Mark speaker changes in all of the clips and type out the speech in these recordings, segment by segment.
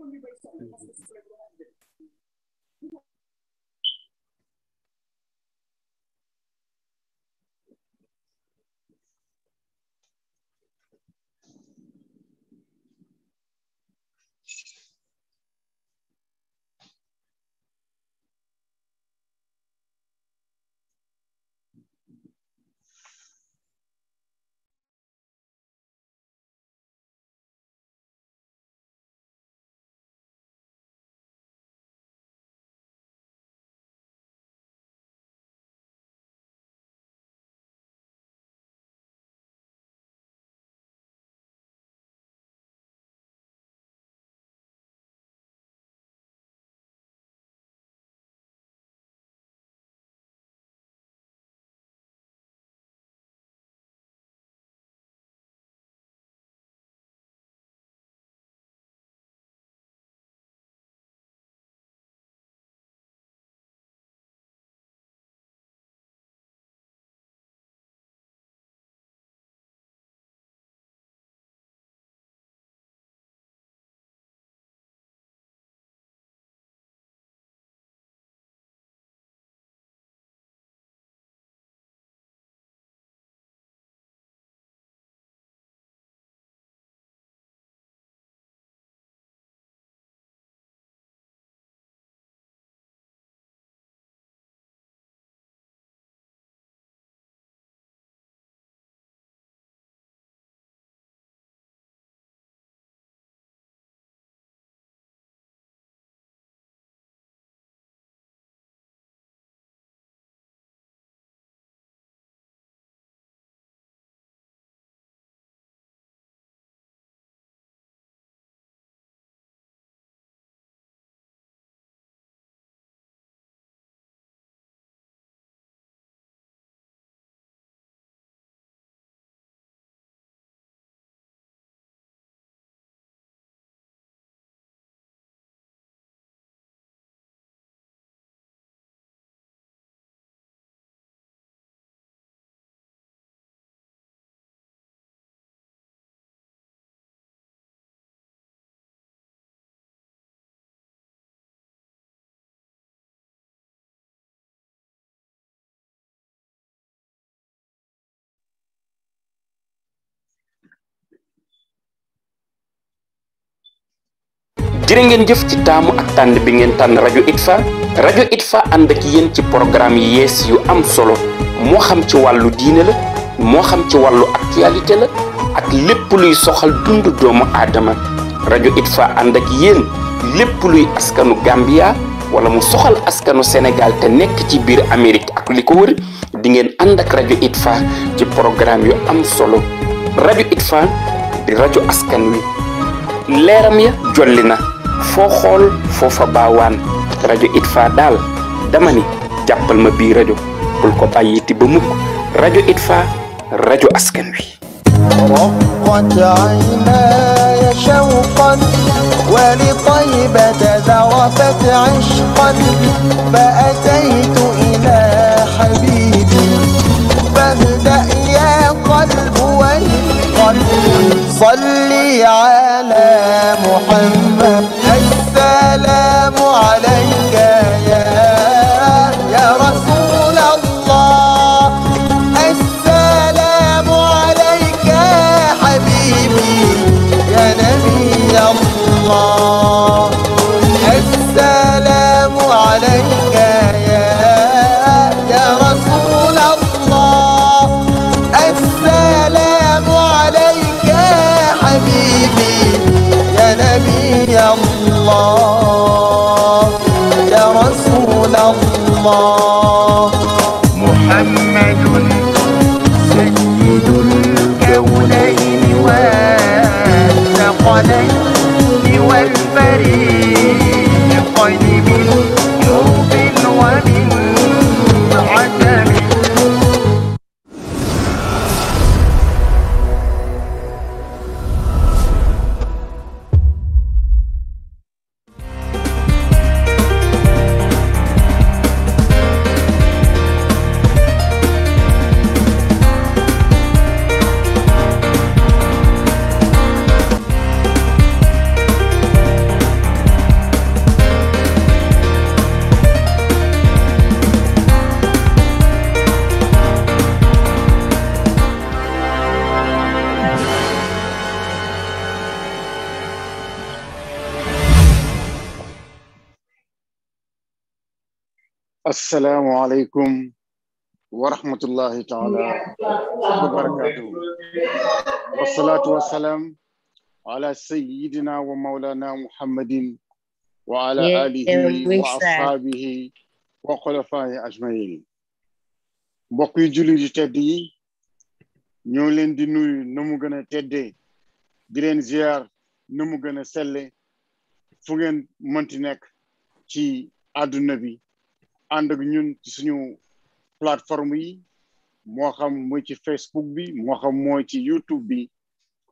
Speaker 1: contribuição da nossa jere ngeen jëf ci taamu ak
Speaker 2: tànn bi ngeen tànn rajo itfa rajo itfa ànd ak yéen ci programme yu am solo moo xam ci wàllu diine la moo xam ci wàllu actualité la ak lépp luy soxal dund doomu aadama rajo itfa ànd ak yéen lépp luy askanu gambia wala mu soxal askanu sénégal te nekk ci biir amérique ak li ko wër di ngeen ànd ak rajo itfa ci programme yu am solo radio itfa di radio askan wi leeram ya fo xol fo fa bawan radio Itfa dal dama ni jàppal ma bi radio bul ko bàyyiti ba mukk radio Itfa radio askan wi
Speaker 3: ولطيبة ذرفت عشقا فأتيت إلى حبيبي فاهدأ يا قلب وانقل صلي على محمد
Speaker 4: rahmatullahi taala wa barakatuhu wasalaatu wasalaam ala sayidina wa maulana muhammadin wa ala wa ashaabihi wa xulafaahi ajmain mbokk yu jullit yi ñoo leen di nuyu na gën a teddee di leen ziyaar na mu gën a selle fu ngeen mënti nekk ci àdduna bi ànd ak plateforme yi moo xam mooy ci Facebook bi moo xam mooy ci YouTube bi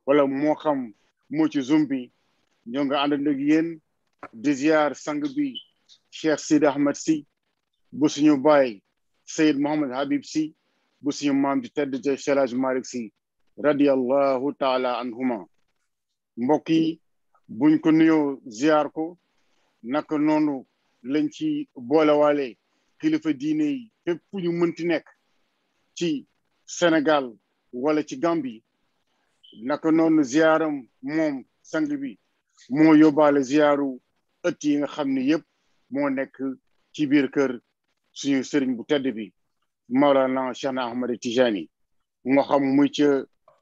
Speaker 4: wala moo xam mooy ci Zoom bi ñoo nga ànd ak yéen di ziar sang bi Cheikh sid Ahmed si bu suñu baay Seyd Mohamed Habib si bu suñu maam ji tedd ja Cheikh Hadj si radiallahu taala anhuma mbokk yi buñ ko nuyoo ziar ko nak noonu lañ ci boolewaale kilifa diine yi fépp fu ñu mënti nekk ci senegal wala ci Gambie naka noonu ziaram moom sang bi moo yóbbaale ziaru ëtt yi nga xam ne yëpp mo nekk ci biir kër suñu sëriñ bu tedd bi Maolana Cheikh Ahmad Tijani moo xam muy ca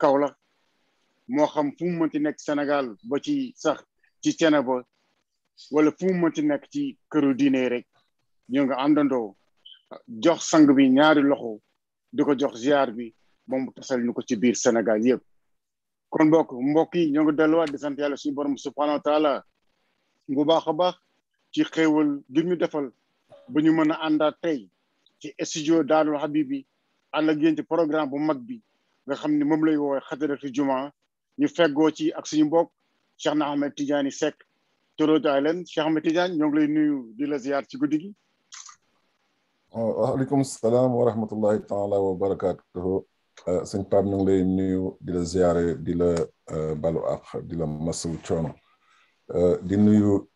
Speaker 4: Kaolack moo xam fu mu mënti nekk Sénégal ba ci sax ci Thiénaba wala fu mu mënti nekk ci këru diine rek ñoo nga àndandoo jox sang bi ñaari loxo di ko jox ziar bi moom tasal ñu ko ci biir Sénégal yëpp kon bokk mbokk yi ñoo ngi delluwaat di sant yàlla suñu borom subhanahu wa taala bu baax a baax ci xéewal gi ñu defal ba ñu mën a àndaat tey ci studio Daarul Habib bi ànd ak yéen programme bu mag bi nga xam ni moom lay woowee xadaratu juma ñu feggoo ci ak suñu mbokk Cheikh na Ahmed Tidiane Seck Toronto Island Cheikh Ahmed Tidiane ñoo ngi lay nuyu di la ziar ci guddi
Speaker 5: وعليكم السلام ورحمة الله تعالى وبركاته آه، سن بامن لي نيو دي لا زياري دي لا آه، بالو اخ دي لا مسو تشون آه، دي نيو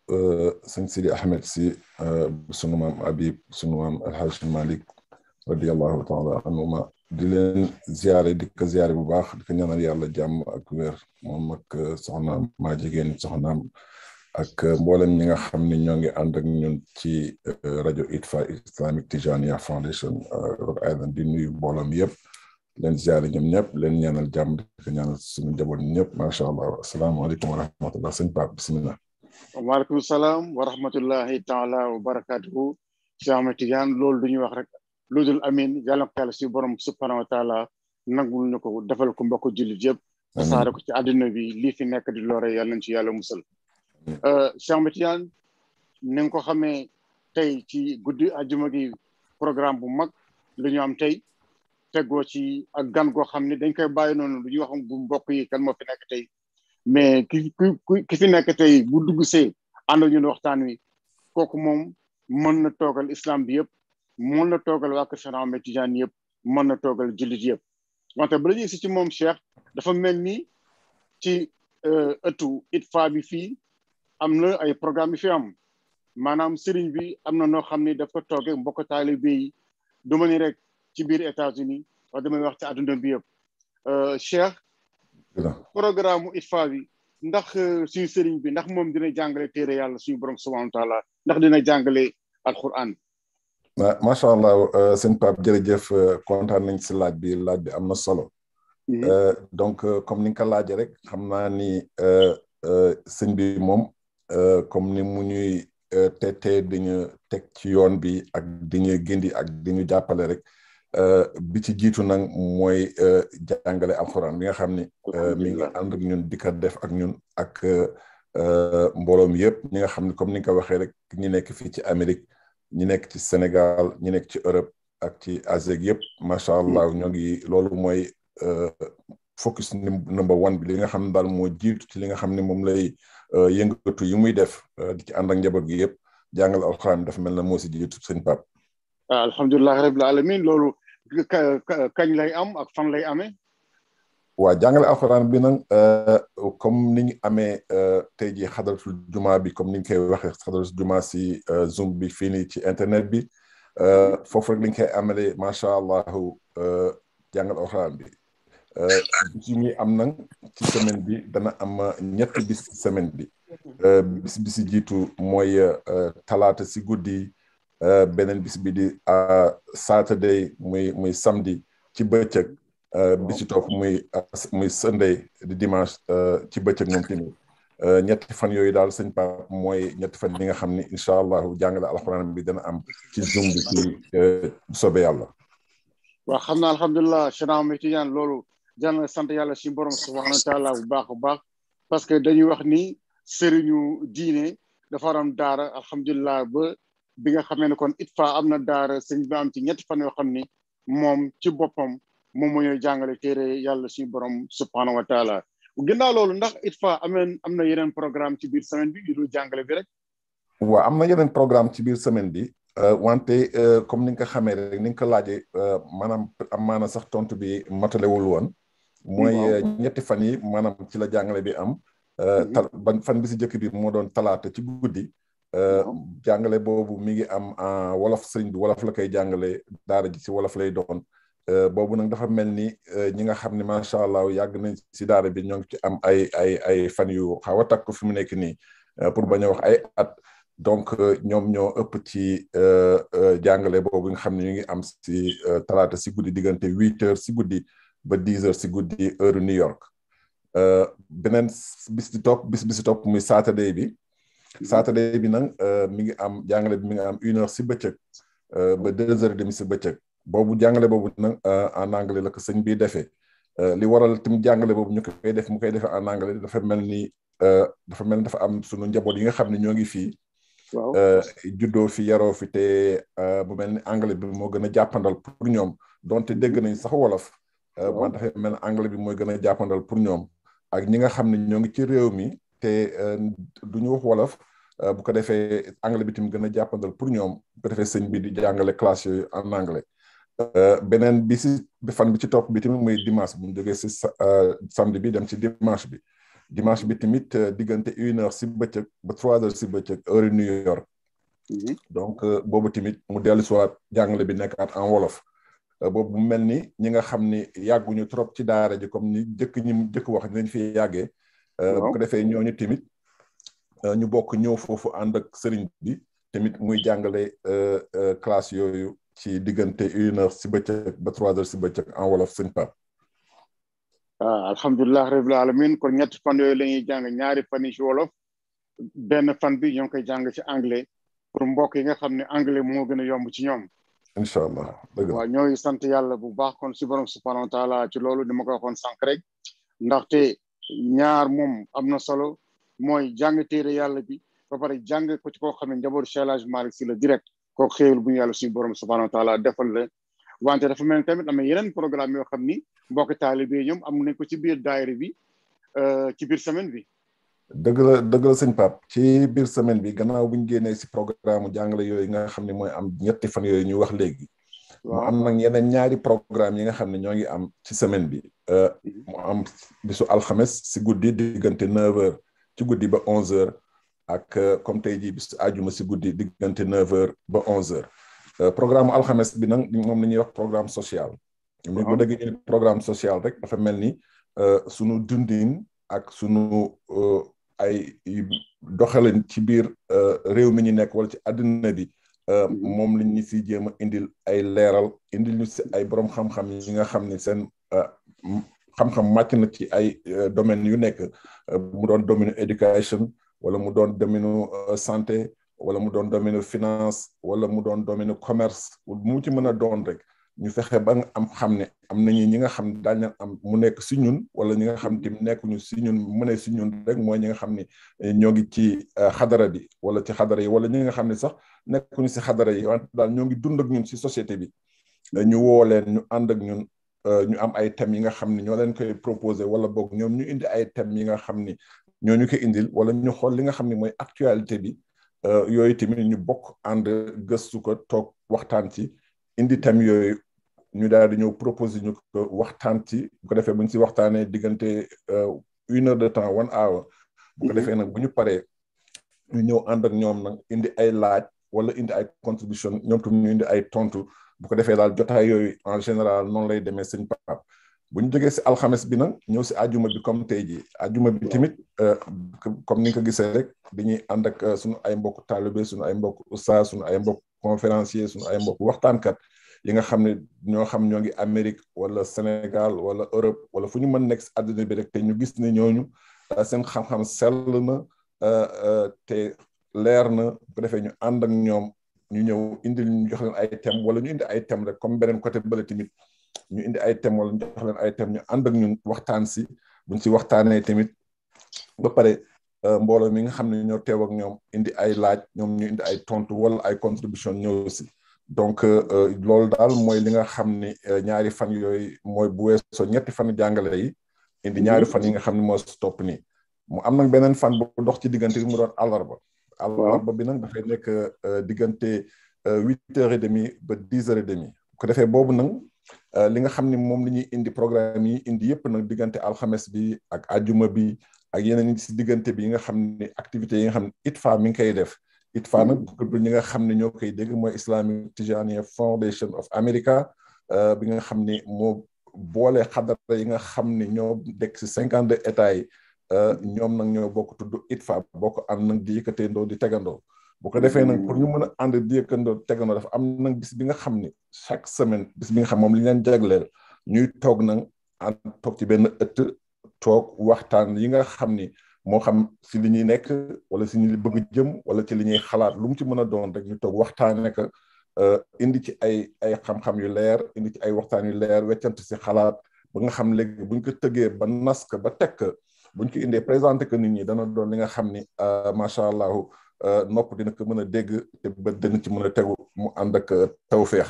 Speaker 5: سن سيدي احمد سي سونو مام ابيب سونو مام الحاج مالك رضي الله تعالى عنهما دي لين زياري دي كزياري بو باخ دي نانال يالا جام اك وير مومك ak mboolem ñi nga xam ne ñoo ngi ànd ak ci euh, rajo ITFA Islamic Tijaniya Foundation euh, Rhode Island di nuyu mboolem yëpp leen ziare ñoom ñëpp leen ñaanal jàmm di ñaanal suñu njaboot ñëpp macha allah asalaamaaleykum wa rahmatullah sëñ Pape
Speaker 4: salaam wa rahmatullahi taala wa barakatuhu Cheikh Ahmed Tidiane loolu du ñuy wax rek lu dul amin yàlla ko yàlla si borom subhanahu wa taala nangul ñu ko defal ko mbokku jullit yëpp. saare ko ci àddina bi li fi nekk di lore yàlla nañ ci yàlla musal. Euh, Cheikh Matiane ni nga ko xamee tey ci guddi àjjuma gi programme bu mag lu ñu am tey teggoo ci ak gan goo xam ne dañ koy bàyyi noonu lu ñuy wax bu mbokk yi kan moo fi tey mais ki ki ki nekk tey bu dugg see ànd ñun waxtaan wi kooku moom mën na toogal islam bi yëpp mën na toogal waa Kër Cheikh yëpp mën na toogal jullit yëpp wante ba la ñuy ci moom Cheikh dafa mel ni ci euh, ëttu ITFA bi fii am na ay programme yu fi am maanaam sëriñ bi am na noo xam ne daf ko toogee mbokk taalibe yi du ma ni rek ci biir États-Unis wax damay wax ci àdduna bi yëpp euh, Cheikh programme ITFA bi ndax euh, si sëriñ bi ndax moom dina jàngale téere yàlla suñu borom subhanahu wa taala ndax dina jàngale alquran
Speaker 5: macha allah euh, sëñ Pape jërëjëf kontaan nañ si laaj bi laaj bi am na solo mhm. donc comme ni nga ko laajee rek xam naa ni sëñ bi moom Euh, comme ni mu ñuy euh, teetee di ñu teg ci yoon bi ak di ñu gindi ak di ñu jàppale rek euh, bi ci jiitu nag mooy jàngale alxuraan bi nga xam ni mi ngi ànd ak ñun dika def ak ñun ak mbooloom yëpp ñi nga xam ne comme ni nga ko waxee rek ñi nekk fii ci Amérique ñi nekk ci Sénégal ñi nekk ci Europe ak ci Asie yëpp macha allah ñoo ngi loolu mooy focus number one bi li nga xam ne daal moo jiitu ci li nga xam ne moom lay Euh, yëngatu yi muy def euh, di ci ànd ak njaboot gi yëpp jàngal alxuraan dafa mel na moo si jiitu sëñ pap
Speaker 4: ah, alhamdulilah rabil alamin loolu kañ lay am ak fan lay amee
Speaker 5: waaw jàngale alxuraan bi nag euh, comme ni ñu amee tey ji xadaratul juma bi comme ni ñu koy waxee xadaratul juma si zoom bi fii nii ci internet bi foofu rek lañ koy amalee macha allah jàngal alxuraan bi ci mi am nag ci semaine bi dana am ñett bis ci semaine bi euh, bis bi si jiitu mooy euh, talaata si guddi euh, beneen bis bi di saturday muy muy samedi ci bëccëg bi ci topp muy muy sunday di dimanche ci bëccëg moom tamit ñetti fan yooyu daal sëñ Pape mooy ñetti fan yi nga xam ni incha allahu jàngale alxuraan bi dana am ci zoom bi ci sobe yàlla.
Speaker 4: waaw xam naa alhamdulilah loolu. jar na sant yàlla si borom subhanahu wa taala bu baax bu baax parce que dañuy wax ni sëriñu diine dafa waram daara alhamdulilah ba bi nga xamee ne kon ITFA am na daar sëriñ bi ci ñetti fan yoo xam ni moom ci boppam moom moo ñuy jàngale téere yàlla si borom subhanahu wa taala ginnaaw loolu ndax ITFA ameen am na yeneen programme ci biir semaine bi yu dul jàngale bi rek
Speaker 5: waaw am na yeneen programme ci biir semaine bi euh, wante euh, comme ni nga ko xamee rek ni nga ko laajee euh, maanaam am maana sax tontu bi matalewul woon mooy euh, ñetti fan yi maanaam ci la jàngale bi am. Euh, mhm. tal ban fan bi si njëkk bi moo doon talaata ci guddi. Euh, jàngale boobu mi ngi am en wolof sëriñ bi wolof la koy jàngale daara ji si wolof lay doon. boobu nag dafa mel ni ñi nga xam ne macha allah yàgg nañ si daara bi ñoo ngi ci am ay ay ay fan yu xaw a takk fi mu nekk nii pour bañ a ay at. donc ñoom ñoo ëpp ci jàngale boobu nga xam ne ñu ngi am si talaata si guddi diggante huit heures si guddi. ba dix heures si guddi heure New York euh, beneen bis di topp bis bi si topp muy Saturday bi Saturday bi nag euh, mi ngi am jàngale bi mi ngi am union si bëccëg euh, ba deux heures et demie si bëccëg boobu jàngale boobu nag en anglais la sëñ bi defee li waral tamit jàngale boobu ñu koy def mu koy defee en anglais dafa mel ni dafa mel ni dafa am sunu njaboot yi nga xam ne ñoo ngi fii juddoo fi yaroo fi te bu mel ni anglais bi moo gën a jàppandal pour ñoom donte dégg nañ sax wolof maa dafay mel anglais bi mooy gën a jàppandal pour ñoom ak ñi nga xam ne ñoo ngi ci réew mi te euh, du ñu wolof euh, bu ko defee anglais bi tamit gën a jàppandal pour ñoom bu defee sëñ bi di jàngale classe yooyu en anglais euh, beneen bi si fan bi ci topp bi tamit muy dimanche bu ñu jógee si samedi bi dem ci dimanche bi dimanche bi tamit diggante une heure si bëccëg ba trois heures si bëccëg heure New York mhm. donc boobu tamit mu dellu si jàngale bi nekkaat en wolof Euh, bo mu mel ni ñi nga xam ni yàgguñu trop ci daara ji comme ni jëkk ñi jëkk wax dinañ fi yàggee euh, bu ko defee ñooñu tamit euh, ñu bokk ñëw foofu ànd ak sëriñ bi tamit muy jàngale classe yooyu ci diggante une heure si bëccëg ba trois heures si bëccëg en wolof sëñ Pape
Speaker 4: ah alhamdulilah alamin kon ñett fan yooyu la ñuy jàng ñaari fan yi ci wolof benn fan bi ñoo ngi koy jàng ci anglais pour mbokk yi nga xam ne anglais moo gën a yomb ci ñoom incha allah dëgg la waaw sant yàlla bu baax kon si borom subhanahu wa taala ci loolu dama koy waxoon sànq rek ndaxte ñaar moom am na solo mooy jàng téere yàlla bi ba pare jàng ko ci koo xam ne njaboot Cheikh El Hadj la direct koo xéewal bu ñu yàlla suñu borom subhanahu wa taala defal wante dafa mel ni tamit am yeneen programme yoo xam ni mbokk taalibe ñoom am nañ ko ci biir daayira bi euh, ci biir semaine bi
Speaker 5: dëgg la dëgg pap sëñ Pape ci biir semaine bi gannaaw bu ñu génnee programme jàngale yooyu nga xam ne am ñetti fan yooyu ñu wax léegi. mu am nag yeneen ñaari programme yi nga ñoo ngi am ci semaine bi. Euh, mu am bisu alxames si guddi diggante 9h ci guddi ba 11h ak euh, comme tey jii bisu àjjuma si guddi diggante 9h ba 11h. Euh, programme mu alxames bi nag moom la ñuy wax programme social. ñu ko programme social rek dafa sunu dundin ak sunu. ay doxalin ci biir euh, réew mi ñu nekk wala ci àddina bi euh, mm-hmm. moom lañ ñu si jéem a indil ay leeral indil si ay borom xam-xam yi nga xam ni seen euh, xam-xam màcc na ci ay domaines yu nekk mu doon domaine éducation wala mu doon domaine santé wala mu doon domaine finance wala mu doon domaine commerce mu ci mën a doon rek ñu fexe ba am xamné am nañu ñi nga xam daañ leen am mu nekk si ñun wala ñi nga xam tim ñu si ñun mu ne si ñun rek moy ñi nga xam ni ñoo ngi ci xadara bi wala ci xadara yi wala ñi nga xam ni sax ñu ci xadara yi wante ñoo ngi dund ak ñun ci société bi ñu woo leen ñu ànd ak ñun ñu am ay thèmes yi nga xam ni ñoo leen koy proposé wala boog ñoom ñu indi ay thèmes yi nga xam ni ñoo ñu ko indil wala ñu xool li nga xam ni mooy actualité bi yooyu tamit ñu bokk ànd gëstu ko toog waxtaan ci indi thème yooyu ñu daal di ñëw proposé ñu ko waxtaan ci bu ko defee bu ñu si waxtaanee diggante euh, une heure de temps one hour. bu ko mhm. defee nag bu ñu paree ñu ñëw ànd ak ñoom nag indi ay laaj wala indi ay contribution ñoom tam ñu indi ay tontu bu ko defee daal jotaay yooyu en général noonu lay demee sëñ Pape bu ñu jógee si alxames bi nag ñëw si ajuma bi comme tey jii ajuma bi tamit euh, comme ni nga ko gisee rek dañuy ànd ak euh, suñu ay mbokk taalibe suñu ay mbokk oustaz suñu ay mbokk conférencier suñu ay mbokk waxtaankat yi nga xam ne ñoo xam ñoo ngi Amérique wala Sénégal wala Europe wala fu ñu mën nekk si àddina bi rek te ñu gis ne ñooñu euh, seen xam-xam sell na euh, euh, te leer na bu defee ñu ànd ak ñoom ñu ñëw indil ñu jox leen ay thème wala ñu indi ay thème rek comme beneen côté bële ñu indi ay thème wala ñu jox ay thème ñu ànd ak ñun waxtaan si buñ si waxtaanee tamit pare. Euh, mbooloo mi nga xam ne ñoo teew ak ñoom indi ay laaj ñoom ñu indi ay tontu wala ay contribution ñëw si donc euh, euh, loolu daal mooy li nga xam ne ñaari fan yooyu mooy bu weesoo ñetti fan jàngale yi indi mhm. ñaari fan yi nga xam ne moo si topp nii mu am nag beneen fan bu dox ci diggante bi mu doon àllarba àllarba bi nag dafay nekk diggante huit heures demi ba dix heures et demi ko defee boobu nag li nga xam ne moom la ñuy indi programme yi indi yëpp nag diggante alxames bi ak ajuma bi ak yeneen ñi si diggante bi yi nga xam ne activités yi nga xam ne ITFA mi ngi koy def ITFA nag mm-hmm. ñi nga xam ne ñoo koy dégg mooy Islamic Tijaniya Foundation of America euh, bi nga xam ne moo boole xadara yi nga xam ne ñoo dekk cinquante deux états yi euh, ñoom nag ñoo bokk tudd ITFA bokk ànd nag di yëkkateendoo di tegandoo bu ko defee nag pour ñu mën a ànd di yëkkandoo tegandoo dafa am nag bis bi nga xam ne chaque semaine bis bi nga xam moom li ñu leen jagleel ñuy toog nag ànd toog ci benn ëtt toog waxtaan yi nga xam ni moo xam si li ñuy nekk wala si ñu bëgg jëm wala ci li ñuy xalaat lu mu ci mën a doon rek ñu toog waxtaanee euh, ko indi ci ay ay xam-xam yu leer indi ci ay waxtaan yu leer weccant si xalaat ba nga xam léegi buñ ko tëggee ba nas ba teg ko buñ ko indee présenté ko nit ñi dana doon li nga xam ni euh, macha allah euh, nopp dina ko mën a dégg te ba dina ci mën a tegu mu ànd ak feex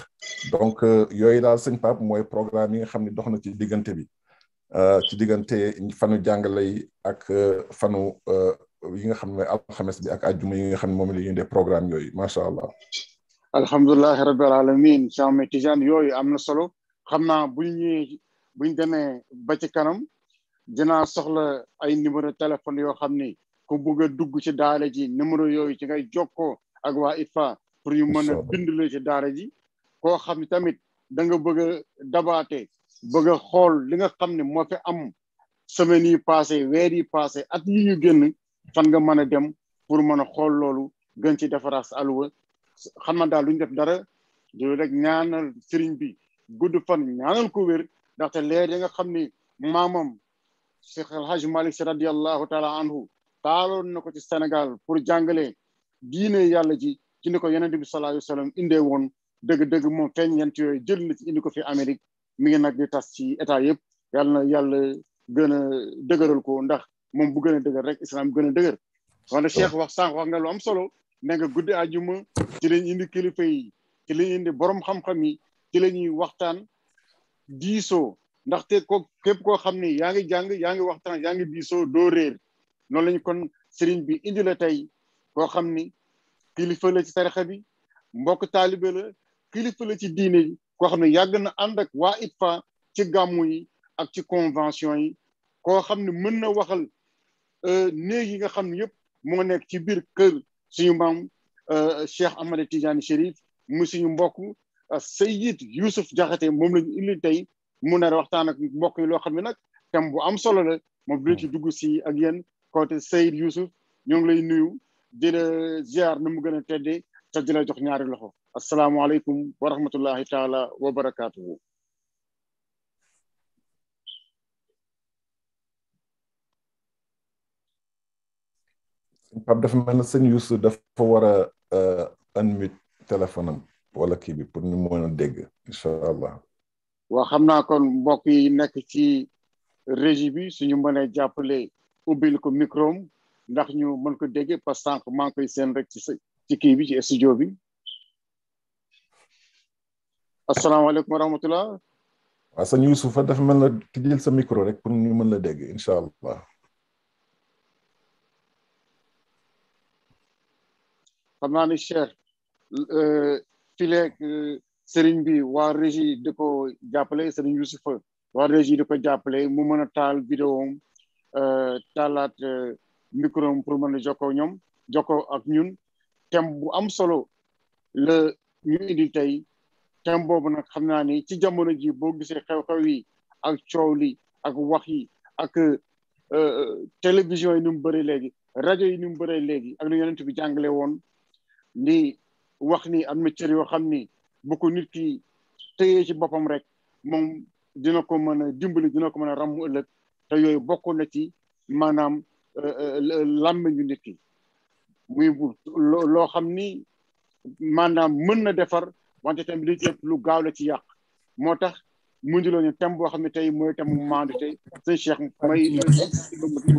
Speaker 5: donc yooyu daal sëñ Pape mooy programme yi nga xam ni dox na ci diggante bi. Euh, ci diggante fanu jàngale yi ak euh, fanu euh, yi nga xam ne alxames bi ak àjjuma yi nga xam ne moom la ñuy def programme yooyu macha allah.
Speaker 4: alhamdulilah rabil alamin Cheikh Tidiane yooyu am na solo xam naa bu ñu bu ñu ba ci kanam dinaa soxla ay numéro téléphone yoo xam ni ku bugg dugg ci daara ji numéro yooyu ci ngay jokkoo ak waa ITFA. pour ñu mën a bind la ci daara ji. koo xam tamit da nga bëgg a dabaate. bëgg xool li nga xam ne moo fi am semaines yi passé weer yi passé at yi ñu génn fan nga mën a dem pour mën a xool loolu gën ci defaraat sa aluwa xam na daal lu ñu def dara di rek ñaanal sëriñ bi gudd fan ñaanal ko wér ndaxte leer ya nga xam ne maamam Cheikh El Hadj Malick si radiallahu taala anhu taaloon na ko ci senegal pour jàngale diine yàlla ji ci ni ko yonente bi sallallahu alayhi wa indee woon dëgg-dëgg moom feeñ yent yooyu jël na ci indi ko fi Amérique mi ngi nag di tas ci état yëpp yàlla na yàlla gën a dëgëral ko ndax moom bu gën a dëgër rek islam gën a dëgër wante Cheikh wax sànq wax nga lu am solo ne nga guddi àjjuma ci lañ indi kilifa yi ci lañ indi borom xam yi ci la ñuy waxtaan ndax te ko képp koo xam ne yaa ngi jàng yaa ngi waxtaan yaa ngi diisoo doo réer noonu lañ kon sëriñ bi indi la tey koo xam ni kilifa la ci tarixa bi mbokk taalibe la kilifa ci diine koo xam ne yàgg na ànd ak waa ITFA ci gàmmu yi ak ci convention yi koo xam ne mën na waxal euh, néeg yi nga xam ne yëpp moo nekk ci biir kër suñu maam euh, Cheikh Ahmed Tidiane Chérif mu suñu mbokk euh, Seyid Youssouf Diakhaté moom lañu indi tey mu nar waxtaan ak mbokk yi loo xam ne nag thème bu am solo la moom dina ci dugg si ak yéen côté Seyid Youssouf ñoo ngi lay nuyu di la ziar mu gën a teddee te di jox ñaari loxo. asalaamualeykum wa rahmatullahi taala wa barakaatuhu
Speaker 5: Pape dafa mel ne sëñ Youssou dafa war a euh, unmute téléphone wala kii bi pour ñu mën a dégg allah
Speaker 1: waa
Speaker 4: xam naa kon mbokk yi nekk ci régie bi suñu mënee jàppale ubbil ko micro ndax ñu mën ko dégg parce que sànq maa koy seen rek ci ci kii bi ci studio bi asalaamaaleykum wa rahmatulah.
Speaker 5: waaw sëñ dafa mel la sa micro rek pour ñu mën la dégg incha allah.
Speaker 4: xam naa ni cher euh, fileeg euh, bi waa régie di ko jàppale sëriñ Youssouf waa régie di jàppale mu mën a taal vidéo am euh, taalaat micro pour mën a jokkoo ñoom jokkoo ak ñun thème bu am solo la ñu indi tey. thème boobu nag xam naa ni ci jamono ji boo gisee xew-xew yi ak coow li ak wax yi ak euh, télévision yi ni mu bëree léegi rajo yi ni mu bëree léegi ak lu yonent bi jàngale woon ni wax ni am na cër yoo xam ni bu ko nit ki téyee ci boppam rek moom dina ko mën a dimbali dina ko mën a ràmm ëllëg te yooyu bokk na ci maanaam euh, euh, làmmiñu nit ki muy loo xam ni maanaam mën na defar wante tamit li ëpp lu gaaw la ci yàq moo tax mundiloo ñu thème boo xam ne tey mooy thème mu maandu tey sëñ Cheikh may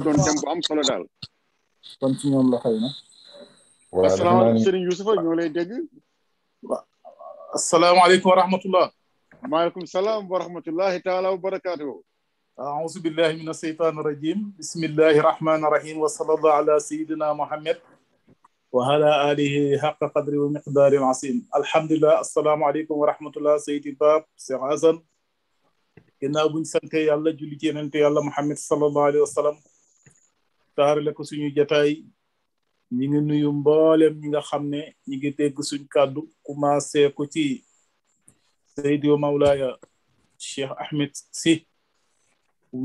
Speaker 4: doon thème bu am solo daal kon ci ñoom la xëy na asalaamaaleykum sëriñ Youssoufa ñu ngi lay dégg asalaamaaleykum wa rahmatullah maaleykum salaam wa
Speaker 6: rahmatullahi taala wa barakaatuhu أعوذ بالله من الشيطان الرجيم بسم الله الرحمن الرحيم وصلى الله على سيدنا محمد وعلى آله حق قدر ومقدار عظيم الحمد لله السلام عليكم ورحمة الله سيدي باب سيخ حسن ginnaaw buñ sante yàlla julli ci yenente yàlla muhammad sallallahu alayhi wa sallam taarale ko suñu jataay ñi ngi nuyu mboolem ñi nga xam ne ñi ngi dégg suñ kàddu commencé ko ci saydi wa mawlaaya cheikh ahmed si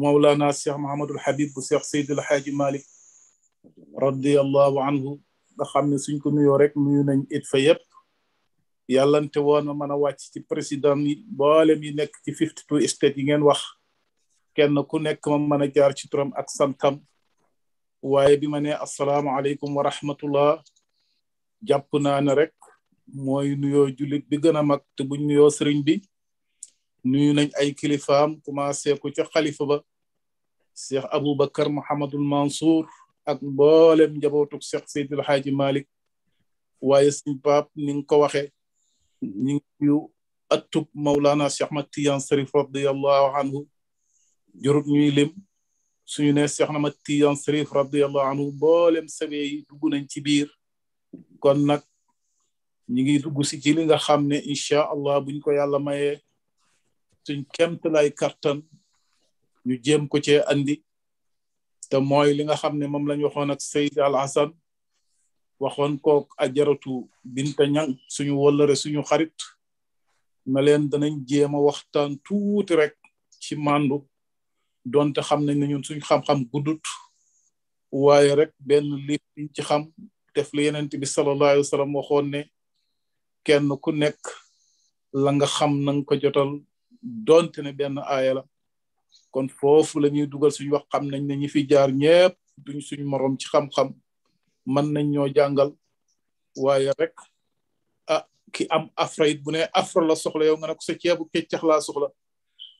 Speaker 6: mawlaana cheikh mahamadul habib bu cheikh seydil haaji malik radiallahu anhu nga xam ne suñ ko nuyoo rek nuyu nañ it fa yëpp yàllante woon na mën a wàcc ci président yi boolem yi nekk ci fifty two state yi ngeen wax kenn ku nekk ma mën a jaar ci turam ak santam waaye bi ma ne asalaamaaleykum wa rahmatullah jàpp naa ne rek mooy nuyoo jullit bi gën a mag te buñ nuyoo sëriñ bi nuyu nañ ay kilifam commencé ko ca xalifa ba cheikh aboubacar mohamadul mansour ak mboolem njabootug Seex Seydil Xaaji Malik waaye suñ baab ni nga ko waxe ñu ngi nuyu attub Mawlana Cheikh Ahmad Tidiane Sarif radiyallahu anhu jurut ñuy lim suñu ne Cheikh Ahmad Tidiane Sarif radiyallahu anhu mboolem sabe yi dugg nañ ci biir kon nag ñu ngi dugg si ci li nga xam ne incha buñ ko yàlla maye suñ kemt lay kartan ñu jéem ko cee andi te mooy li nga xam ne moom lañ waxoon ak Seyd Al Hasan waxoon kook ajaratu Binta Ñang suñu wëllëre suñu xarit na leen danañ jéem a waxtaan tuuti rek ci màndu donte xam nañ ne ñun suñu xam-xam guddut waaye rek benn liif liñ ci xam def li yenent bi sallallahu alayhi wa sallam waxoon ne kenn ku nekk la nga xam nanga ko jotal donte ne benn aaya la kon foofu la ñuy dugal suñu wax xam nañ ne ñi fi jaar ñëpp duñ suñu morom ci xam-xam mën nañ ñoo jàngal waaye rek a ah, ki am afra it bu ne afra la soxla yow nga ne ko sa ceebu keccax laa soxla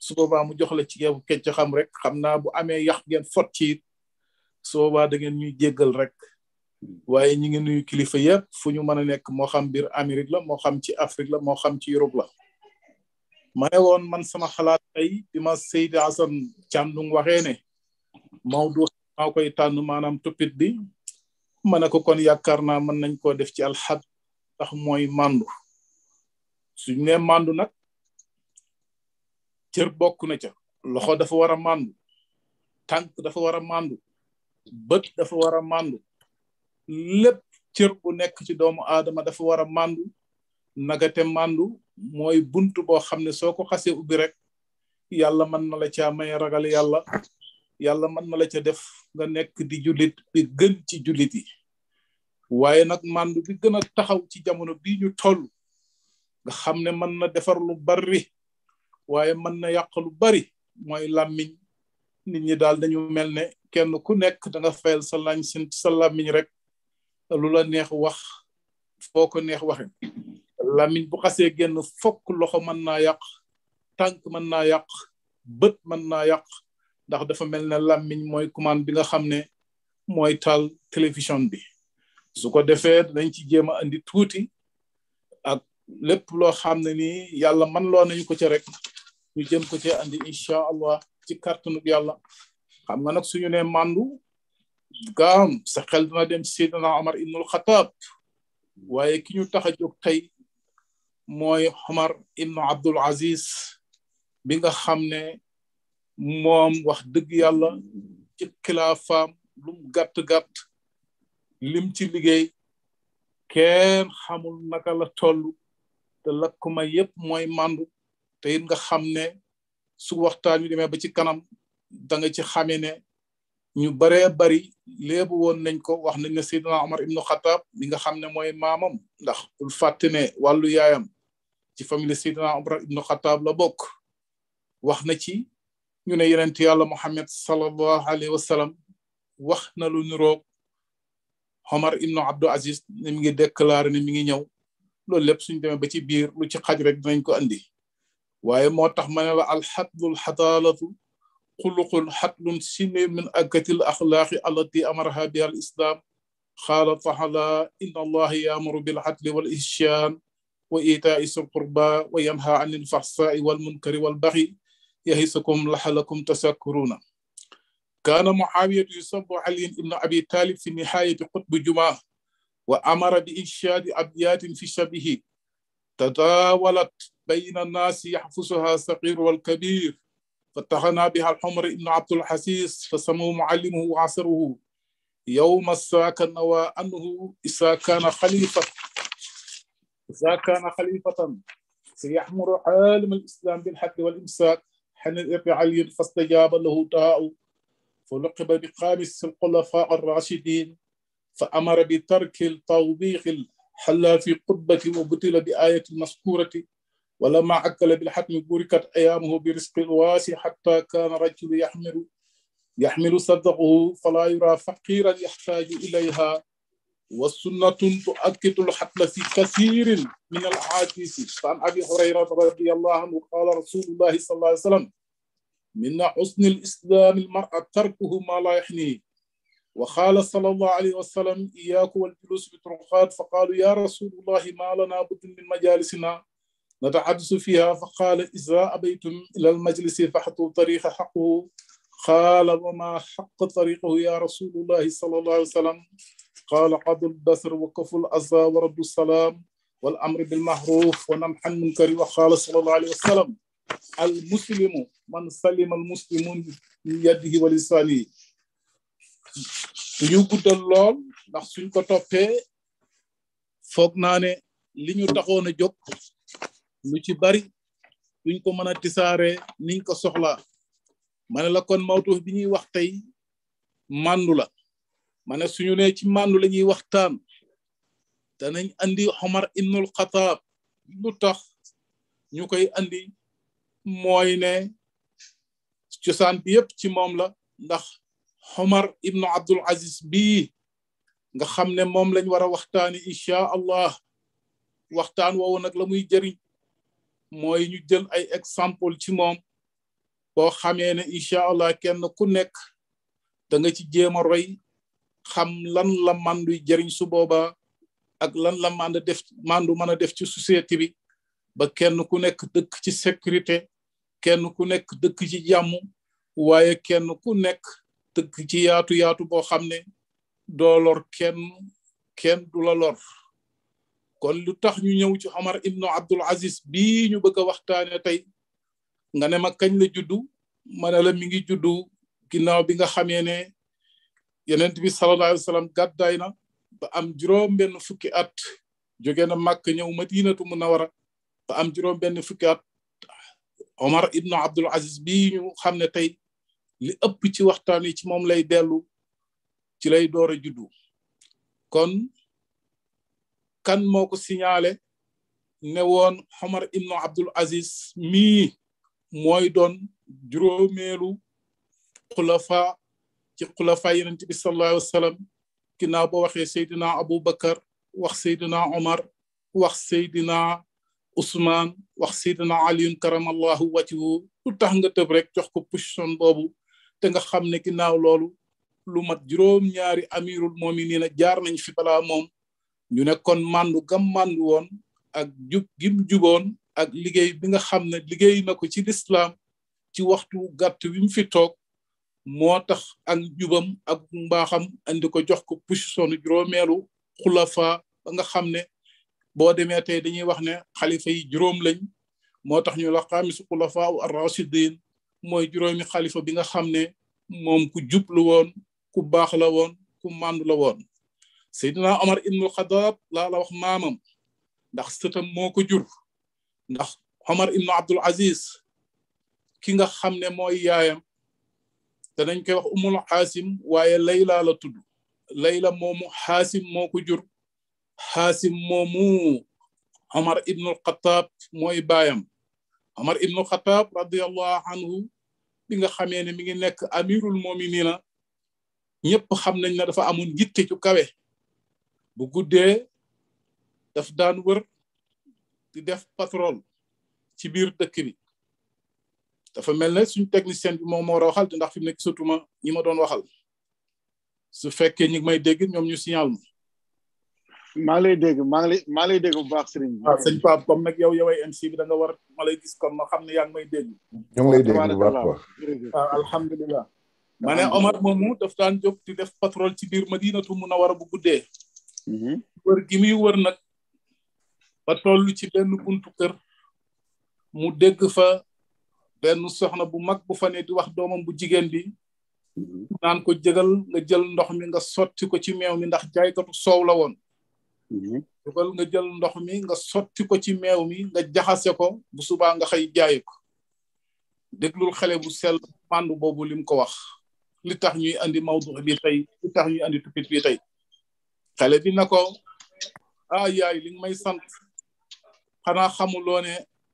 Speaker 6: su boobaa mu jox la ceebu keccaxam rek xam naa bu amee yàq ngeen fot ci it su boobaa da ngeen ñuy jéggal rek waaye ñi ngi nuyu kilifa yëpp fu ñu mën a nekk moo xam biir Amérique la moo xam ci Afrique la moo xam ci Europe la mane ne woon man sama xalaat tey bi ma Seydi Assane Thiandoum waxee ne Maodo maa koy tànn maanaam toppit bi ma ne ko kon yaakaar naa mën nañ koo def ci alxad ndax mooy mandu suñ ne mandu nag cër bokk na ca loxo dafa war a mandu tànk dafa war a mandu bët dafa war a mandu lépp cër bu nekk ci doomu aadama dafa war a mandu nagate màndu mooy bunt boo xam ne soo ko xasee ubbi rek yàlla mën na la caa may ragal yàlla yàlla mën na la ca def nga nekk di julit bi gën ci jullit yi waaye nag màndu bi a taxaw ci jamono bii ñu toll xam ne mën na defar lu bari waaye mën na yàq lu bari mooy làmmiñ nit ñi daal dañu mel ne kenn ku nekk danga nga fayal sa lañ làmmiñ rek lu la neex wax foo ko neex waxe làmmiñ bu xasee génn fok loxo mën naa yàq tànk mën naa yàq bët mën naa yàq ndax dafa mel ne làmmiñ mooy commande bi nga xam ne mooy taal télévision bi su ko defee dañ ci jéem a andi tuuti ak lépp loo xam ne nii yàlla man loo nañu ko ci rek ñu jëm ko ci andi incha allah ci kàttanug yàlla xam nga nag suñu ne màndu gaam sa xel dana dem ci Seydina Omar ibnul Xataab waaye ki ñu tax a tey moy Omar ibnu Abdul Aziz bi nga xam ne moom wax dëgg yàlla ci xilaafaam lum gàtt gàtt lim ci liggéey kenn xamul naka la toll te lakkuma yépp mooy màndu te it nga xam ne su waxtaan wi demee ba ci kanam da nga ci xame ñu baree bari lebu woon nañ ko wax nañ ne Seydina Omar ibnu Xataab li nga xam ne mooy ndax bul fàtte ne wàllu ci famille Seydina umar ibn khattab la bok wax na ci ñu ne yonent yàlla Muhammad sallallahu alayhi wasallam sallam wax na lu niroog Omar ibnu Abdul Aziz ni mi ngi déclarer ni mi ngi ñëw lool lépp suñu demé ba ci biir lu ci xaj rek dinañ ko andi waye motax tax ma ne la alxadlul xadaalatu xuluqul xadlun sine min akatil axlaaqi allati amaraha biha al islam xaala taxala inna allaha yaamuru bil xadli wal وإيتاء القربى وينهى عن الفحصاء والمنكر والبغي يهيسكم لحلكم تسكرون كان معاوية يصب علي بن أبي طالب في نهاية قطب جمعة وأمر بإنشاد أبيات في شبهه تداولت بين الناس يحفظها الصغير والكبير فاتخنا بها الحمر بن عبد الحسيس فسموا معلمه وعصره يوم الساكن وأنه إذا كان خليفة إذا كان خليفة سيحمر عالم الإسلام بالحق والإمساك حن الإبن علي فاستجاب له داء فلقب بخامس الخلفاء الراشدين فأمر بترك التوبيخ الحلا في قبة وبطل بآية المذكورة ولما عكل بالحكم بركت أيامه برزق الواسع حتى كان رجل يحمل يحمل صدقه فلا يرى فقيرا يحتاج إليها والسنة تؤكد الحتل في كثير من الحديث فعن أبي هريرة رضي الله عنه قال رسول الله صلى الله عليه وسلم من حسن الإسلام المرأة تركه ما لا يحنيه وقال صلى الله عليه وسلم إياك والجلوس بالطرقات فقالوا يا رسول الله ما لنا بد من مجالسنا نتحدث فيها فقال إذا أبيتم إلى المجلس فحطوا طريق حقه قال وما حق طريقه يا رسول الله صلى الله عليه وسلم قال عبد البصر وقف الأزى ورد السلام والأمر بالمحروف ونمح المنكر وخالص صلى الله عليه وسلم المسلم من سلم المسلمون بيده ولسانه يقول الله نحسن كتبه فوقنا لن يتقون جب لكي باري لن يكون تسارة لن يكون سخلا من لكون موته بني وقتي من لك ma ne suñu ne ci màndu la waxtaan danañ andi Omar ibnul Xataab lu tax ñu andi mooy ne cosaan bi yëpp ci moom la ndax Omar ibnu Abdul Aziz bii nga xam ne moom lañ war a waxtaani allah waxtaan woowu nag la muy jëriñ mooy ñu jël ay exemple ci moom boo xamee ne incha allah kenn ku nekk da nga ci jéem roy xam lan la mànduy jëriñ su booba ak lan la mànd def màndu mën a def ci société bi ba kenn ku nekk dëkk ci sécurité kenn ku nekk dëkk ci jàmm waaye kenn ku nekk dëkk ci yaatu yaatu boo xam ne doo lor kenn kenn du la lor kon lu tax ñu ñëw ci Omar ibnu Abdul Aziz bii ñu bëgg a waxtaane tey nga ne ma kañ la juddu ma ne la mi ngi juddu ginnaaw bi nga xamee ne yenent bi sallallahu alayhi wasallam gàddaay na ba am juróom benn fukki at jóge na màkk ñëw madinatu munawara ba am juróom benn fukki at omar ibnu abdul aziz bi ñu xam ne tey li ëpp ci waxtaan yi ci moom lay dellu ci lay door a juddu kon kan moo ko signalé ne woon omar ibnu abdul aziz mii mooy doon juróomeelu xulafa ci khulafa yonent bi sallallahu alayhi wasallam sallam bo ba waxee abu aboubacar wax seydina omar wax seydina usman wax seydina aliyun karamallahu wajhu lu tax nga tëb rek jox ko position boobu te nga xam ne ginnaaw loolu lu mat juróom-ñaari amirul mu'minin jaar nañ fi balaa moom ñu ne kon màndu gam màndu woon ak jub gim juboon ak liggéey bi nga xam ne liggéey na ko ci lislaam ci waxtu gàtt wi mu fi toog moo tax ak jubam ak mbaaxam andi ko jox ko position juróomeelu xulafa ba nga xam ne boo demee tey dañuy wax ne xalifa yi juróom lañ moo ñu la xaamisu xulafa ar-rasidin mooy juróomi xalifa bi nga xam ne ku jublu woon ku baax la woon ku màndu la woon seydina omar ibnul xadaab laa la wax maamam ndax sëtam moo jur ndax omar ibnu abdul aziz ki nga xam ne yaayam danañ koy wax umul xaasim waaye layla la tudd layla moomu xaasim moo ko jur xaasim moomu omar ibnul xataab mooy baayam omar ibnul xataab radiallahu anhu bi nga xamee ne mi ngi nekk amirul mominina ñëpp xam nañ ne dafa amoon yitte ci kawe bu guddee daf daan wër di def patrol ci biir dëkk bi dafa mel ne suñu technicien bi moom moo rawaxal ndax fi mu ne gisatuma ñi ma doon waxal su fekkee ñi may dégg ñoom ñu signal ma. maa lay dégg maa lay maa lay dégg bu baax sëriñ bi. waaw yow yoway MC bi da nga war ma gis comme ma xam ne yaa ngi may dégg.
Speaker 5: ñoo ngi lay dégg bu baax quoi.
Speaker 6: waaw ah, alhamdulilah. ma ne Omar moomu daf daan jóg di def patrol ci biir Madinatu Munawara bu guddee. Mhm. wër gi muy wër nag. ba toll ci benn buntu kër. mu dégg fa. benn soxna bu mag bu fa ne di wax doomam bu jigéen bi mhm. naan ko jëgal nga jël ndox mi nga sotti ko ci meew mi ndax jaaykatu soow la woon mhm. nga jël ndox mi nga sotti ko ci meew mi nga jaxase ko bu subaa nga xëy jaay ko déglul xale bu sel màndu boobu lim ko wax li tax ñuy andi mawdu bi tey li tax ñuy andi tupit bi tey xale bi na ko ah yaay li may sant xanaa xamuloo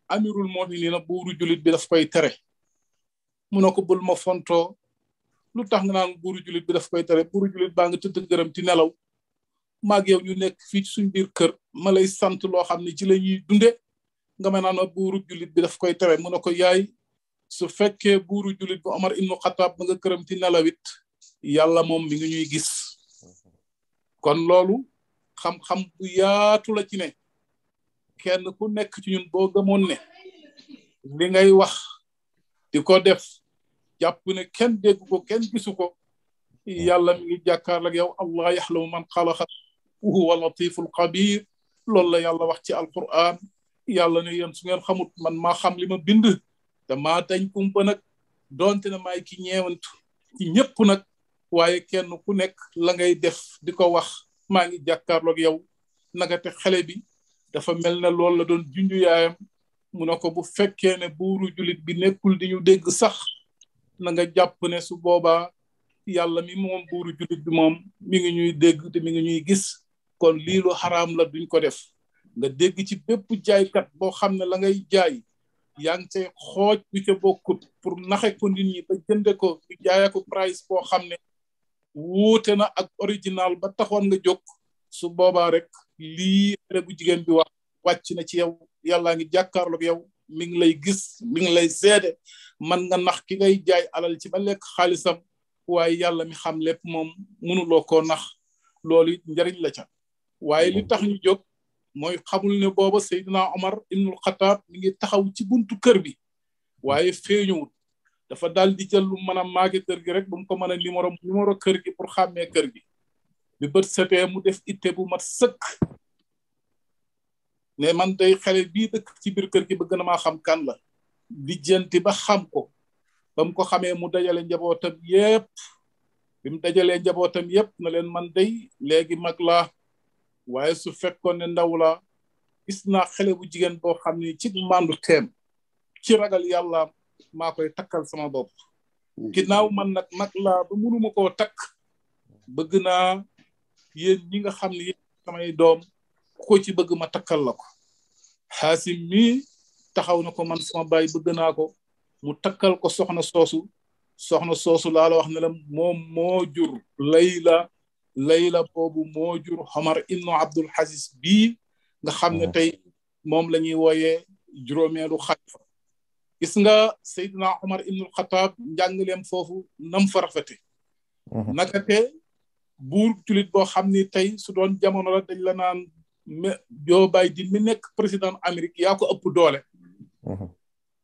Speaker 6: amirul mu'miniina buuru julit bi daf koy tere mu ne ko bul ma fontoo lu tax nga naan buuru julit bi daf koy tere buuru julit baa nga tëdd gërëm ci nelaw maag yow ñu nekk fii ci suñ biir kër ma lay sant loo xam ne ci la ñuy dunde nga ma naan buuru julit bi daf koy tere mu ne ko yaay su fekkee buuru julit bu Omar ibnu Xataab ba nga këram ci nelawit yàlla moom mi ngi ñuy gis mhm. kon loolu xam-xam bu yaatu la ci ne kenn ku nekk ci ñun boo gëmoon ne li ngay wax di ko def jàpp ne kenn dégg ko kenn gisu ko yàlla mi ngi jàkkaarloo ak yow allah yaxlamu man xalaqa wa huwa latiful xabir loolu la yàlla wax ci alquran yàlla ne yéen su ngeen xamut man ma xam li ma bind te maa dañ kumpa nag doonte ne maay ki ñeewantu ci ñëpp nag waaye kenn ku nekk la ngay def di ko wax maa ngi jàkkaarloo ak yow naka te xale bi dafa mel ne loolu la doon junju yaayam mu ne ko bu fekkee ne buuru jullit bi nekkul di ñu dégg sax na nga jàpp ne su boobaa yàlla mi moom buuru jullit bi moom mi ngi ñuy dégg te mi nga ñuy gis kon lii lu xaraam la duñ ko def nga dégg ci bépp jaaykat boo xam ne la ngay jaay yaa ngi cay xooj bi ca bokkut pour naxe ko nit ñi ba jënde ko ñu jaaya ko price boo xam ne wuute na ak original ba taxoon nga jóg su boobaa rek lii xale bu jigéen bi wax wàcc na ci yow yàllaa ngi jàkkaarloog yow mi ngi lay gis mi ngi lay seede man nga nax ki ngay jaay alal ci ba lekk xaalisam waaye yàlla mi xam lépp moom mënuloo koo nax loolu njariñ la ca waaye li tax ñu jóg mooy xamul ne booba Seydina Omar nu Xataab mi ngi taxaw ci buntu kër bi waaye feeñuwut dafa daal di jël lu mën a kër gi rek ba mu ko mën a numéro numéro kër gi pour xàmmee kër gi bi bët setee mu def itte bu mat sëkk ne man tay xale bi dëkk ci biir kër gi bëgg na maa xam kan la lijjanti ba xam ko bam ko xamee mu dajale njabootam yépp bi mu dajalee njabootam yépp na leen man day léegi mag laa waaye su fekkoon ne ndaw la gis naa xale bu jigéen boo xam ci mandu teem ci ragal yàlla maa koy takkal sama bopp mm-hmm. ginnaaw man nag mag laa ba koo takk bëgg naa yéen ñi nga xam samay ko ci bëgg ma takkal la ko xaasim mii taxaw na ko man sama baay bëgg naa ko mu takkal ko soxna soosu soxna soosu laa la wax ne la moom moo jur layla layla boobu moo jur xamar ibnu abdul xasis bii nga xam ne tey moom la ñuy wooyee juróomeelu xalifa gis nga na Omar ibnul Xataab njàngaleem foofu nam fa mhm. naka te buur julit boo xam ni tey su doon la dañ la naan mais Joe Biden mi nekk président Amérique yaa ko ëpp doole. Mhm.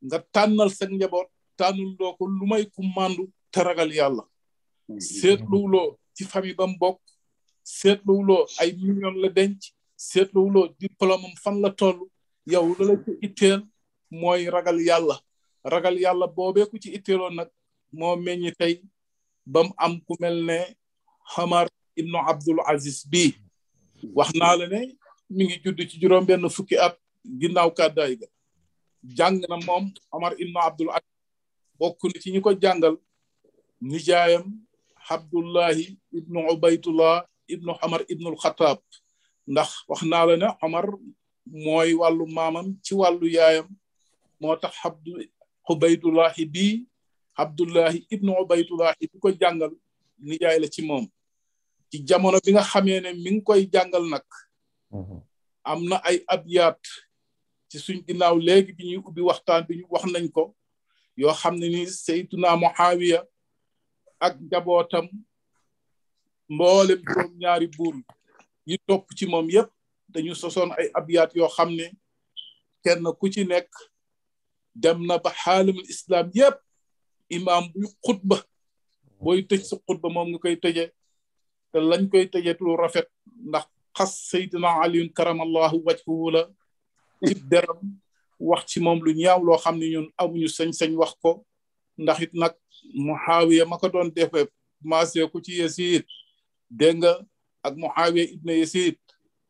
Speaker 6: nga tànnal sa njaboot tànnul doo ko lu may ku màndu te ragal yàlla. Mhm. seetluwuloo ci famille ba mu bokk. seetluwuloo ay million la denc. seetluwuloo diplôme am fan la tol yow la la ci itteel mooy ragal yàlla. ragal yàlla boobee ci itteeloon nag moo meññi tey ba am ku mel ne Hamar ino Abdul Aziz bii. wax mi ngi judd ci juróom benn fukki at ginnaaw kàddaay ga jàng na moom Omar ibnu Abdul Aziz bokk na ci ñi ko jàngal nijaayam Abdullahi ibnu Ubaydullah ibnu Omar ibnul Xataab ndax wax naa la ne Omar mooy wàllu maamam ci wàllu yaayam moo tax abdu Ubaydullahi bii ibnu Ubaydullahi bi ko jàngal nijaay la ci moom jamono bi nga xamee ne mi ngi koy jàngal nag Mm-hmm. am na ay abyaat ci suñ ginnaaw léegi bi ñuy ubbi waxtaan bi ñu wax nañ ko yoo xam ne ni Seydina Muawiya ak njabootam mboolem juróom ñaari buur yi topp ci moom yëpp dañu sosoon ay abyaat yoo xam ne kenn ku ci nekk dem na ba xaalimul islam yëpp imaam buy xutba booy tëj sa xutba moom nga koy tëje te lañ koy tëje lu rafet ndax خاص سيدنا علي كرم الله وجهه ولا الدرم وقت مام لنيا ولا خمني يون أبو يسني سني وقتك نحيت نك محاوية ما كدون دفع ما كتي يزيد دينغ أك محاوية ابن يزيد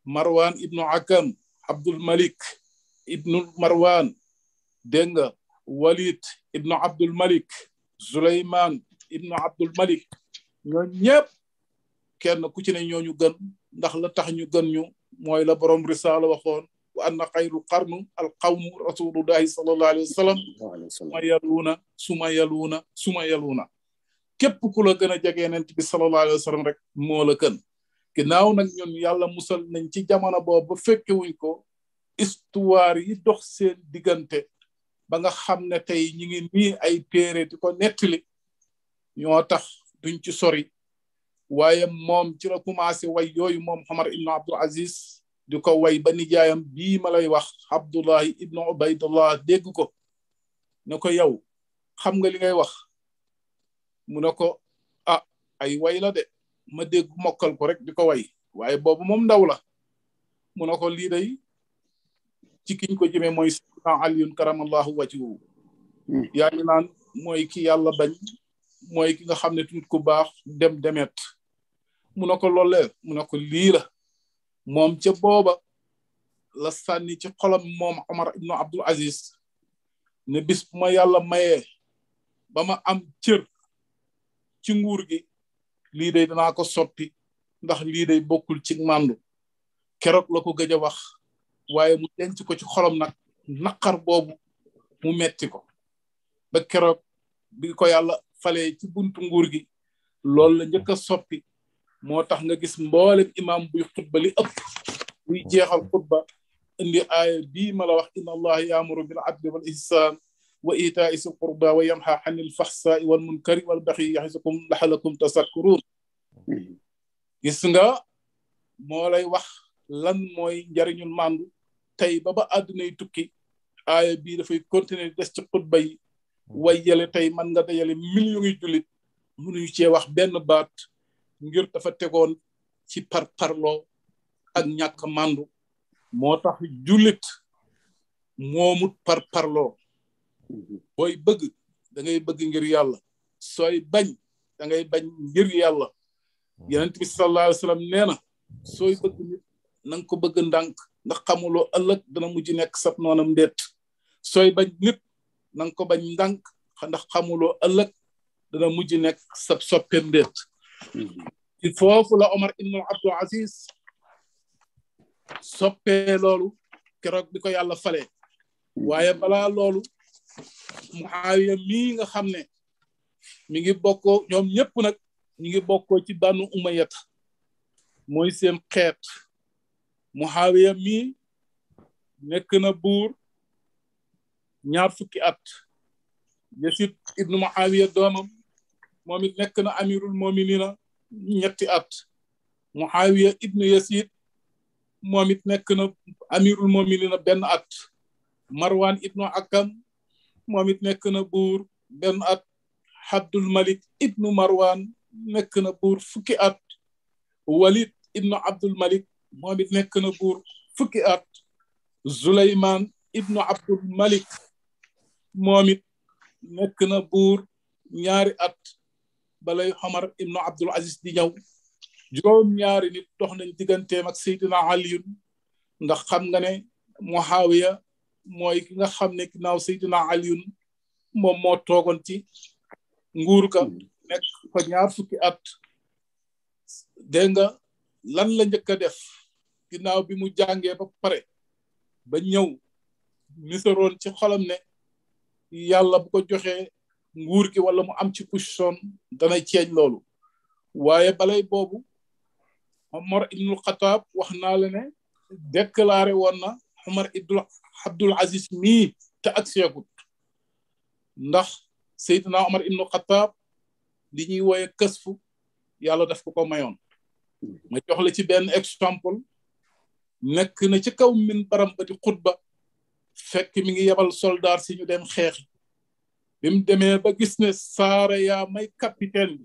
Speaker 6: مروان ابن عكم عبد الملك ابن مروان دينغ وليد ابن عبد الملك سليمان ابن عبد الملك نيب كان كوتين يونيو ndax la tax ñu gën ñu mooy la borom risaala waxoon wa anna xayru qarnu al qawmu rasulullahi sallallahu alayhi wa sallam suma yaluuna suma yaluuna suma yaluuna képp ku la gën a jege yonent bi sallallahu alayhi wa sallam rek moo la gën ginnaaw nag ñun yàlla musal nañ ci jamono boobu ba fekke ko histoire yi dox seen diggante ba nga xam ne tey ñi ngi nii ay téere di ko nettili ñoo tax duñ ci sori waaye moom ci la way yooyu moom Omar ibnu Abdul Aziz di ko way ba nijaayam bii ma lay wax Abdullahi ibnu Ubaydullah dégg ko ne ko yow xam nga li ngay wax mu ne ko ah ay way la ma dégg mokkal ko rek di ko way waaye boobu moom ndaw la mu ne ko lii day ci kiñ ko jëmee mooy Sayyidina Aliyun karamallahu wajhu hmm. yaa mooy ki yàlla bañ mooy ki nga xam ne tuut ku baax dem demet mu ne ko loolee mu ne ko lii la moom ca booba la sànni ci xolam moom Omar ibnu Abdul Aziz ne bis bu ma yàlla maye ba ma am cër ci nguur gi lii day danaa ko sotti ndax lii day bokkul ci màndu keroog la ko gëj a wax waaye mu denc ko ci xolam nag naqar boobu mu metti ko ba keroog bi ko yàlla falee ci buntu nguur gi loolu la njëkk a soppi moo tax nga gis mboolem imaam buy xutba li ëpp buy jeexal xutba indi aaya bii ma la wax inna allaha yaamuru bil adli wal ihsan wa itaai sil qurba wa yamxa xanil faxsaai wal munkari wal baxi yaxisukum laxalakum tasakkuruun gis nga moo lay wax lan mooy njariñul màndu tey baba ba àddunay tukki aaya bii dafay continuer des ci xutba yi way yele tey man nga dajale millions yi jullit mënuñu wax benn baat ngir dafa tegon ci par parlo ak ñak mandu motax julit momut par parlo boy bëgg da ngay bëgg ngir yalla soy bañ da ngay bañ ngir yalla yaronte bi sallallahu alayhi wasallam neena soy bëgg nit nang ko bëgg ndank ndax xamulo ëlëk dana mujj nek sab nonam ndet soy bañ nit nang ko bañ ndank ndax xamulo ëlëk dana mujj nek sab soppeem ndet ci foofu la Omar ibnul Abdul Aziz soppee loolu keroog bi ko yàlla fale waaye bala loolu Muawiya mii nga xam ne mi ngi bokkoo ñoom ñëpp nag ñi ngi bokkoo ci Banu Umayyat mooy seen xeet Muawiya mii nekk na buur ñaar fukki at Yasid ibnu Muawiya doomam moom it na amirul mominina ñetti at muhawiya ibnu yasid moom it na amirul mominina benn at marwan ibn akam moom it nekk na buur benn at abdul malik ibn marwan nekk na buur fukki at walid ibn abdul malik moom it nekk na buur fukki at zuleyman ibnu abdul malik moom it nekk na buur ñaari at balay Omar ibnu Abdul Aziz di ñëw juróom-ñaari nit dox nañ digganteem ak Seydina Aliyun ndax xam nga ne Muawiya mooy ki nga xam ne ginnaaw Seydina Aliyun moom moo toogoon ci nguur ka hmm. nekk fa ñaar fukki at dégg lan la njëkk a def ginnaaw bi mu jàngee ba pare ba ñëw misoroon ci xolam ne yàlla bu ko joxee nguur gi wala mu am ci position danay ceeñ loolu waaye balay boobu Omar ibnul Xataab wax naa la ne déclaré woon na Omar ibnul Abdul Aziz mii te ak seegut ndax Seydina Omar ibnul Xataab li ñuy wooye kësfu yàlla daf ko ko mayoon ma jox la ci benn exemple nekk na ci kaw min baram ba di xutba fekk mi ngi yebal soldaar si ñu dem xeexi bi mu demee ba gis ne saara yaa may capitaine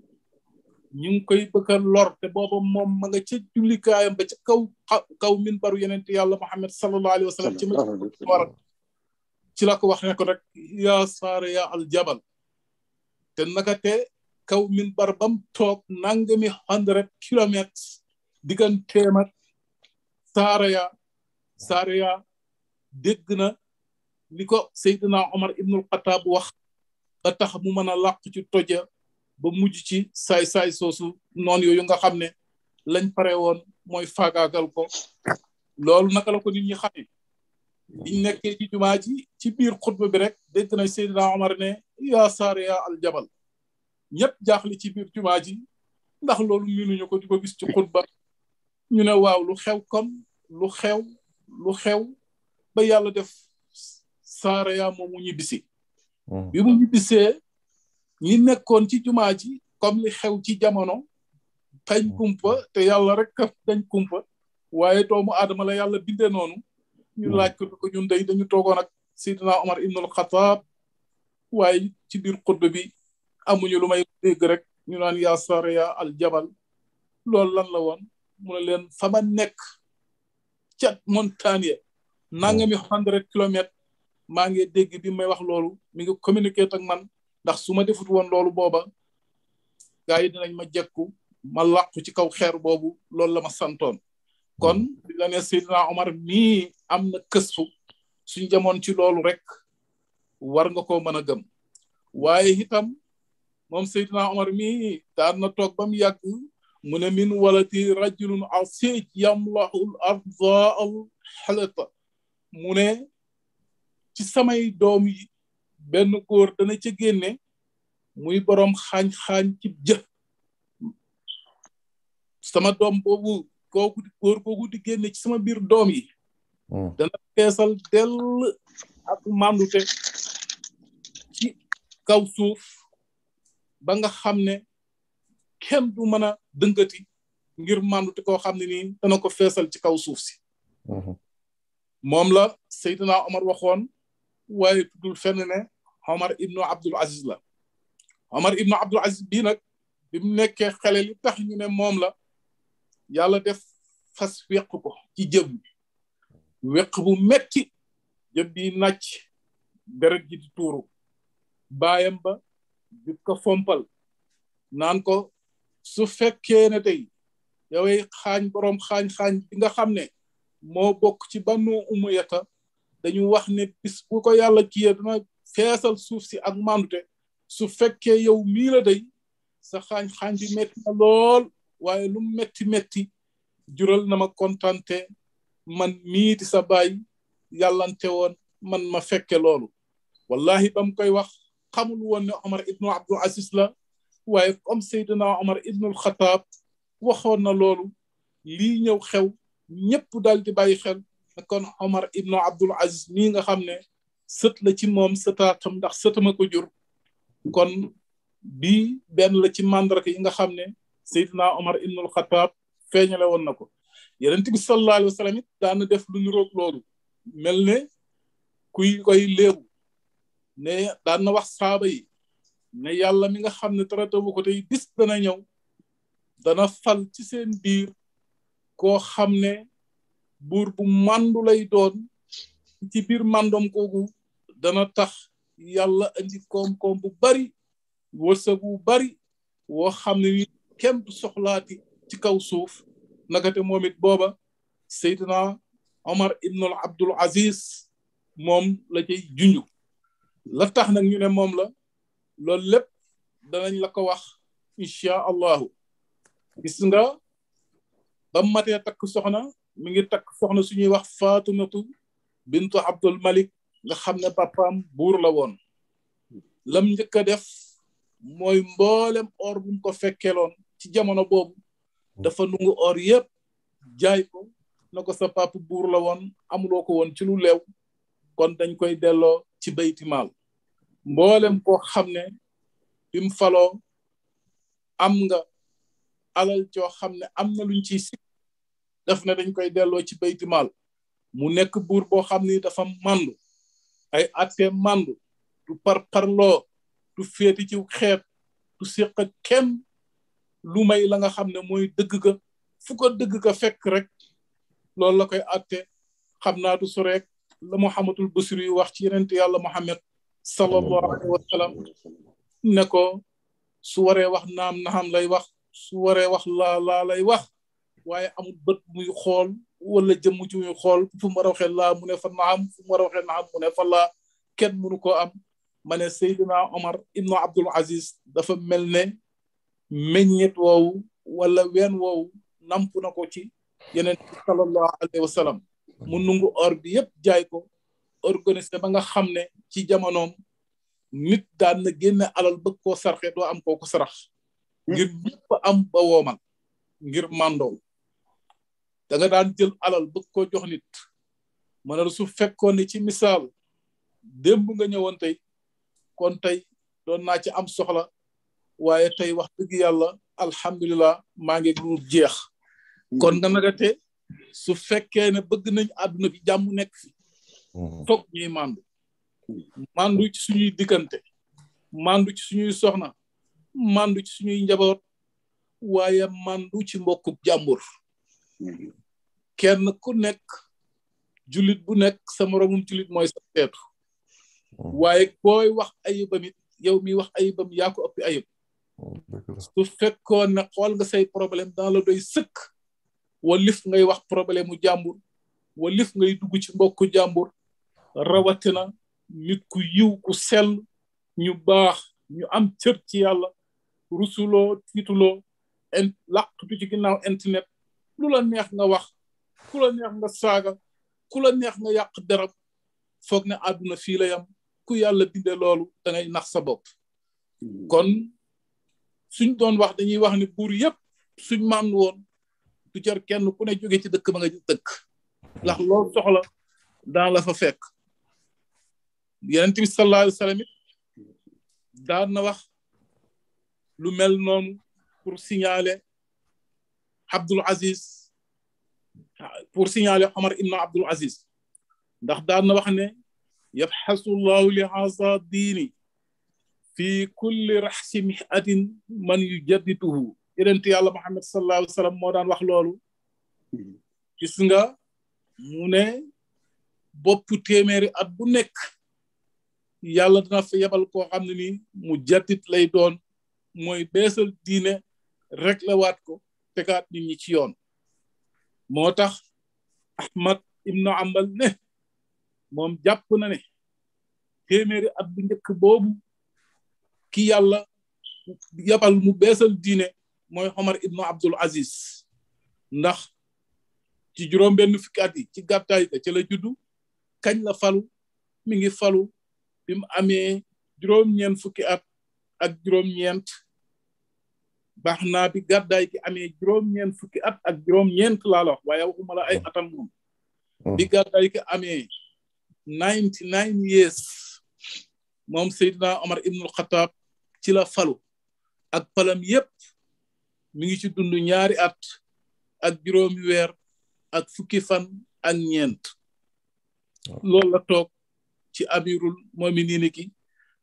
Speaker 6: bi ngi koy bëgg lorte lor te booba moom ma nga ca jullikaayam ba ca kaw kaw min baru yenente yàlla Muhammad sallallahu alayhi wa sallam ci ma war ci la ko wax ne ko rek yaa saara aljabal te naka te kaw min bar bam toog nangami hundred kilomètres digganteem ak saara yaa dégg na li ko Seydina Omar ibnul Xataab wax ba tax mu mën a làq ci toja ba mujj ci saay-saay soosu noon yooyu nga xam ne lañ pare woon mooy faagaagal ko loolu naka la ko nit ñi xame biñ nekkee ci jumaa ji ci biir xutba bi rek dégg na Seydina Omar ne yaa saariya al jabal ñëpp jaaxle ci biir jumaa ji ndax loolu mënuñu ko di ko gis ci xutba ñu ne waaw lu xew kon lu xew lu xew ba yàlla def saariya moomu ñibbisi Mm. bi mu ñibbisee ñi nekkoon ci jumaa ji comme li xew ci jamono tañ mm. kumpa te yàlla rek dañ kumpa waaye doomu aadama la yàlla bindee noonu ñu mm. laaj ko ko ñun day dañu toogoon ak Seydina Omar ibnul Xataab waaye ci biir xutba bi amuñu lu may dégg rek ñu naan yaa saraya al jabal loolu lan la woon mu ne leen fa ma nekk cat montagne nangami hundred kilomètres maa ngi dégg bi may wax loolu mi ngi communiqué ak man ndax su ma defut woon loolu booba gaa yi dinañ ma jekku ma làqu ci kaw xeer boobu loolu la ma santoon kon di hmm. la ne Omar mii am na këstu suñ jamoon ci loolu rek war nga koo mën a gëm waaye itam moom Seydina Omar mii daan na toog ba mu yàgg mu ne min walati rajulun asij yamlahul ardaal xalata mu ne ci samay doom yi benn góor dana ca génne muy boroom xaañ-xaañ ci jë sama doom boobu kooku góor kooku di génne ci sama biir doom yi hmm. dana feesal dell ak mandute ci kaw suuf ba nga xam ne kenn du mën a dëngati ngir mandute koo xam ne nii dana ko feesal ci kaw suuf si hmm. moom la Seydina Omar waxoon waaye tuddul fenn ne Omar ibnu Abdul Aziz la Omar ibnu Abdul Aziz bii nag bi mu nekkee xale li tax ñu ne moom la yàlla def fas weq ko ci jëm weq bu metti jëm bi nàcc deret ji di tuuru baayam ba di ko fompal naan ko su fekkee ne tey yowey xaañ boroom xaañ-xaañ bi nga xam ne moo bokk ci bannu umayata dañu wax ne bis bu ko yàlla kiyee dina feesal suuf si ak mandute su fekkee yow mii la day sa xaañ xaañ bi metti na lool waaye lu metti metti jural na ma kontante man mii di sa baay yàllante woon man ma fekke loolu wallahi bam koy wax xamul woon ne Omar ibnu Abdul Aziz la waaye comme Seydina Omar ibnul Xataab waxoon na loolu lii ñëw xew ñëpp dal di bàyyi xel kon Omar ibnu Abdul Aziz mi nga xam ne sët la ci moom sëtaatam ndax sëtama ko jur kon bii benn la ci mandarga i nga xam ne Seydina Omar ibnul Xataab feeñale woon na ko Yonent bi sallallahu alayhi wa sallam it daana def lu niroog loolu mel ne kuy koy léebu ne daan na wax saaba yi ne yàlla mi nga xam ne traité bu ko tey bis dana ñëw dana fal ci seen biir koo xam ne buur bu màndu lay doon ci biir màndoom kooku dana tax yàlla indi koom-koom bu bari wërsëg bu bari woo xam ne kenn du soxlaati ci kaw suuf nakate moom it booba seydina omar ibnul abdul aziz moom la cay junju la tax nag ñu ne moom la loolu lépp danañ la ko wax incha allahu gis ba matee takk soxna mi ngi takk soxna suñuy wax Fatimatu bintu Abdul Malik nga xam ne papaam buur la woon lam njëkk a def mooy mboolem or bu mu ko fekkeeloon ci jamono boobu dafa nungu or yëpp jaay ko na ko buur la woon amuloo ko woon ci lu leew kon dañ koy delloo ci bayti maal mboolem koo xam ne bi mu faloo am nga alal joo xam ne am na luñ ciy sikk def na dañ koy delloo ci bayti mal mu nekk buur boo xam ni dafa mandu ay atte mandu du par parloo du féeti ci xeet du séq kenn lu may la nga xam ne mooy dëgg ga fu ko dëgg ga fekk rek loolu la koy atte xam naa du sorek la muhammadul basir yi wax ci yenent yàlla muhammad sallallahu alayhi wa sallam ne ko su waree wax naam naam lay wax su waree wax lay wax waaye amul bët muy xool wala jëmm ci muy xool fu mu war a waxee laa mu ne fa naam fu mu war a waxee naam mu ne fa laa kenn mënu koo am ma ne Seydina Omar ibnu Abdul Aziz dafa mel ne meññet woowu wala ween woowu namp na ko ci yeneen sallallahu alayhi wa sallam mu nungu or bi yëpp jaay ko organisé ba nga xam ne ci jamonoom nit daan na génne alal bëgg koo sarxe doo am kooku sarax ngir ñëpp am ba woomal ngir màndool danga nga daan jël alal bëgg koo jox nit ma su fekkoon ne ci misaal démb nga ñëwoon tey kon tey doon naa ci am soxla waaye tey wax dëgg yàlla alhamdulilah maa ngi jeex hmm. kon nga nagate su fekkee ne bëgg nañ àdduna bi jàmm nekk fi toog hmm. ñuy mandu mandu ci suñuy diggante mandu ci suñuy soxna mandu ci suñuy njaboot waaye mandu ci mbokkub jàmbur kenn ku nekk julit bu nekk sa moromum julit mooy sa seetu hmm. waaye booy wax ayibam it yow mi wax ayibam yaa ko ëppi ayib hmm, su fekkoon ne xool nga say problème dans la doy sëkk walif ngay wax problème mu jàmbur walif ngay dugg ci mbokku jàmbur rawatina nit ku yiw ku sell ñu baax ñu am cër ci yàlla rusuloo tiituloo laqtu ci ginnaaw internet lu la neex nga wax ku la neex nga saaga ku la neex nga yàq deram foog ne àdduna fii la yam ku yàlla binde loolu da ngay nax sa bopp kon suñ doon wax dañuy wax ni buur yëpp suñ maam woon du jar kenn ku ne jóge ci dëkk ba nga dëkk ndax loolu soxla daan la fa fekk yenent bi sallallahu alayhi wa na wax lu mel noonu pour signaler عبد العزيز pour signaler Omar ibn Abdul Aziz ndax da na wax ne yabxasu Allah li asa fi kulli raxsi mihatin man yujaddituhu ti yàlla Muhammad sallallahu alayhi wasallam mo dan wax lolu gis nga mu ne bop téeméeri at bu nek yàlla dana fa yabal ko xamni mu jaddit lay don moy besal dine rek la wat ko tegaat nit ci yoon moo tax ahmad ibnu ambal ne moom jàpp na ne téeméeri at bu njëkk boobu ki yàlla yabal mu beesal diine mooy Omar ibnu Abdul Aziz ndax ci juróom benn fukki at ci gàttaay ga ca la juddu kañ la falu mi ngi falu bi mu amee juróom-ñeent fukki at ak juróom-ñeent baax naa bi gàddaay gi amee juróom-ñeent fukki at ak juróom-ñeent laa la waxuma la ay atam moom mm. bi gàddaay gi amee ninety nine years moom Seydina Omar Ibnul Xataab ci la falu ak palam yépp mi ngi ci dund ñaari at ak juróom weer ak fukki fan ak ñeent mm. loolu a toog ci amirul moominiin gi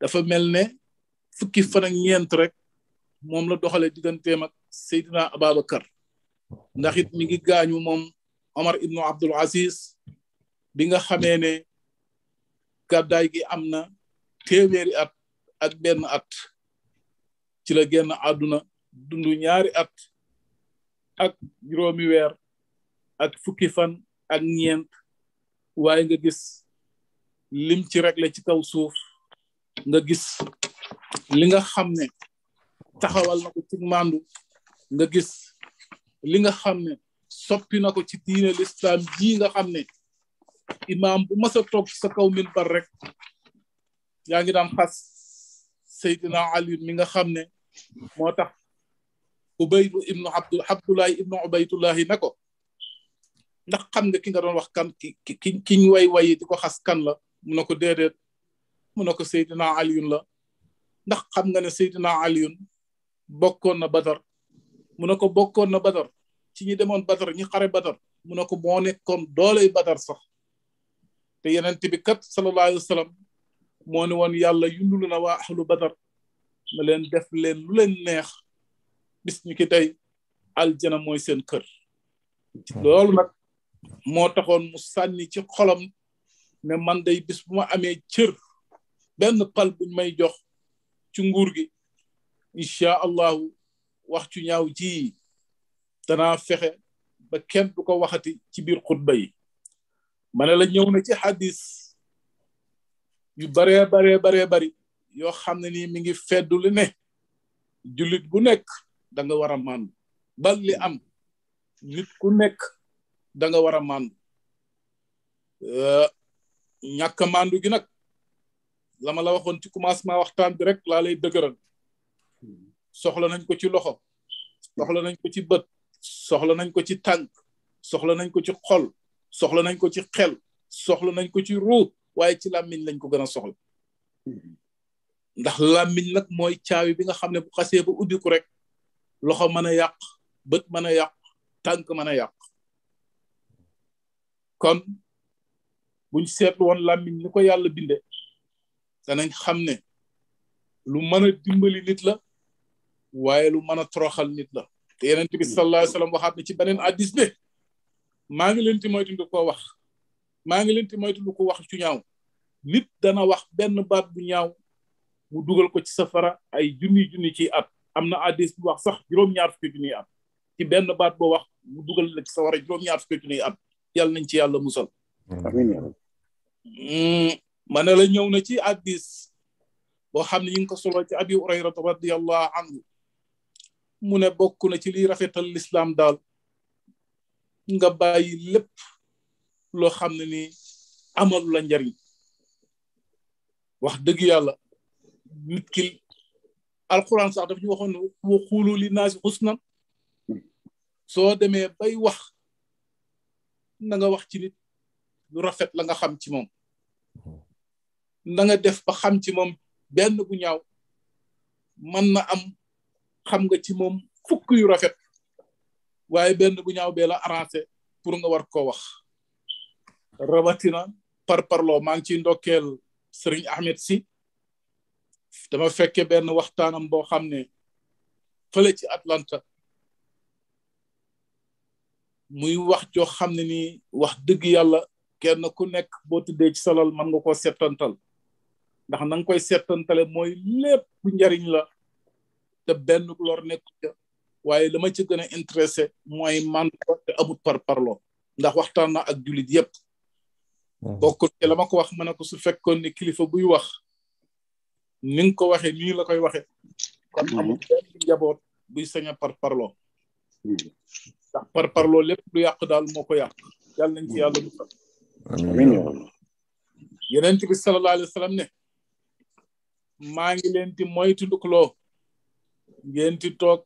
Speaker 6: dafa mel ne fukki fan ak ñeent rek moom la doxale digganteem ak Seydina Ababacar mi ngi gaañu moom Omar ibnu Abdul Aziz bi nga xamee ne gàddaay gi am na téeméeri at ak benn at ci la génn àdduna dundu ñaari at ak juróomi weer ak fukki fan ak ñeent waaye nga gis lim ci réglé ci kaw suuf nga gis li nga xam ne taxawal na ko ci mandu nga gis li nga xam ne soppi na ko ci diine lislaam ji nga xam ne imaam bu mas a toog sa kaw min bar rek yaa ngi daan xas Seydina Ali mi nga xam ne moo tax ubaydu ibnu abdu abdulahi ibnu ubaydullahi ne ko ndax xam nga ki nga doon wax kan ki ki kiñ way wayi di ko xas kan la mu ne ko déedéet mu ne ko Seydina Aliyun la ndax xam nga ne Seydina Aliyun bokkoon na Badar mu ne ko bokkoon na Badar ci ñi demoon Badar ñi xare Badar mu ne ko moo nekkoon dooley Badar sax te yeneen bi kat sallallahu alayhi wa sallam moo ne woon yàlla yundulu na waa ahlu Badar na leen def leen lu leen neex bis ñu ki tey aljana mooy seen kër loolu nag moo taxoon mu sànni ci xolam ne man day bis bu ma amee cër benn pal buñ may jox ci nguur gi insha Allah waxtu ñaaw ji dana fexé ba kenn du ko waxati ci biir khutba yi mané la ñew na ci hadith yu bare bare bare bari yo xamné ni mi ngi li ne julit bu nek da nga wara man bal li am nit ku nek da nga wara man mànd ñàkk gi nak lama la waxon ci commencement waxtan bi rek la lay deugural soxla nañ ko ci loxo soxla nañ ko ci bët soxla nañ ko ci tànk soxla nañ ko ci xol soxla nañ ko ci xel soxla nañ ko ci ruut waaye ci làmmiñ lañ ko gën a soxla ndax làmmiñ nag mooy caawi bi nga xam ne bu xasee ba ubbiku rek loxo mën a yàq bët mën a yàq tànk mën a yàq kon buñ seetlu woon làmmiñ ni ko yàlla binde danañ xam ne lu mën a dimbali nit la waaye lu mën a toroxal nit la te yeneen bi sallallahu alayhi wa sallam waxaat na ci beneen addis ne maa ngi leen di moytandiku ko wax maa ngi leen di moytandiku ko wax ci ñaaw nit dana wax benn baat bu ñaaw mu dugal ko ci safara ay junni junni ci at am na addis bu wax sax juróom-ñaar fukki junni at ci benn baat boo wax mu dugal la ci safara juróom-ñaar fukki junni at yàlla nañ ci yàlla musal. ma ne la ñëw na ci addis boo xam ne ñu ngi ko solo ci abi hurayrata radiyallahu anhu mu ne bokk na ci liy rafetal lislaam daal nga bàyyi lépp loo xam ne ni amalu la njariñ wax dëgg yàlla nit ki alquran sax daf ñu waxoon ne wa xuulu soo demee bay wax na wax ci lu rafet la nga xam ci moom na nga def ba xam ci moom benn bu ñaaw mën na am xam nga ci moom fukk yu rafet waaye benn bu ñaaw bee la arrangé pour nga war ko wax rabatina par parlo maa ngi ciy ndokkeel sëriñ ahmed si dama fekke benn waxtaanam boo xam ne ci atlanta muy wax joo xam ne ni wax dëgg yàlla kenn ku nekk boo tuddee ci salal man nga ko settantal ndax na nga koy settantale mooy lépp njariñ la te benn lor nekk ca waaye la ma ci gën intéressé mooy man te amut par parloo ndax waxtaan na ak jullit yëpp hmm. bokkul ci ko wax ma ne ko su fekkoon ne kilifa buy wax ni nga ko waxee nii la koy waxe kon hmm. amul benn buy sañ par parloo hmm. ndax parloo lépp lu yàq daal moko ko yàq yàlla nañ ci yàlla mu sax amiin yeneen bi ne maa ngi leen di ngeen di toog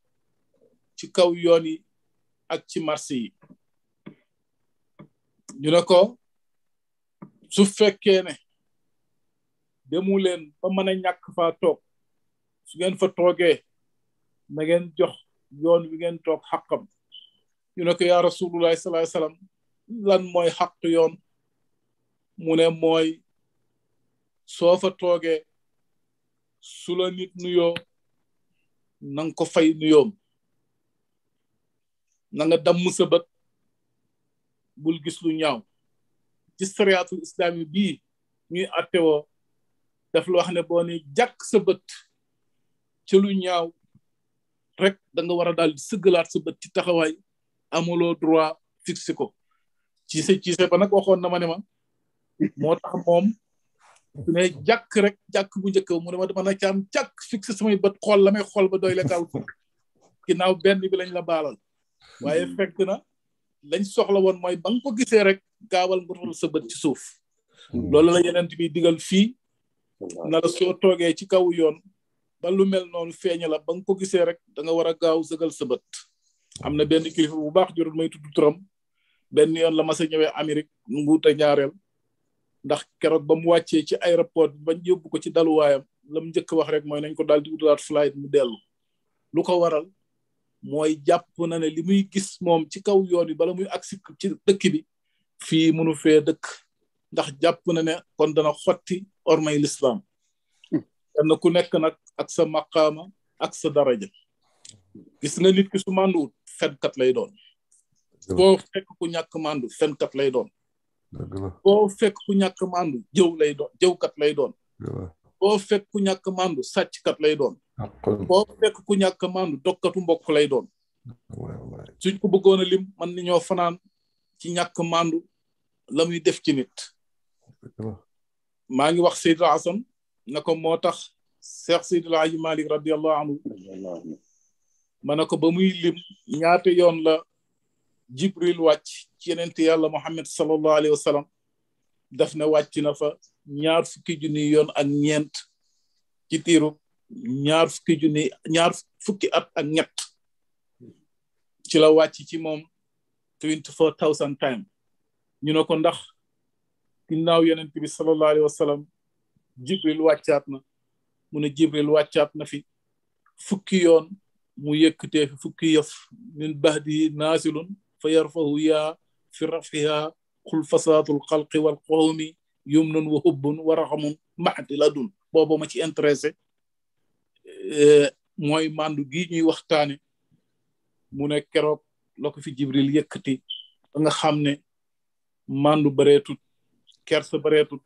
Speaker 6: ci kaw yoon yi ak ci marché yi ñu ne ko su fekkee ne demu leen ba mën a ñàkk faa toog su ngeen fa toogee na ngeen jox yoon wi ngeen toog xàqam ñu ne ko yaa rasulullahi sallallahu alayhi wasallam lan mooy xàq yoon mu ne mooy soo fa toogee su la nuyoo na ko fay nuyoom na nga damm sa bët bul gis lu ñaaw ci sariyaatul islaami bii ñuy attewoo daf la wax ne boo ne jàkk sa bët ci lu ñaaw rek danga nga war a daal di sëggalaat sa bët ci taxawaay amuloo droit fixé ko ci se ci ba nag waxoon na ma ne ma moo tax moom ne jàkk rek jak bu njëkk mu dama dama nekk am jàkk fixé samay bët xool la may xool ba doy la gaaw ginnaaw benn bi lañ la baalal waaye hmm. fekk na lañ soxla woon mooy ba nga ko gisee rek gaawal nga sa bët ci suuf hmm. loolu la yeneen bi digal fii na la soo toogee ci kaw yoon ba lu mel noonu feeñ la ko gisee rek da nga gaaw sa bët benn kilifa bu baax jorul may turam benn yoon la ma sa ñëwee Amérique ndax kérok ba mu wàccee ci aéroport bañ yóbbu ko ci daluwaayam lam njëkk wax rek mooy nañ ko daldi flight mu dellu lu ko waral mooy jàpp na ne li muy gis moom ci kaw yoon bi bala muy agsi ci dëkk bi fii mënu fee dëkk ndax jàpp na ne kon dana xotti ormay lislaam kenn ku nekk nag ak sa maqaama ak sa daraja gis nga nit ki su mànduwut fenkat lay doon boo fekk ku ñàkk fenkat lay doon boo fek ku ñak mandu jew lay jew kat lay doon boo fek ku ñak mandu kat lay doon boo fek ku ñak mandu dokkatu mbokk lay doon suñ ko bëggona lim man ni ñoo fanaan ci ñak mandu lamuy def ci nit maa wax sayyid na ko moo cheikh sayyid al malik radiyallahu anhu ma ko ba muy lim ñaata yoon la جبريل وات كيننتي يالا محمد صلى الله عليه وسلم دفنا وات نفا نيار فكي جوني يون اك نينت كي تيرو نيار فكي جوني نيار فكي ات اك نيت تي لا وات تي موم 24000 تايم ني نكو ندخ كيناو يننتي بي صلى الله عليه وسلم جبريل واتياتنا من جبريل واتياتنا في فكي يون mu yëkkatee fi fukki yëf min bahdi naasilun فيرفع في رفعها قل فساد القلق والقوم يمن وهب ورحم محد لدن boobu ma ci intéressé mooy màndu gi ñuy waxtaane mu ne keroog la ko fi jibril yëkkati ba nga xam ne màndu bareetut kersa bareetut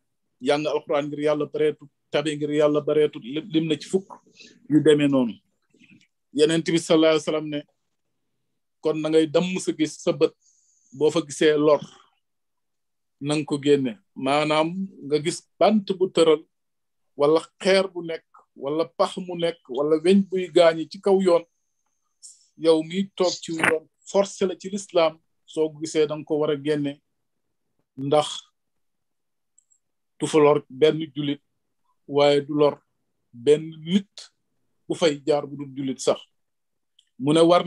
Speaker 6: jàng alquran ngir yàlla bareetut tabe ngir yàlla bareetut lim ci fukk yu demee noonu yeneen bi sallallahu alayhi wasallam ne kon na ngay damm sa gis sa bët boo fa gisee lor na nga ko génne maanaam nga gis bant bu tëral wala xeer bu nekk wala pax mu nekk wala weñ buy gaañi ci kaw yoon yow mi toog ci yoon forcé la ci lislaam soo ko gisee da nga ko war a génne ndax du lor benn julit waaye du lor benn nit bu fay jaar bu dul jullit sax mu ne war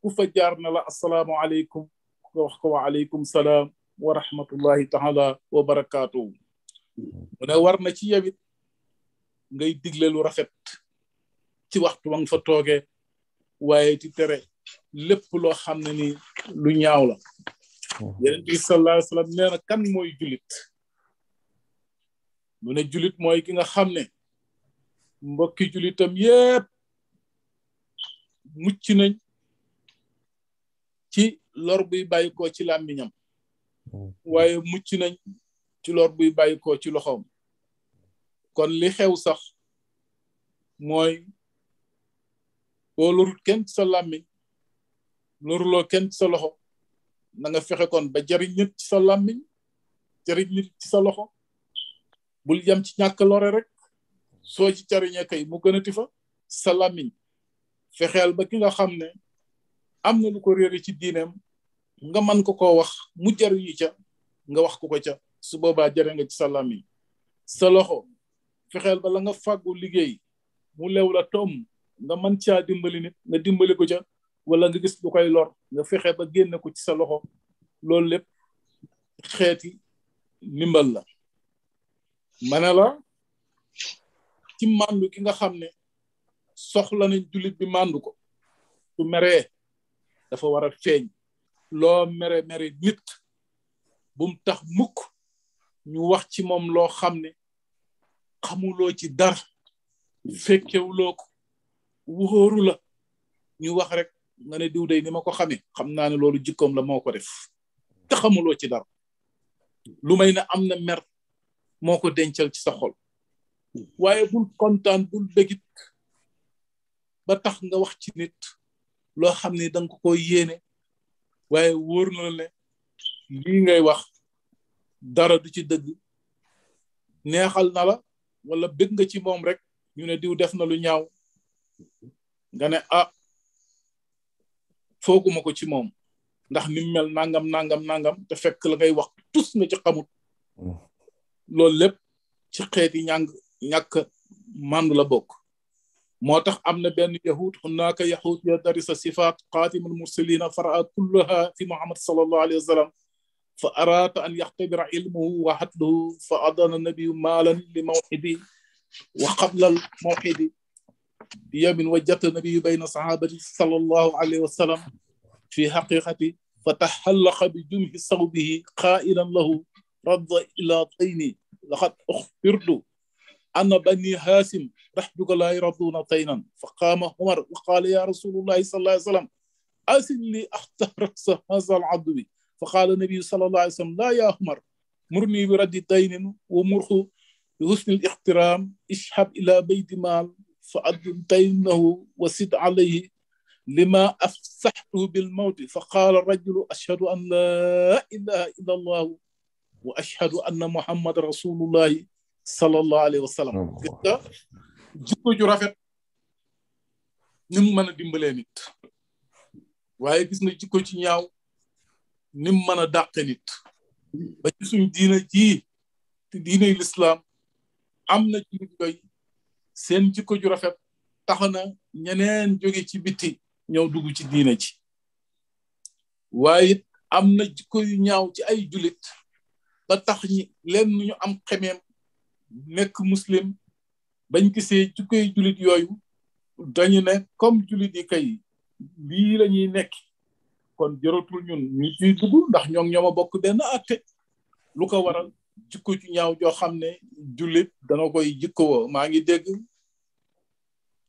Speaker 6: ku fa jaar na la asalaamualeykum nga wax ko waaleykum salaam wa rahmatullahi taala wa barakaatuhu mu ngay digle lu rafet ci waxtu wa nga fa toogee waaye ci tere lépp loo xam ne ni lu ñaaw la yeneen bi sallallahu alayhi wasallam nee kan mooy julit mu ne julit mooy ki nga xam mbokki julitam yépp mucc nañ ci lor buy bàyyikoo ci làmmiñam hmm. waaye mucc nañ ci lor buy bàyyikoo ci loxoom kon li xew sax mooy boo lorut kenn sa làmmiñ loruloo kenn ci sa loxo na nga ba jariñ nit ci sa làmmiñ jariñ sa loxo bul jam ci ñàkk lore rek soo ci jariñee kay mu gënati fa sa làmmiñ fexeel ba ki nga xam ne am na lu ko réere ci diineem nga man ko koo wax mu jariñu ca nga wax ko ko ca su boobaa jare nga ci sa làmmiñ sa loxo fexeel ba la nga fàggu liggéey mu lewla tom nga mën caa dimbali nit nga dimbali ko ca wala nga gis lu koy lor nga fexe ba génne ko ci sa loxo loolu lépp xeeti ndimbal la ma ne la ci màndu ki nga xam ne soxla bi màndu ko su meree dafa war a feeñ loo mere mere nit bum tax mukk ñu wax ci moom loo xam ne xamuloo ci dara fekkewuloo ko wóoru la ñu wax rek nga ne diw day ni ma ko xamee xam naa ne loolu jikkoom la moo ko def te xamuloo ci dar lu may ne am na mer moo ko dencal ci sa xol waaye bul kontaan bul dëgit ba tax nga wax ci nit loo xam ne danga ko yéene waaye wóor na la ne ngay wax dara du ci dëgg neexal na la wala bëgg nga ci moom rek ñu ne diw def na lu ñaaw nga ne a ah, fooguma ko ci moom ndax ni mel nangam nangam nangam te fekk la ngay wax tus nga ci xamut mm. loolu lépp ci xeeti ñàng ñàkk màndu la bokk موتخ أمن بين يهود هناك يهود يدرس صفات قادم المرسلين فرأى كلها في محمد صلى الله عليه وسلم فأراد أن يختبر علمه وحده فأدان النبي مالا لموحده وقبل الموحد يوم وجدت النبي بين صحابه صلى الله عليه وسلم في حقيقته فتحلق بجمه صوبه قائلا له رضى إلى طيني لقد أخبرت أن بني هاشم رحبك لا يرضون طينا فقام عمر وقال يا رسول الله صلى الله عليه وسلم أسن لي أحتى هذا العدو فقال النبي صلى الله عليه وسلم لا يا عمر مرني برد دين ومره بحسن الاحترام اشحب إلى بيت مال فأد دينه وسد عليه لما أفسحته بالموت فقال الرجل أشهد أن لا إله إلا الله وأشهد أن محمد رسول الله sallallahu alayhi wa sallam gis ju rafet ni mu mën a dimbalee nit waaye gis nga jikko ci ñaaw nim mu mën a dàqe nit ba ci suñ diina jii te diina lislaam am na ci ju rafet tax na ñeneen jóge ci biti ñëw dugg ci diina ji waaye it am na ñaaw ci ay julit ba tax ñi leen ñu am xemeem nekk muslim bañ gisee ci julit jullit yooyu dañu ne comme jullit yi kay lii nekk kon jëratul ñun ñu ciy ndax ñoom ñoo ma bokk benn atte lu ko waral jikko ci ñaaw joo xam ne jullit dana koy jikkowoo maa ngi dégg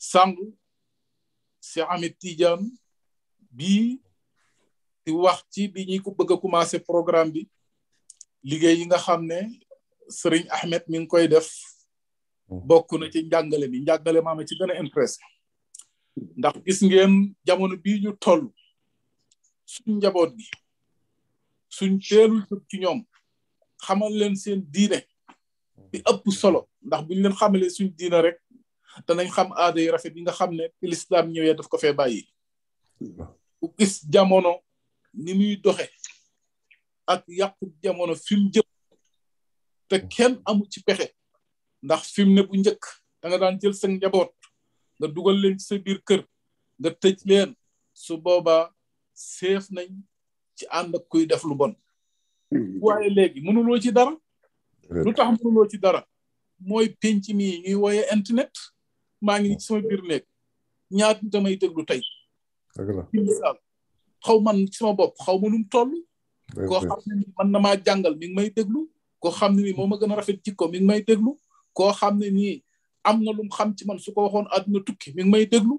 Speaker 6: sàng si amit Tidiane bi di wax ci bi ñuy ko bëgg a commencé programme bi liggéey yi nga xam ne sëriñ Ahmed mi ngi koy def mm. bokk na ci njàngale bi njàngale maama ci gën a ndax gis ngeen jamono bii ñu toll suñ njaboot gi suñ teelu jub ci ñoom xamal leen seen diine bi ëpp solo ndax buñ leen xamalee suñ diine rek nañ xam aada yu rafet yi nga xam ne lislaam ñëwee daf ko fee bayi ku gis jamono ni muy doxe ak yàqu jamono fi mu te kenn amu ci pexe ndax fi mu ne bu njëkk da nga daan jël sa njaboot nga dugal leen ci sa biir kër nga tëj leen su boobaa seef nañ ci ànd ak kuy def lu bon hmm. waaye léegi mënuloo ci dara lu tax mënuloo ci dara mooy penc mi ñuy wooye internet maa ngi ci sama biir néeg ñaata damay déglu tey
Speaker 1: ci
Speaker 6: misaal xaw man sama bopp xaw ma nu mu toll koo xam ne mën na maa jàngal mi may déglu koo xam ne nii moo ma gën a rafet jikko mi ngi may déglu koo xam ne nii am na lum xam ci man su ko waxoon àdduna tukki mi ngi may déglu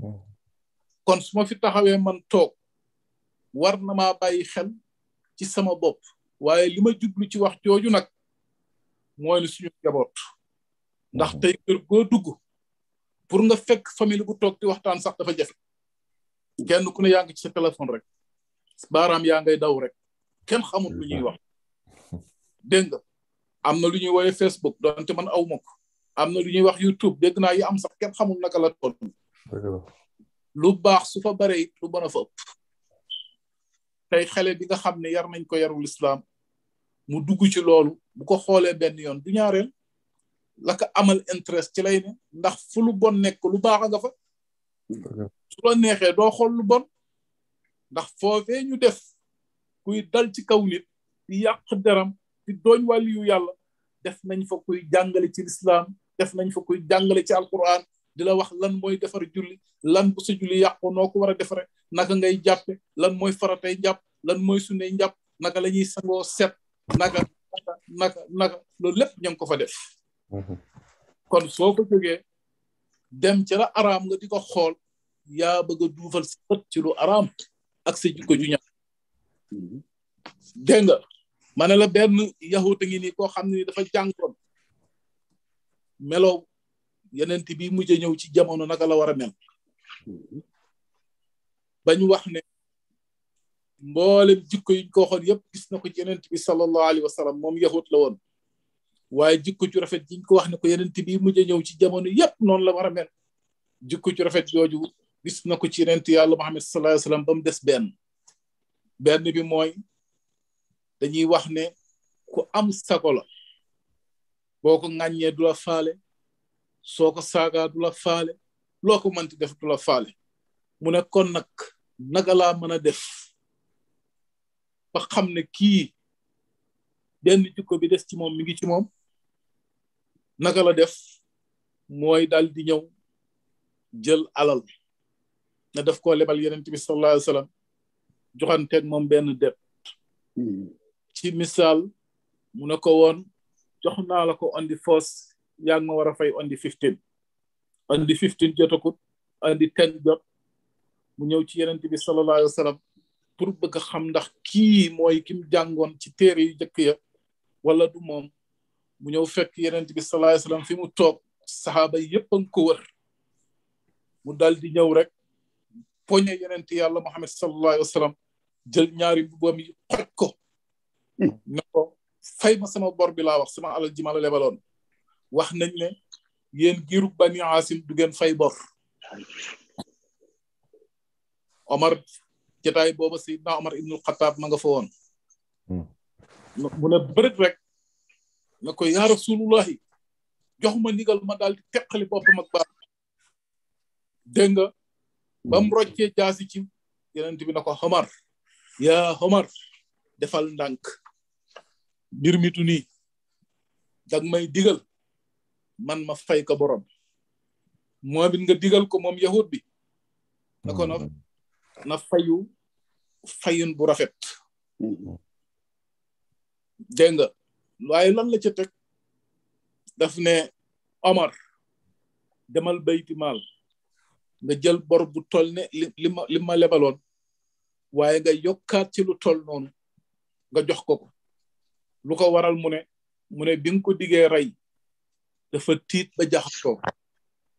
Speaker 6: hmm. kon su ma fi taxawee man toog war na maa bàyyi xel ci sama bopp waaye li ma jublu ci wax jooju nag moy ne suñu njaboot ndax hmm. tey kër goo dugg pour nga fekk famille bu toog di waxtaan sax dafa jafe kenn ku ne yaa ngi ci sa téléphone rek baaraam yaa ngay daw rek kenn xamul lu ñuy hmm. wax dégg nga am na lu ñuy woowee Facebook donte man aw ma am na lu ñuy wax YouTube dégg naa yi am sax kenn xamul naka la toll. lu baax su fa bare it lu mën a fa ëpp. tey xale bi nga xam ne yar nañ ko yarul mu dugg ci loolu bu ko xoolee benn yoon du ñaareel la ko amal interest ci lay ndax fu lu bon nekk lu baax a nga fa. su la neexee doo xool lu bon ndax foofee ñu def kuy dal ci kaw nit di yàq deram di doñ wàllu yu yalla def nañ fa kuy jangale ci l'islam def nañ fa kuy jangale ci alquran dila wax lan moy defar julli lan bu sa julli yakko noko wara defare naka ngay jappé lan mooy faratay japp lan moy sunné japp naka lañuy sango set naka naka naka lo lepp ñang ko fa def mhm. kon soko ko dem ci la aram nga di xol ya bëgg duufal ci lu aram ak sa jikko ju ñaan mhm. denga ma la benn yahut a ngi nii koo xam ne dafa jànkoon melo yeneen bi mujj ñëw ci jamono naka la war a mel bañ wax ne mboole jikko yiñ ko waxoon yëpp gis na ko ci yeneen bi sallallahu alayhi wa sallam moom yahut woon waaye jikko ju rafet yiñ ko wax ne ko yeneen bi mujj ñëw ci jamono yëpp noonu la war a mel jikko ju rafet jooju gis na ko ci yeneen yàlla Muhammad sallallahu alayhi wa sallam ba mu des benn benn bi mooy. dañuy wax ne ku am sago la boo ko ŋàññee du la faale soo ko saagaa du la faale loo ko mënti def du la mu ne nag naga laa mën a def ba xam ne kii benn jikko bi des ci moom mi ngi ci moom naka la def mooy dal di ñëw jël alal na def koo lebal yenent bi sallallahu alayhi wa sallam joxanteeg moom benn det hmm. ci misaal mu ne ko woon jox naa la ko on the first ma war a fay on the fifteen on the fifteen jotakut ten jot mu ñëw ci yenent bi sallallahu alayhi wa sallam pour bëgg xam ndax kii mooy kim jàngoon ci téere yu njëkk ya wala du moom mu ñëw fekk yenent bi sallallahu alayhi fi mu toog saxaaba yëpp a ngi ko mu dal di ñëw rek poñe yenent yàlla Muhammad sallallahu alayhi wa sallam jël ñaari mbubbam yi xoj ko nako ko fay ma sama bor bi la wax sama alal ji mala lebalon wax nañ ne yeen giru bani asim du gen fay bor omar jotaay si na omar ibnu khattab ma nga fa woon hmm. mu ne beurek rek nako ya rasulullah rasulullahi ma ndigal ma dal tekkali bopam ak ba denga hmm. bam rocce jasi ci yenen tibi nako omar ya omar defal ndank mbir mitu nii dag digal man ma fay ko borom moom it nga digal ko moom yahut bi na ko na mm-hmm. na bu rafet mm-hmm. dégg nga waaye lan la ca teg daf ne Omar demal bayti maal nga jël bor bu toll ne li ma li ma lebaloon waaye nga yokkaat lu toll nga jox ko lu ko waral mu ne mu ne bi ko diggee rey dafa tiit ba jaxasoo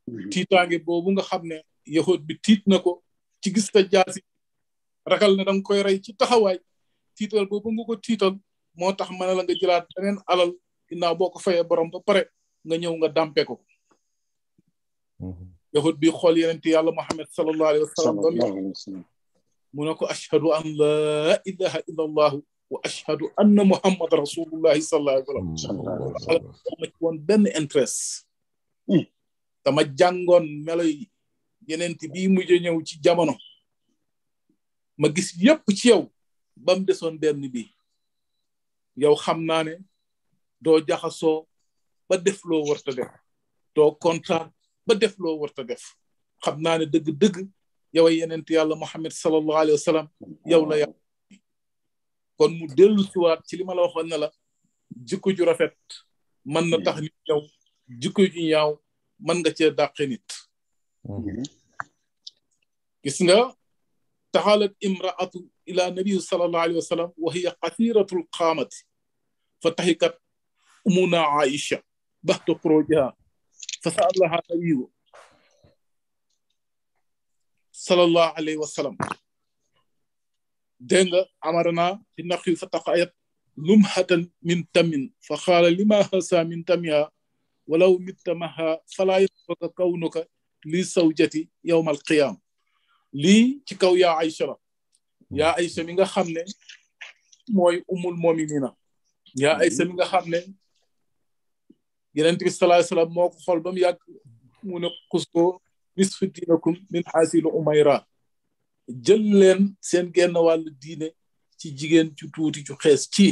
Speaker 6: mhm. tiitaange boobu nga xam ne yahut bi tiit na ko ci gis ta jaasi ragal ne danga koy rey ci taxawaay tiital boobu nga ko tiital moo tax mën la nga jëlaat beneen alal ginnaaw boo ko fayee borom ba pare nga ñëw nga dàmpe ko mhm. yahut bi xool yeneen ti yàlla muhammad sallallahu alayhi wa sallam ba mu ne ko ashhadu an laa ilaha illa واشهد ان محمد رسول الله صلى الله عليه وسلم كون بن انترس تما جانغون ملي يننتي بي موجي نيو سي جامونو ما غيس ييب سي يو بام ديسون بن بي يو خمنا ني دو جاخاسو با ديف لو ورتا ديف تو كونتر با ديف لو ورتا ديف خمنا ني دغ دغ يو يننتي الله محمد صلى الله عليه وسلم يو لا يو kon mu delu ci wat ci lima la waxon na la jikko ju rafet man na tax nit ñëw jikko ju ñaaw man nga ci daq nit gis nga tahalat imraatu ila nabiyu sallallahu alayhi wasallam wa hiya qathiratu qamat fatahikat umuna aisha baxta xurujiha fa saalaha nabiyu salallahu alayhi wa دنگ امرنا amarna ci naqi لمحة من تم فقال لما fa من تم hasa ولو مت معها فلا يترك كونك لزوجتي يوم القيام لي تكو يا عائشة يا عائشة ميغا خامني موي ام المؤمنين
Speaker 1: يا عائشة ميغا
Speaker 6: خامني يرنت صلى الله عليه وسلم موكو خول بام ياك مون قصو نصف دينكم من حاسيل أميرة jël leen seen genn wàllu diine ci jigéen ci tuuti ci xees ci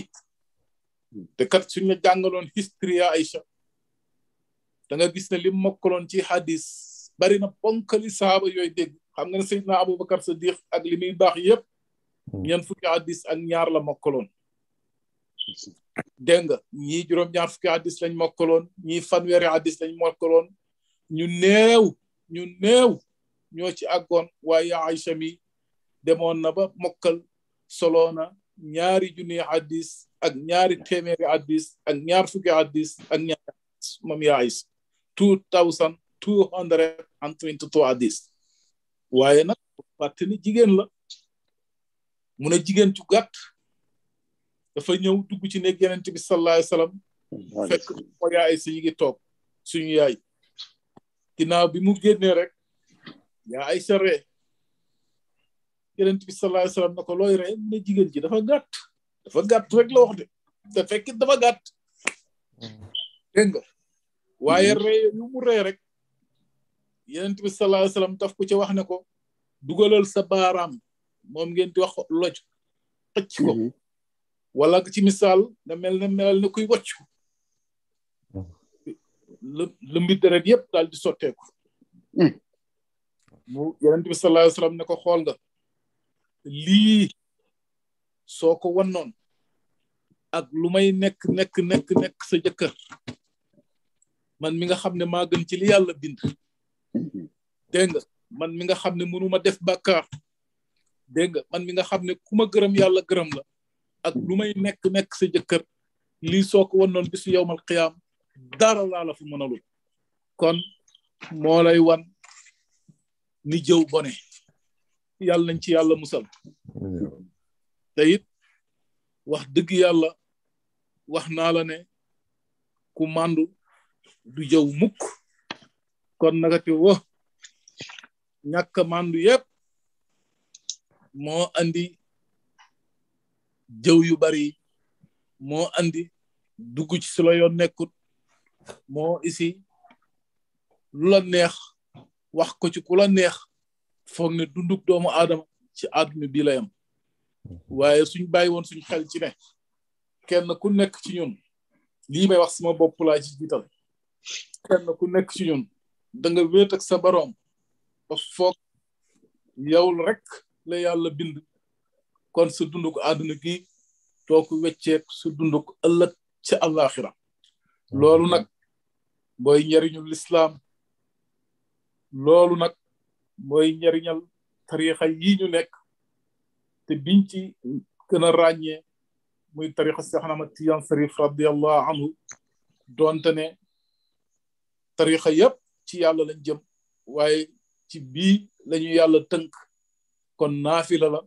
Speaker 6: te kat suñu la jàngaloon historia Aïcha da gis ne lim mokkaloon ci hadis bari na ponkali saaba yooyu dégg xam nga ne Seydina Aboubacar Sadiq ak li muy baax yëpp hmm. ñeen fukki hadis ak ñaar la mokkaloon dégg nga ñii juróom-ñaar fukki hadis lañ mokkaloon ñii fanweeri ñu néew ñu néew ñoo ci àggoon waaye Aïcha mi demoon na ba mokkal solo na ñaari junni hadis ak ñaari téeméeri hadis ak ñaar fukki hadis ak ñaari hadis moom yaa is two thousand two hundred and twenty two hadis waaye nag fàtte ni jigéen la mu ne jigéen ju gàtt dafa ñëw dugg ci nekk yenent bi sallallahu alayhi wasallam fekk ko yaay si ñu ngi toog suñu yaay bi mu génnee rek yaa ay yonent bi sallallahu alayhi wasallam na ko looy rey mu ne jigéen ji dafa gàtt dafa gàtt rek la wax de te fekk dafa gàtt dégg nga waaye mm-hmm. rey yu mu rek yonent bi sallallahu alayhi wasallam daf ko ci wax ne ko dugalal sa baaraam moom ngeen di wax loj xëcc ko mm-hmm. wala ci misaal nga mel ne melal ne kuy wocc lëmbi deret yëpp daal di sotteeku mm. mu yonent bi sallallahu alayhi ne ko xool nga lii soo ko wannoon ak lu may nekk nekk nekk nekk sa jëkkër man mi nga xam ne maa gën ci li yàlla bind dégg nga man mi nga xam ne mënuma def bàkkaar dégg nga man mi nga xam ne ku ma gërëm yàlla gërëm la ak lu may nekk nekk sa jëkkër lii soo ko wannoon bisu yowmal xiyaam dara laa la fa mënalul kon moo lay wan ni jëw bone yàlla nañ ci yàlla musal te it wax dëgg yàlla wax naa la ne ku màndu du jëw mukk kon nakati wo ñàkk màndu yépp moo andi jëw yu bari moo andi dugg ci su la yoon nekkut moo isi lu la neex wax ko ci ku la neex foog ne dunduk doomu aadama ci àdduna bi la yam waaye suñ bàyyi woon suñ xel ci ne kenn ku nekk ci ñun lii may wax sama bopp laa ci jiital kenn ku nekk ci ñun danga nga wéet ak sa boroom ba foog yowul rek la yàlla bind kon sa dunduk àdduna gi doo ko wecceek sa dunduk ëllëg ci àllaaxira loolu nag boy njariñu lislaam loolu nag mooy njariñal tarixa yi ñu nekk te biñ ci gën a ràññee muy tarixa Seex ma Tijaan Sarif radiallahu anhu doonte ne tarixa yëpp ci yàlla lañ jëm waaye ci bii lañu yàlla tënk kon naafila la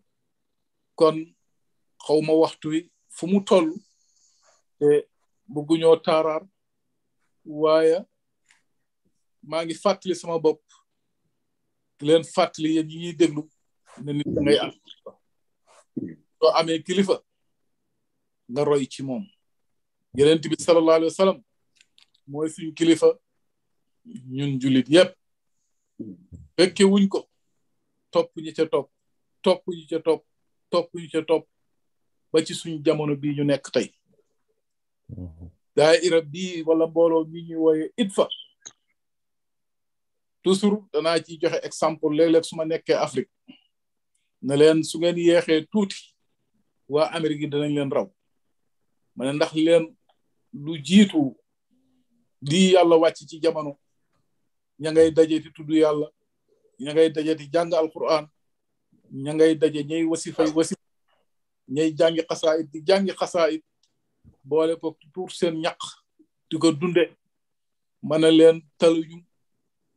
Speaker 6: kon xawma waxtu wi fu mu toll te bëgguñoo taaraar waaye maa ngi fàttali sama bopp leen fàttali yéen ñi ñuy déglu ne nit da ngay am kilifa soo kilifa nga roy ci moom yenent bi sallallahu alayhi wa mooy suñ kilifa ñun jullit yépp fekke wuñ ko topp ñi ca topp topp ñi ca topp topp ñi ca topp ba ci suñ jamono bii ñu nekk tey mm-hmm. daayira bii wala mbooloo mi ñuy wooye ITFA toujours danaa ci joxe exemple léeg-léeg su ma nekkee Afrique ne leen su ngeen yeexee tuuti waa Amérique yi danañ leen raw ma ne ndax leen lu jiitu di yàlla wàcc ci jamono ña ngay daje di tudd yàlla ña ngay daje di jàng alquran ña ngay daje ñay wasifay wasif ñay jàngi xasaayit di jàngi xasaayit boole ko tuur seen ñaq di ko dunde ma ne leen taluñu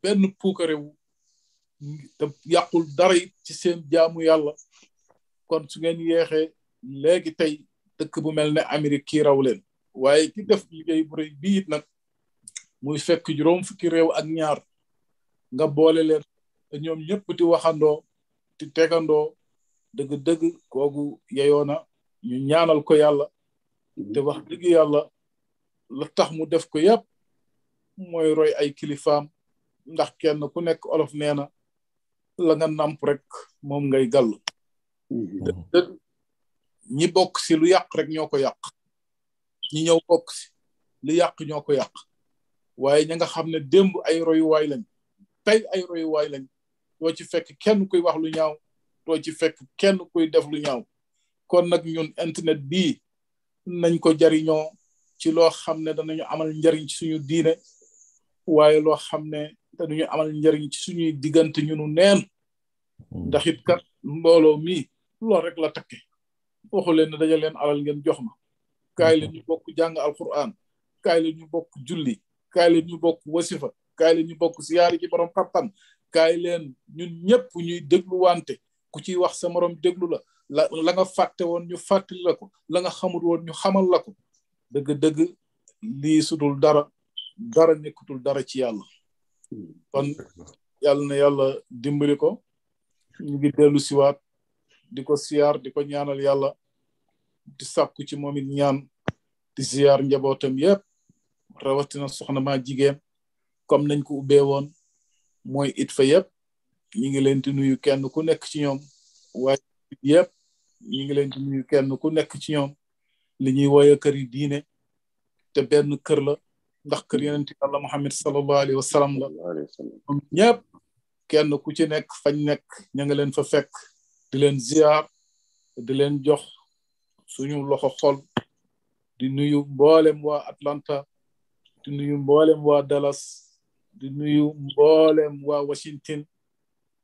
Speaker 6: benn puukarewu te yàqul dara ci seen jaamu yàlla kon su ngeen yeexee léegi tey dëkk bu mel ne Amérique kii raw leen waaye ki def liggéey bu rëy bii it nag muy fekk juróom fukki réew ak ñaar nga boole leen te ñoom ñëpp di waxandoo di tegandoo dëgg-dëgg koogu yeyoona ñu ñaanal ko yàlla te wax dëgg yàlla la tax mu def ko yëpp mooy roy ay kilifaam ndax kenn ku nekk olof nee na la nga namp rek moom ngay gàll mhm. ñi bokk si lu yàq rek ñoo ko yàq ñi ñëw bokk si lu yàq ñoo ko yàq waaye ña nga xam ne démb ay royuwaay lañ tey ay royuwaay lañ doo ci fekk kenn kuy wax lu ñaaw doo ci fekk kenn kuy def lu ñaaw kon nag ñun internet bii nañ ko jariñoo ci loo xam ne danañu amal njariñ ci suñu diine waaye loo xam ne te duñu amal njëriñ ci suñuy diggante ñunu neen ndax it kat mbooloo mii loolu rek la takke waxu leen ne daja leen alal ngeen jox ma kaay leen ñu bokk jàng alquran kaay leen ñu bokk julli kaay leen ñu bokk wasifa kaay leen ñu bokk siyaari ci borom xam-xam kaay leen ñun ñëpp ñuy dégluwante ku ciy wax sa morom déglu la la nga fàtte woon ñu fàttali la ko la nga xamul woon ñu xamal la ko dëgg-dëgg lii sudul dara dara nekkutul dara ci yàlla kon yàlla na yàlla dimbali ko ñu ngi dellu siwaat di ko siyaar di ko ñaanal yàlla di sàkku ci moom it ñaan di siyaar njabootam yëpp rawatina soxna jigéen comme nañ ko ubbee woon mooy it fa yëpp ñi ngi leen di nuyu kenn ku nekk ci ñoom waaye yëpp ñi ngi leen di nuyu kenn ku nekk ci ñoom li ñuy wooye kër yi diine te benn kër la ndax kër yonent yàlla Muhammad sallallahu alayhi wa sallam la ñoom ku ci nekk fañ nekk ña nga leen fa fekk di leen ziar di leen jox suñu loxo xol di nuyu mboolem waa Atlanta di nuyu mboolem waa Dallas di nuyu mboolem waa Washington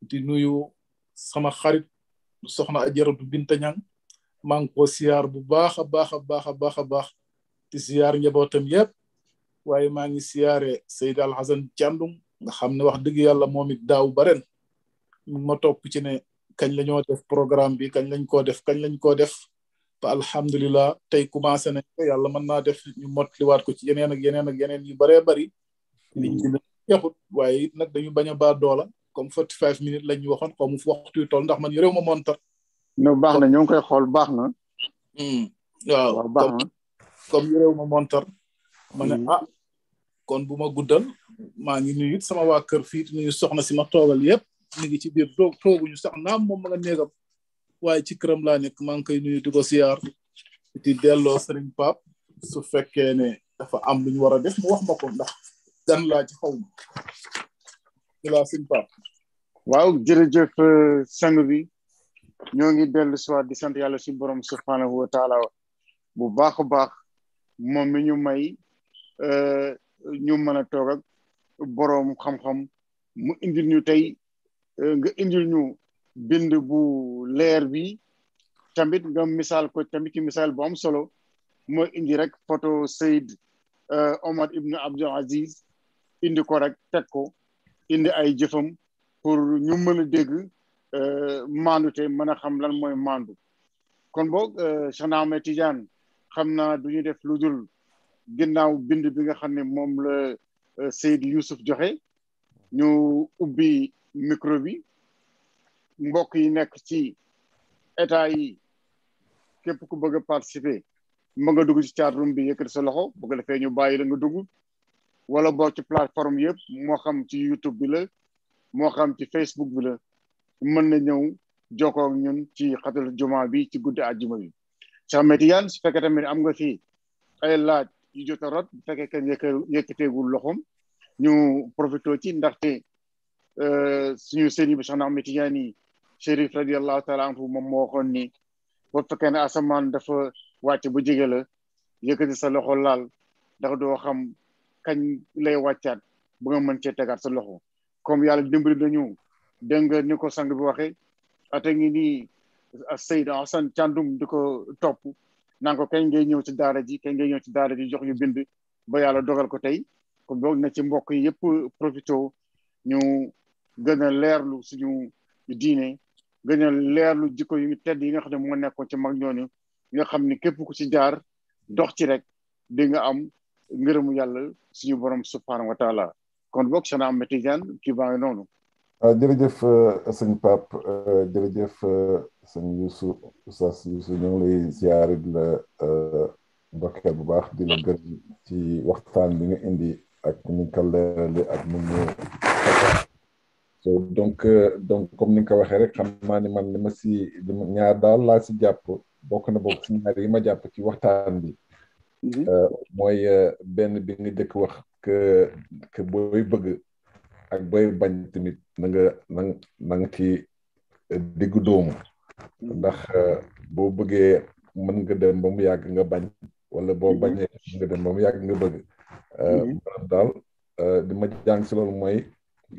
Speaker 6: di nuyu sama xarit soxna ajaratu Binta Ñang maa ngi bu baax a baax a baax a baax a baax di siyaar njabootam waaye maa ngi siyaare Seyd Al Hasan Candum nga xam ne wax dëgg yàlla moom it daaw ba ren ma topp ci ne kañ lañoo def programme bi kañ lañ koo def kañ lañ koo def ba alhamdulilah tey commencé nañ ko yàlla mën naa def ñu motliwaat ko ci yeneen ak yeneen ak yeneen yu bare bari liñ ci yaxut waaye it nag dañu bañ a baa doola comme forty five minutes lañ ñu waxoon xaw mu fu waxtu toll ndax man réew ma montar no baax na ñoo ngi koy xool baax na hmm, waaw waaw comme réew ma montar ma ne ah kon bu ma guddal maa ngi nuyu sama waa kër fii nuyu soxna si ma toogal yépp mi ngi ci biir toog tooguñu sax naam moom ma nga néegam waaye ci këram laa nekk maa ngi koy nuyu di ko siyaar di delloo sëriñ pap su fekkee ne dafa am lu ñu war a def mu wax
Speaker 4: ma ko ndax gan laa ci xaw ma di laa sëriñ pap waaw jërëjëf euh, sang bi ñoo ngi dellu siwaat di sant yàlla si borom subhanahu wa taala bu baax a baax moom mi ñu may ñu mën a toog ak boroom xam-xam mu indil ñu tey euh, nga indil ñu bind bu leer bi tamit nga misaal ko tamit ci misaal bu am solo mooy indi rek photo Sayd euh, Omar Ibn Abdul Aziz indi ko rek teg ko indi ay jëfam pour ñu mën a dégg euh, maandu te mën a xam lan mooy maandu kon boog Cheikh Ahmed Tidiane xam naa du def lu ginnaaw bind bi nga xam ne moom la euh, Seydou Youssouf joxe ñu ubbi micro bi mbokk yi nekk ci état yi képp ku bëgg a participer mën nga dugg ci chatroom bi yëkkati sa loxo bu ko defee ñu bàyyi la nga dugg wala boo ci plateforme yëpp moo xam ci YouTube bi la moo xam ci Facebook bi la mën na ñëw jokkoo ak ci xatal juma bi ci guddi àjjuma bi. Cheikh Ahmed Tidiane am nga fi ay laaj yu jot a rot bu fekkee kenn ñu profité ci ndaxte euh, suñu sëriñ bi Cheikh Ahmed Tidiane Chérif radiallahu taala anhu moom moo waxoon ni boo fekkee ne asamaan dafa wàcc bu jege la yëkkati sa loxo laal ndax doo xam kañ lay wàccaat bu nga mën cee tegaat sa loxo comme yàlla dimbali dañu dégg nga ni ko sang bi waxee ate ngi nii Seydou Assane Thiandoum di ko topp naan ko kañ ngay ñëw ci daara ji kañ ngay ñëw ci daara ji jox ñu bind ba yàlla dogal ko tey kon boog na ci mbokk yi yëpp profité ñu gën a leerlu suñu diine gën a leerlu jikko yu tedd yi nga xam ne moo nekkoon ci mag ñooñu nga xam ne képp ku ci jaar dox ci rek di nga am ngërëmu yàlla suñu borom subhanahu wa taala kon boog Cheikhna Ahmed Tidiane kii baa ngi noonu
Speaker 5: Uh, jërëjëf uh, sëñ Pape uh, jërëjëf sëñ Youssou Oustaz Youssou ñu ngi lay ziare di la bu baax di la gërëm ci waxtaan bi nga indi ak ni leerale ak so donc donc comme ni nga ko waxee rek xam maani ni man li ma si ñaar daal laa si jàpp bokk na bokk si ñaar yi ma jàpp ci waxtaan bi mm-hmm. mooy benn bi nga dëkk wax que que bëgg ak booy bañ tamit nanga nga na ci diggu doomu mm-hmm. ndax euh, boo bëggee mën nga dem ba mu yàgg nga bañ wala boo mm-hmm. bañee nga dem ba mu yàgg nga bëgg euh, mm-hmm. maanaam daal di euh, ma jàng si loolu mooy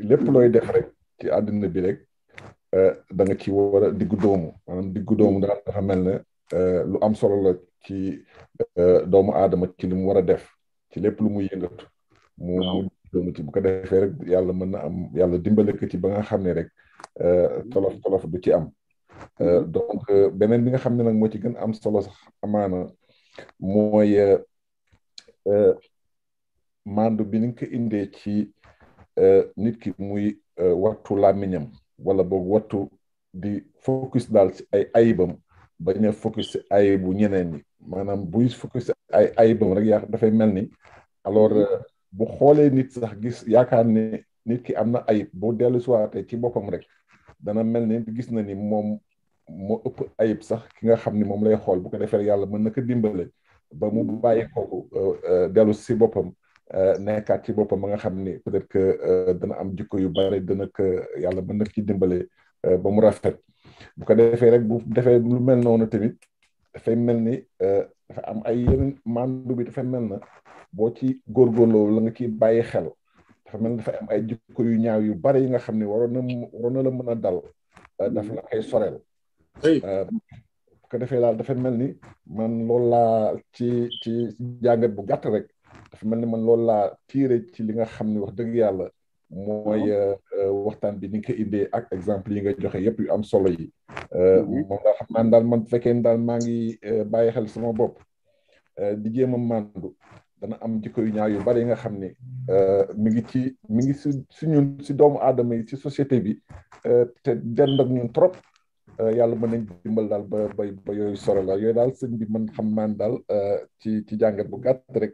Speaker 5: lépp looy def rek ci àddina bi rek da nga ci war a diggu doomu maanaam diggu doomu daal dafa mel lu am solo la ci doomu aadama ci li mu war a def ci lépp lu muy yëngatu mu doomu ci bu ko defee rek yàlla mën na am yàlla dimbale ko ci ba nga xam ne rek tolof tolof du ci eh, hmm. eh, kan am donc beneen bi nga xam ne nag moo ci gën am solo sax amaana mooy eh, mandu bi ni nga ko indee ci nit ki muy wattu làmmiñam wala wattu di focus daal ci ay ayibam bañ a focus ci ayibu ñeneen ni maanaam buy focus ay ayibam rek yaa dafay mel ni alors bu xoolee nit sax gis yaakaar ne nit ki am na ayib boo dellu siwaatee ci boppam rek dana mel ni gis na ni moom moo ëpp ayib sax ki nga xam ni moom lay xool bu ko defee yàlla mën na ko dimbale ba mu bàyyi kooku euh, euh, dellu si boppam euh, nekkaat ci boppam ba nga xam ni peut-être que dana am jikko yu bare dana yàlla mën na ci dimbale ba mu rafet bu rek bu defee lu mel noonu tamit dafay mel ni dafa am ay yeneen mandu bi dafay mel na boo ci góorgóorloo la nga ciy bàyyi xel dafa mel dafa am ay jikko yu ñaaw yu bari yi nga xam ne waroon na waroon na la mën a dal euh, hmm. dafa la ay soreel euh, bu ko defee daal dafa mel ni man loolu laa ci ci jàngat bu gàtt rek dafa mel ni man loolu laa tiire ci li nga xam ne wax dëgg yàlla mooy hmm. euh, waxtaan bi ni nga indee ak exemple yi nga joxe yëpp yu am solo yi hmm. moom daal xam naa daal daal maa ngi bàyyi xel sama bopp di jéem a dana am jikko yu ñaaw yu bari nga xamni euh mi ngi ci mi ngi si ñun ci doomu adama yi ci société bi euh, te dend ak ñun trop euh, yàlla mën nañ dimbal dal ba ba yoy soro la yoy dal sëñ bi mën xam dal euh ci ci jàngat bu gatt rek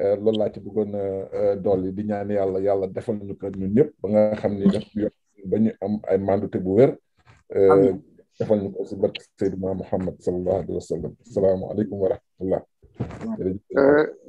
Speaker 5: euh, loolu la ci bëggoon euh dolli di ñaan yalla yalla defal ñu ko ñun ñëpp ba nga xamni daf ba ñu am ay mandute bu euh defal ñu ko barke Muhammad sallallahu alayhi wasallam assalamu alaykum wa rahmatullah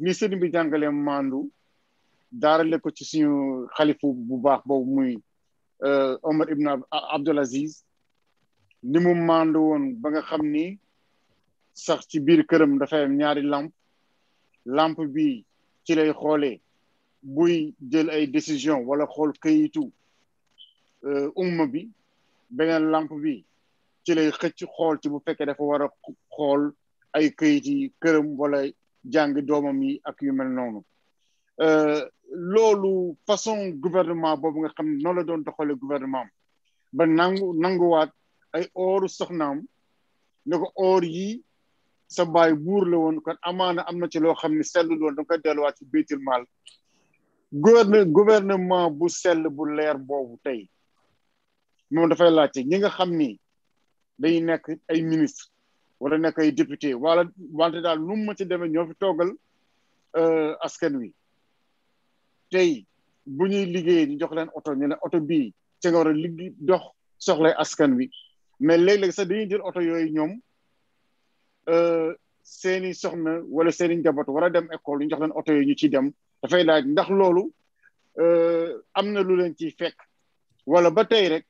Speaker 4: li sëriñ bi jàngale mandu daarale ko ci suñu xalifu bu baax boobu muy Omar Ibn Abdul Aziz ni mu mandu woon ba nga xam ni sax ci biir këram dafay am ñaari lamp lamp bi ci lay xoolee buy jël ay décision wala xool këyitu umma bi beneen lamp bi ci lay xëcc xool ci bu fekkee dafa war a xool ay këyit yi këram wala jàng doomam yi ak yu mel noonu euh, loolu façon gouvernement boobu nga xam ne noonu la doon doxale gouvernement am ba nangu nanguwaat ay ooru soxnaam ne ko oor yi sa baay buur la woon kon amaana am na ci loo xam ne sellul lool da nga koy delluwaat ci baytil maal gouvernement bu sel bu leer boobu tey moom dafay laajte yi nga xam ni dañuy nekk ay ministre wala nekk ay député wala wante daal nu mu ma ci demee ñoo fi toogal euh, askan wi tey bu ñuy liggéeyee ñu jox leen oto ñu ne auto bii ci a liggéey dox soxlay askan wi mais léeg-léeg sax dañuy jël oto yooyu ñoom euh, seeni soxna wala seeni njaboot war a dem école ñu jox leen oto yooyu ñu ciy dem dafay laaj ndax loolu euh, am na lu leen ciy fekk wala ba tey rek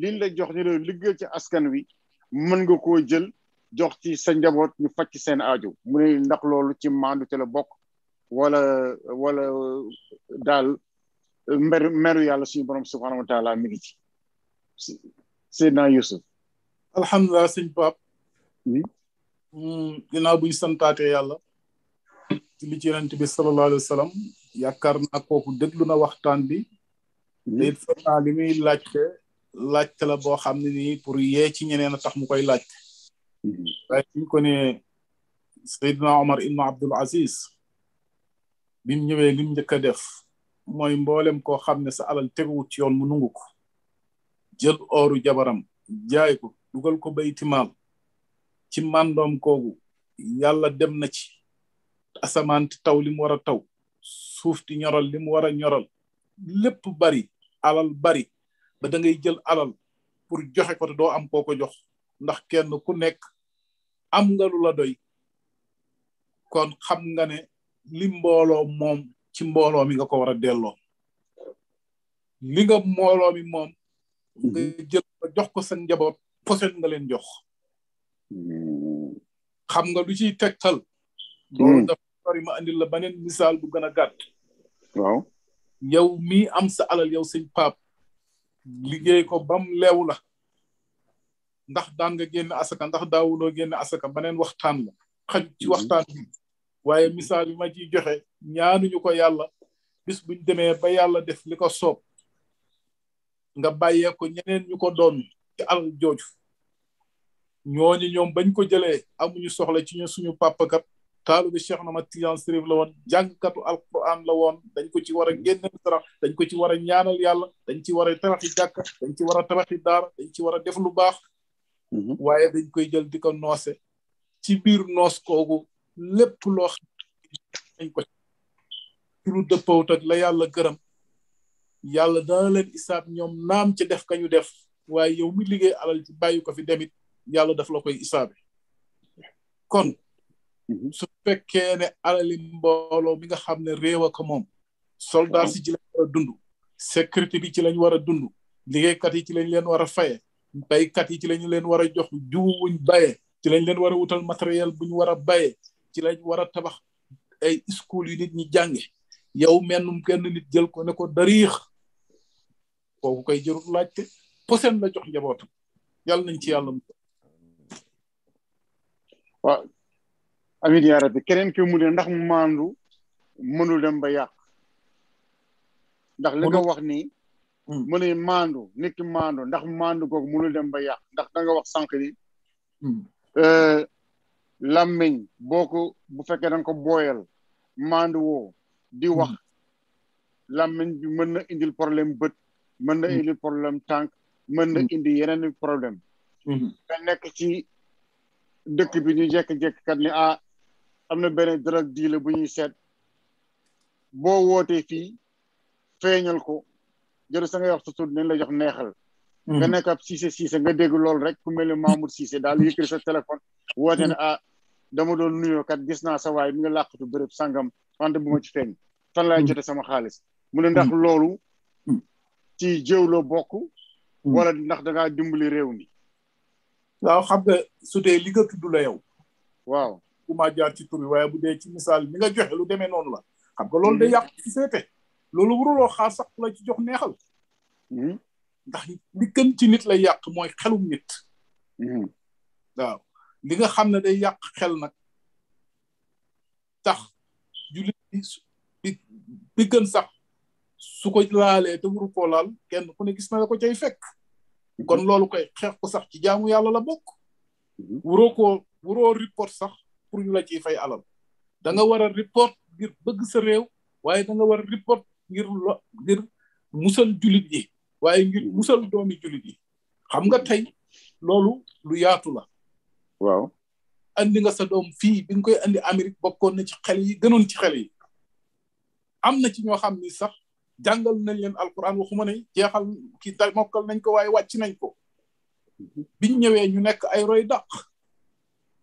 Speaker 4: liñ la jox ñu la liggéey ci askan wi mën nga ko jël jox ci sa njaboot ñu faj ci seen aajo mu ne ndax loolu ci maandu te la bokk wala wala daal mer meru yàlla suñu borom subhaanahu wa taala mi ngi ci Seydina Yusuf alhamdulilah sëñ Pape dinaa hmm, buñ santaatee yàlla
Speaker 6: ci li ci yonent bi sallallahu yaakaar naa kooku déglu na waxtaan bi te it foog naa li muy laajte laajte boo xam ne nii pour yee ci ñeneen a tax mu koy laaj suñ ko ne Seydina Omar ibn Abdul Aziz bi mu ñëwee lim njëkk a def mooy mboolem koo xam ne sa alal teguwut ci yoon mu nungu ko jël oru jabaram jaay ko dugal ko bayti maal ci màndoom koogu yàlla dem na ci asamaan taw li mu war a taw suuf di ñoral li mu war a ñoral lépp bari alal bari ba da jël alal pour joxe ko te doo am koo ko jox ndax kenn ku nekk am nga lu la doy kon xam nga ne li mbooloo moom ci mbooloo mi nga ko war a delloo li nga mbooloo mi moom nga jël ko jox ko sa njaboot poset nga leen jox xam nga lu ciy tegtal hmm. loolu dafa sori ma andil la beneen misaal bu gën a gàtt waaw yow am sa alal yow sëñ Pape liggéey ko bam leew la ndax daan nga génn asaka ndax daawuloo génn asaka beneen waxtaan la xaj ci mhm. waxtaan bi waaye misaal bi ma ci joxe ñaanuñu ko yàlla bis buñ demee ba yàlla def li ko soob nga bàyyee ko ñeneen ñu ko doon ci alal jooju ñooñu ñoom bañ ko jëlee amuñu soxla ci ñu suñu bi cheikh nama tiyan sirif la woon jàngkatu alquran la woon dañ ko ci war a génneel sarax dañ ko ci war a ñaanal yàlla dañ ci war a tabaxi dañ ci war a tabaxi dañ ci war def lu baax Mhm. waaye dañ koy jël di ko noose ci biir noos koogu lépp loo xam ko ci lu dëppawut ak la yàlla gërëm yàlla dana leen ñoom naam ci def ka ñu def waaye yow mi liggéey alal ci bàyyi ko fi demit yàlla daf la koy isaabe kon mhm. su fekkee ne alali mbooloo mi nga xam ne réew a ko moom soldat si ci lañ dund sécurité bi ci lañ war a dund liggéeykat yi ci lañ leen war a faye baykat yi ci lañu leen war a jox jiwu wuñ ci lañ leen war a wutal matériel bu ñu war a bayee ci lañ war a tabax ay school yu nit ñi jànge yow mennum kenn nit jël ko ne ko dariix kooku koy jërul laajte posen la jox njabootam yàlla nañ ci yàlla mu
Speaker 4: waaw amin yaa rabbi keneen ki mu ne ndax mu maandu mënul dem ba yàq ndax li nga wax nii Hmm. mu mandu nit mandu ndax mandu gog mënul dem ba yàq ndax da nga wax sank ni euh ko bu fekke dang ko boyal mandu wo di hmm. wax lammiñ bi meuna na indil problème beut meuna indi problème tank meuna indi yenen problème nga nek ci dekk bi ñu jek jek kat ni ah amna na drug dealer bu ñuy set bo wote fi feñal ko jërë sa ngay yor sa tur dinañ la jox neexal
Speaker 1: hmm. nga nekk
Speaker 4: ab Cissé Cissé nga dégg loolu rek ku mel ne Mamour Cissé daal yëkkati sa téléphone woote ne hmm. ah dama doon nuyoo kat gis naa sa waay mi nga làqatu bërëb sàngam wante bu ma ci feeñ fan laay hmm. jote sama xaalis mu ne ndax loolu ci jëw bokk wala ndax dangaa dimbali réew mi waaw xam nga su dee li nga tudd la yow waaw ku ma jaar ci tur waaye bu dee ci
Speaker 6: misaal mi nga joxe lu demee noonu la xam nga loolu da yàq ci seete wuro lo xaar sax la ci jox neexal hmm. ndax li gën ci nit la yàq mooy xelu nit hmm. waaw li nga xam ne day yàq xel nag tax julit bi bi gën sax su ko laalee te wuru koo laal kenn ku ne gis na la ko cay fekk hmm. kon loolu koy xeex ko sax ci jaamu yàlla la bokk wuroo koo wuroo report sax pour ñu la ciy fay alal da nga war report ngir bëgg sa réew waaye da nga war report ngir lo ngir musal jullit yi waaye ngir musal doomi jullit yi xam nga tey loolu lu yaatu la andi nga sa doom fii bi nga koy andi Amérique bokkoon na ci xel yi gënoon ci xel yi am na ci ñoo xam ni sax jàngal nañ leen alquran waxuma ne jeexal kii da mokkal nañ ko waaye wàcc nañ ko biñ ñëwee ñu nekk ay roy dàq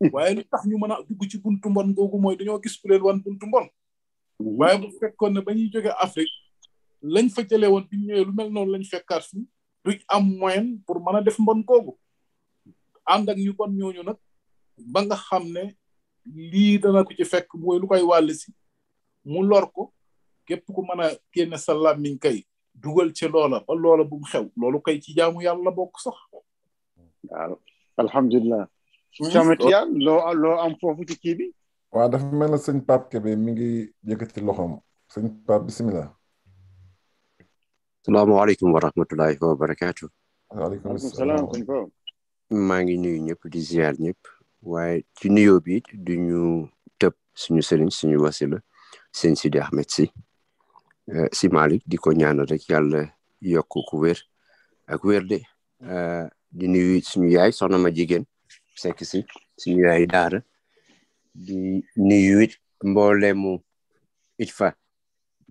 Speaker 6: waaye lu tax ñu mën a dugg ci buntu mbon googu mooy dañoo gis ku leen wan buntu mbon waaye bu fekkoon ne ba ñuy jógee Afrique lañ fa jëlee woon bi ñu noonu lañ fekkaat fi duñ am moyen pour mën a def mbon googu ànd ak ñu bon ñooñu nag ba nga xam ne lii dana ko ci fekk mooy lu koy wàll si mu lor ko képp ku mën a génne sa làmmiñ kay dugal ci loola ba loola bu mu xew loolu kay ci jaamu yàlla bokk sax
Speaker 5: waaw alhamdulilah camet hmm? oh.
Speaker 4: loo loo am foofu ci bi
Speaker 5: waa dafa mel na sëñ Pape Kébé mi ngi yëkkati loxoom sëñ Pape bisimilah.
Speaker 7: salaamaaleykum wa rahmatulahi wa barakaatu. salaam maa ngi nuyu ñëpp di ziar ñëpp waaye ci nuyo bi du ñu tëb suñu sëriñ suñu wasila si Sidi Ahmed si eh, si Malick di ko ñaanal rek yàlla yokk ku wér ak wér de eh, di nuyu suñu yaay soxna ma jigéen sekk si suñu yaay daara. di nuyu it mboolemu ITFA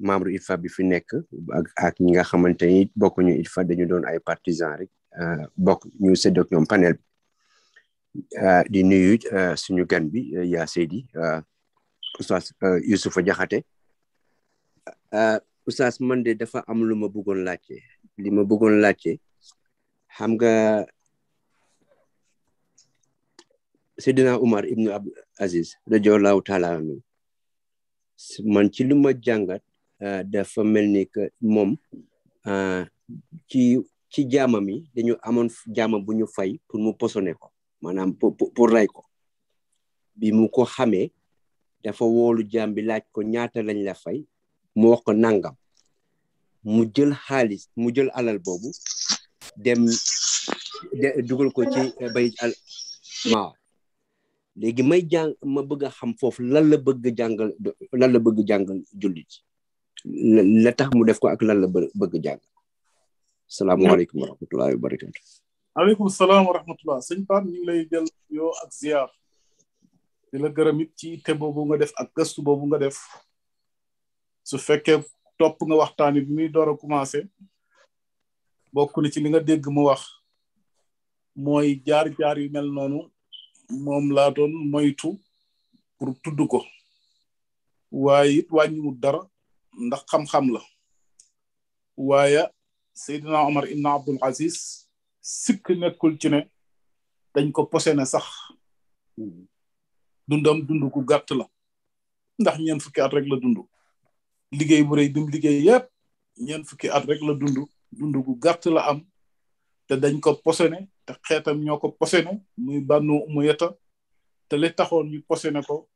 Speaker 7: membre fa bi fi nekk ak ak ñi nga xamante ni bokkuñu ITFA dañu doon ay partisans rek euh, bokk ñu séddoog ñoom panel euh, di nuyu it euh, suñu gan bi yaa Seydi oustaz Youssoufa Diakhaté oustaz man de dafa am lu ma bëggoon laajte li ma bëggoon laajte xam nga Seydina Umar ibnu Abdul Aziz radiyallahu taala anhu man ci lu ma jàngat euh, dafa mel ni que moom euh, ci ci jaamam yi dañu amoon jaama bu ñu fay pour mu posone ko maanaam pour rey ko bi mu ko xamee dafa woolu jaam bi laaj ko ñaata lañ la fay mu wax ko nangam mu jël xaalis mu jël alal boobu dem dugal ko ci euh, bay al léegi may jàng ma bëgg a xam foofu lan la bëgg jàngal lan la bëgg jàngal jullit mu def ko ak lan la bëgg jàng salaamaaleykum wa rahmatullahi
Speaker 6: aleykum salaam wa rahmatullah sëñ Pape ñu lay jël yoo ak ziar di la gërëm it ci te boobu nga def ak gëstu boobu nga def su fekkee topp nga waxtaan bi muy door a commencé bokk ci li nga dégg mu wax mooy jaar-jaar yu mel noonu moom laa doon moytu pour tudd ko waaye it dara ndax xam-xam la waaye Seydina Omar ibn Abdul Aziz sikk nekkul ci ne dañ ko posé ne sax dundam dund ku gàtt la ndax ñeent fukki at rek la dund liggéey bu rëy bi mu liggéey fukki at rek la dund dund gu gàtt la am te dañ ko posé te xeetam ñoo ko posenu muy bànnu mu yeta te li taxoon ñu posene ko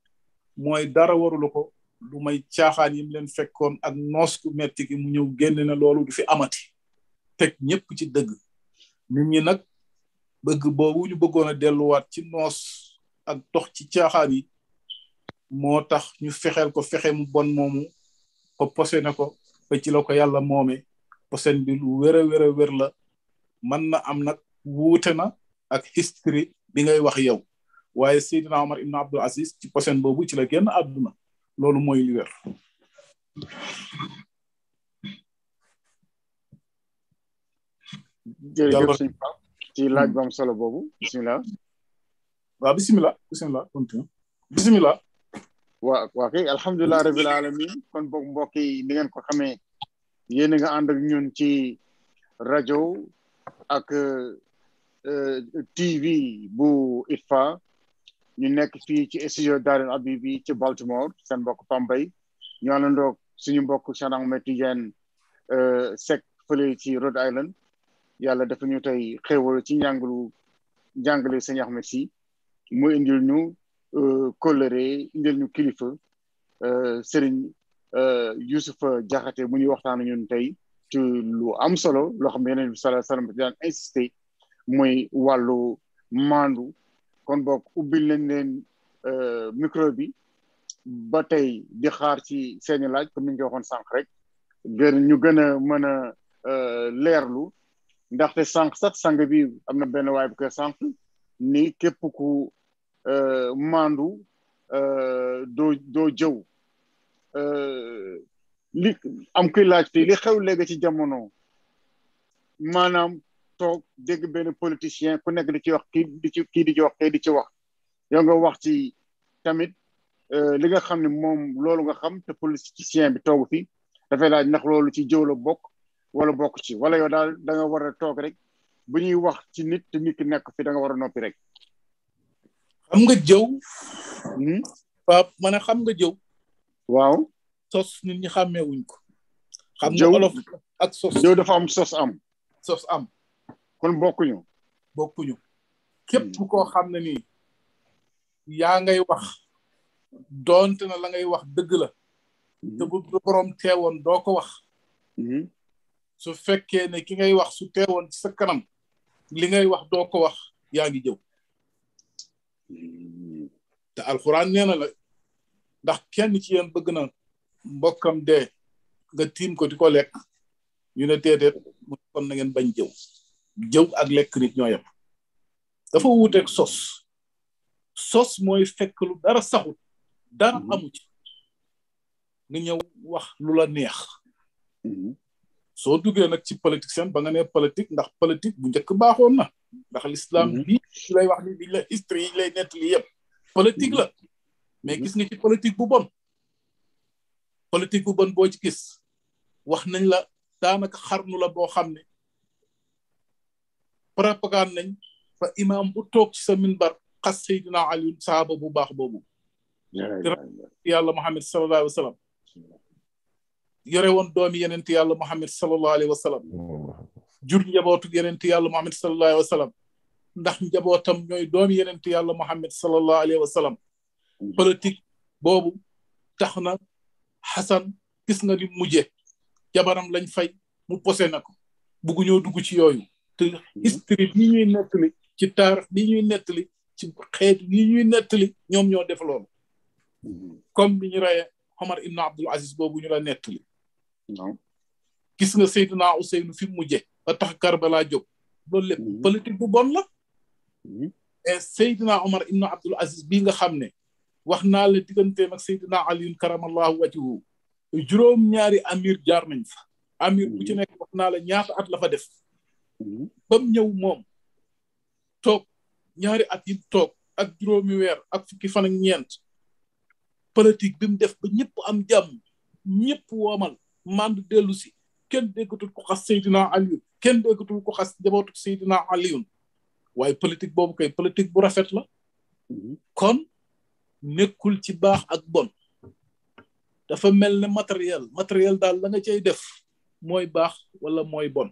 Speaker 6: mooy dara warulu ko lu may caaxaan yim leen fekkoon ak noos ku metti gi mu ñëw génn na loolu du fi amati teg ñëpp ci dëgg nit ñi nag bëgg boobu ñu bëggoon a delluwaat ci noos ak dox ci caaxaan yi moo tax ñu fexeel ko fexe mu bon moomu ba posene ko ba la ko yàlla moome posen bi lu wér a wér la mën na am nag wuute na ak history bi ngay wax yow waaye Seydina Omar ibn Abdul Aziz ci posen boobu ci la génn àdduna loolu mooy
Speaker 4: li ci laaj bu am solo boobu bisimilah waaw bisimilah bisimilah continue bisimilah waa waa kay alhamdulilah rabil alamin kon boog mbokk yi ni ngeen ko xamee yéen a nga ànd ak ñun ci rajo ak Euh, TV bu fa ñu nekk fii ci studio Darou Habibi ci Baltimore seen mbokk Pambay ñu àndandoog suñu mbokk Cheikh Ahmed Tidiane euh, Seck fële ci Rhode Island yàlla dafa ñu tey xéewal ci njàngalu njàngale sëñ Ahmed si mu indil ñu euh, kóllëre indil ñu kilifa sëriñ Youssoufa Diakhaté mu ñuy waxtaan ñun tey ci lu am solo loo xam ne yeneen bi sallallahu alayhi muy wàllu maandu kon boog ubbil nañ leen euh, micro bi ba tey di xaar ci seeni laaj comme ni ñu ko waxoon sànq rek gën ñu gën a mën a euh, leerlu ndaxte sànq sax sàng bi am na benn waay bu ko sànq ni képp ku euh, maandu doo doo jëw li am kuy laaj fii li xew léegi ci jamono maanaam toog dégg benn politicien ku nekk di ci wax kii di ci kii di ci wax kii wax yow nga wax ci tamit euh, li nga xam ne moom loolu nga xam te politicien bi toog fi dafay laaj ndax loolu ci jëw la bokk wala bokk ci wala yow daal da nga war a toog rek bu ñuy wax ci nit te nit ki nekk fi da nga war a noppi rek. xam nga jëw. Hmm? Pape man a xam nga jëw. waaw.
Speaker 6: sos nit ñi xàmmee wuñ ko. xam nga olof ak sos jëw dafa am sos am. sos am kon bokkuñu bokkuñu képp hmm. koo xam ne nii yaa ngay wax donte na la ngay wax dëgg la hmm. te bu borom teewoon doo ko wax hmm. su fekkee ne ki ngay wax su teewoon sa kanam li ngay wax doo ko wax yaa ngi jëw te alxuraan nee na la ndax kenn ci yéen bëgg na mbokkam dee nga tiim ko di ko lekk ñu ne déedéet mu kon na ngeen bañ jëw jëw ak lekk nit ñoo yem dafa wuuteeg sos sos mooy fekk lu dara saxut dara mhm. amu ci nga ñëw wax lu la neex mhm. soo duggee nag ci politicien ba nga ne politique ndax politique bu njëkk baaxoon na ndax l'islam lii mhm. lay wax ni liñ la history yi lay nett li yëpp politique la mais gis nga ci politique bu bon politique bu bon boo ci gis wax nañ la daanaka xarnu la boo xam ne propagande nañ fa imaam bu toog ci sa minbar xas Seydina Alioune saaba bu baax boobu yàlla Muhammad sallallahu alayhi wa sallam yore woon doomi yenent yàlla Muhammad sallallahu alayhi wa sallam jur njabootu yenent yàlla Muhammad sallallahu alayhi wa sallam ndax njabootam ñooy doomi yenent yàlla Muhammad sallallahu alayhi wa sallam politique boobu tax na Xasan gis nga ni mujje jabaram lañ fay mu posé na ko buggu dugg ci yooyu te mm-hmm. istri bi ñuy nettali ci taarix bi ñuy nettali ci xeet yi ñuy nettali ñoom ñoo def loolu mm-hmm. comme bi ñu reye Omar Abdul Aziz boobu ñu la nettali gis nga Seydina Ousseynou fi mu mujje ba tax Karbala jóg loolu lépp mm-hmm. politique bu bon la et Seydina Omar ibn Abdul Aziz bii nga xam ne wax naa la digganteem ak Seydina Aliyun karamallahu wajhu juróom ñaari amir jaar nañ fa amir bu ci nekk wax naa la ñaata at la fa def Mm-hmm. bam ñew mom tok ñaari at yi tok ak juroomi weer ak fukki fan ak ñent politique bi def ba ñepp am jam ñepp womal mand delusi ci kenn déggatul ko xass Seydina ali kenn déggatul ko xass jabootu Seydina ali waaye politique bobu kay politique bu rafet la mm-hmm. kon nekkul ci bax ak bon dafa melne ne matériel matériel daal la nga cey def moy bax wala moy bon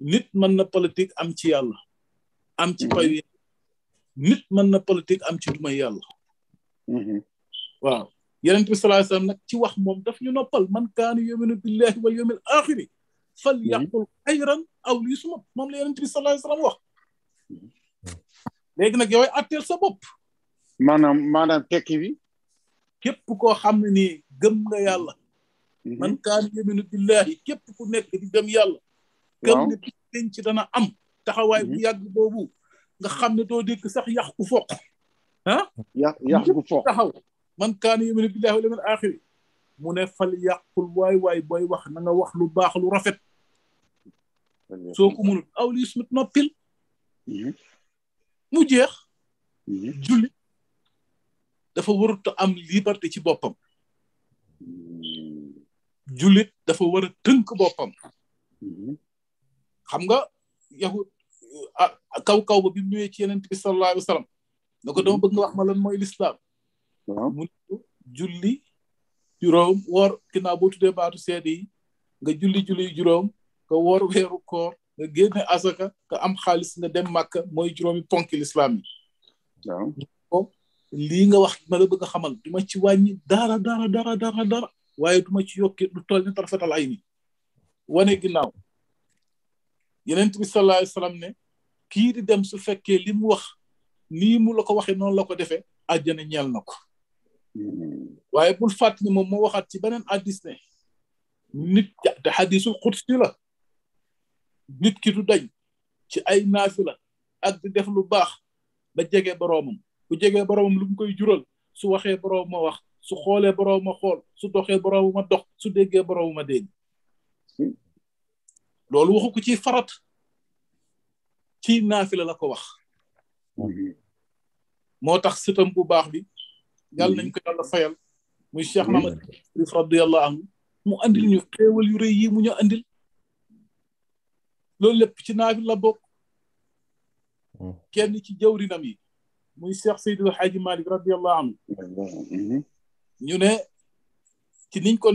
Speaker 6: nit man na politique am ci yalla am ci mhm. payu nit man na politique am ci dumay yàlla mhm. waaw yeneen bi alayhi wasallam nak ci wax mom daf ñu noppal man kan yuminu billahi wa yawmil akhir fal yaqul khayran mhm. aw li mom moom la yeneen bi alayhi wasallam wax léegi nak yoy atel sa bop manam manam tekki wi kep ko xamni gem nga yalla man kan yuminu billahi kep ku nek di gem yalla gëm ne bis penc dana am taxawaay bu yàgg boobu nga xam ne doo dégg sax yàq ku foq ah yàq yàq ku foq taxaw man kaana yuminu billahi wal yawmil axir mu ne fal yàqul waay waay booy wax na nga wax lu baax lu rafet soo ko munut aw li smit noppil mu jeex julli dafa warut am liberté ci boppam jullit dafa war a tënk boppam xam nga yahud kaw kaw ba bi mu ñëwee ci yeneen bi sallallahu alayhi ko dama bëgg nga wax ma lan mooy lislaam mu julli juróom woor ginnaaw boo tuddee baatu seede yi nga julli julli juróom nga woor weeru koor nga génne asaka nga am xaalis nga dem màkka mooy juróomi ponk lislaam yi lii nga wax ma la bëgg a xamal duma ci wàññi dara dara dara dara dara waaye duma ci yokki lu toll ni tarfatal ay ni wane ginnaaw yenent bi sallallahu alayhi wasallam ne kii di dem su fekkee li mu wax nii mu la ko waxee noonu la ko defee àjjana ñeel bul fàtt ni moom moo ci beneen addis ne nit te xadisul xutsi la nit ki du dañ ci ay naafi la ak di def lu baax ba jege boroomam bu jege boroomam lu koy jural su waxee boroom ma wax su xoolee boroom ma xool su doxee boroom ma dox su déggee boroom ma dégg لول وخوكو تي فرات تي نافله لاكو واخ موتاخ ستم بو باخ يال نانكو يالا فايال موي شيخ محمد مو اندل ني خيوال يوري اندل لول لب تي نافله بوك كين تي جوري نامي موي سيد الحاج مالك رضي الله عنه ñu ne ci niñ ko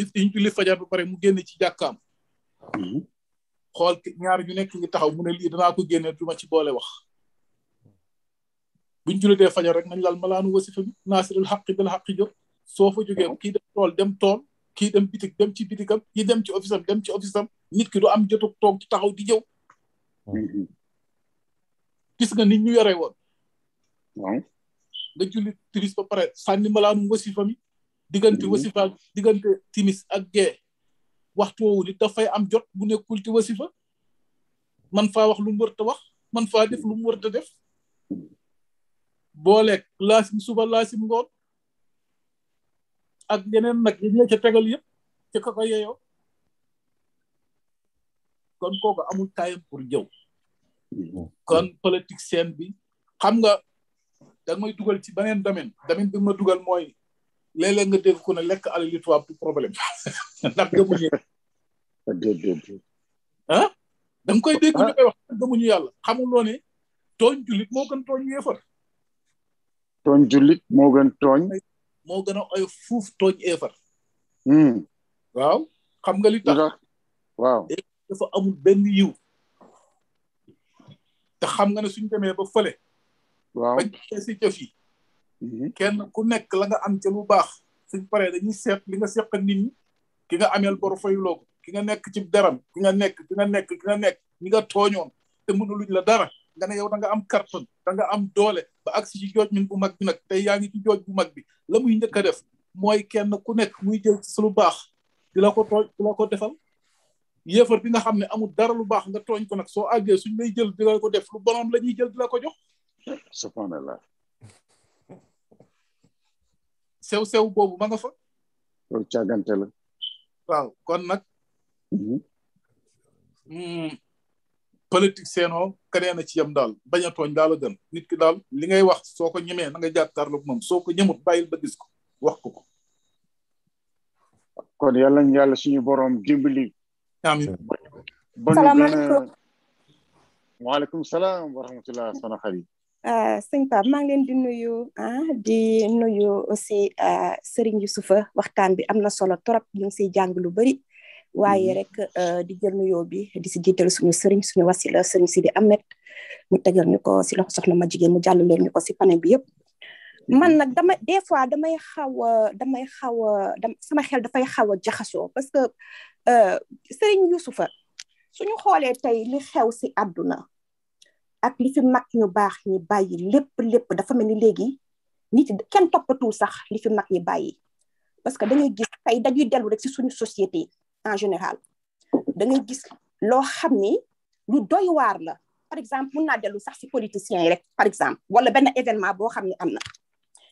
Speaker 6: yuñ julli fajar ba pare mu génn ci jàkkaam hmm. xool ñaar ñu nekk ngi taxaw mu ne lii danaa ko génne duma ci boole wax buñ fajar rek nañ lal malaanu wasifa bi naasirul xaqi bil xaqi jóg soo fa jógee kii dem tool dem tool kii dem bitik dem ci bitikam kii dem ci office am dem ci office am nit ki du am jotuk toog ci taxaw di jëw hmm. gis nga nit ñu yore woon hmm. nga julli tiris ba pare sànni malaanu wasifa mi diggante mhm. wasifa ak timis ak gee waxtu li da fay am jot bu nekkul ci wasifa man fa wax lu mu wërta wax man fa def lu mu wërta def booleeg laasim suba lasim ngoon ak yeneen nag yi ñee ca tegal yëpp ci ka ko kon kooku amul tayam pour jëw mhm. kon politique sen bi xam nga da may dugal ci beneen domaine domaine bi ma dugal mooy léeg-léeg nga dégg ku na lekk alal yu tubaab du problème
Speaker 4: ndax gëmuñu
Speaker 6: ah da nga koy dégg ñu koy wax gëmuñu yàlla xamul loo ne tooñ jullit moo gën tooñ yéefar
Speaker 4: tooñ jullit moo gën tooñ
Speaker 6: moo gën a oy fuuf tooñ yéefar hmm. waaw xam nga li tax waaw dafa amul yiw te xam nga ne suñ demee ba fële waaw bañ yi Mhm. kenn ku nekk la nga am ca lu baax suñ paree dañuy seet li nga seqal nit ki nga ameel bor fayuloo ko ki nga nekk cib deram ki nga nekk ki nga nekk ki nga nekk ñi nga tooñoon te mënuluñ la dara nga ne yow da nga am carton da nga am doole ba agsi ci jooj min bu mag bi nag tey yaa ngi ci jooj bu mag bi la muy njëkk a def mooy kenn ku nekk muy jël ci lu baax di la ko tooñ di ko defal yéefar bi nga xam ne amul dara lu baax nga tooñ ko nag soo àggee suñ lay jël di la ko def lu bonoon la ñuy jël di la ko jox subhanallah sew sew boobu ma nga fa.
Speaker 4: loolu càggante la.
Speaker 6: waaw kon nag. Mhm. Hmm, politique seeno kenee na ci yem daal bañ a daal a gën nit ki daal li ngay wax soo ko ñemee na nga jàkkaarloog moom soo ko ñemut bàyyil ba gis ko wax ko ko. kon
Speaker 4: yàlla na yàlla suñu borom dimbali.
Speaker 1: amiin.
Speaker 8: salaamaaleykum.
Speaker 4: waaleykum salaam wa rahmatulah.
Speaker 8: Euh, sëñ Pape maa ngi di nuyu ah di nuyu aussi euh, Serigne Youssoufa waxtaan bi am na solo trop ñu ngi siy jàng lu bëri waaye mm-hmm. rek euh, di jël nuyoo bi di si jiital suñu sëriñ suñu wasila sëriñ Sidi Ahmed mu tegal ñu ko si loxo soxna ma jigéen mu jàll leen ñu ko si panel bi yëpp mm-hmm. man nag dama des fois damay xaw a damay xaw a sama xel dafay xaw a jaxasoo parce que Serigne Youssoufa suñu xoolee tey li xew si àdduna ak li fi mag ñu baax ñi bàyyi lépp lépp dafa mel ni léegi nit kenn toppatul sax li fi mag ñi bàyyi parce que da ngay gis tey dañuy dellu rek si suñu société en général da ngay gis loo xam ni lu doy waar la par exemple mun naa dellu sax si politiciens yi rek par exemple wala benn événement boo xam ni am na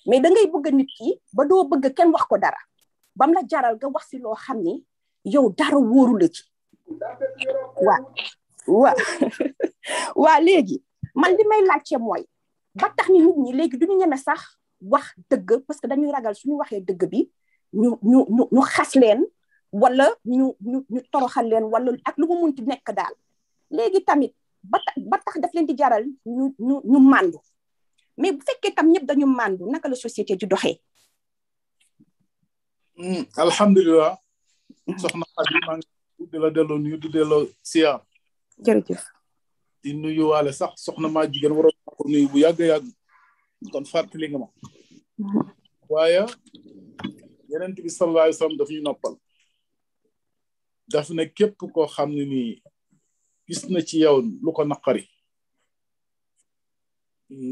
Speaker 8: mais da ngay bëgg nit ki ba doo bëgg kenn wax ko dara bam la jaral nga wax si loo xam ni yow dara wóoru la ci wa wa léegi man limay laccé moy ba tax ni nit ñi léegi duñu ñëmé sax wax dëgg parce que dañuy ragal suñu waxé dëgg bi ñu ñu ñu xass xas leen wala ñu ñu ñu toroxal leen wala ak lu mu munti nekk dal legi tamit ba tax daf leen di jaral ñu ñu ñu mandu mais bu fekkee tam ñëpp dañu mandu naka la société di doxé hmm,
Speaker 6: Alhamdulillah, soxna xadi maa ngi delo la delloo nuyu jërëjëf. di nuyuwaale sax soxna maa jigéen waroon naa ko nuyu bu yàgg yàgg kon fàttali nga ma. waaye yeneen bi sallallahu alayhi wa sallam daf ñu noppal. daf ne képp koo xam ne nii gis na ci yow lu ko naqari.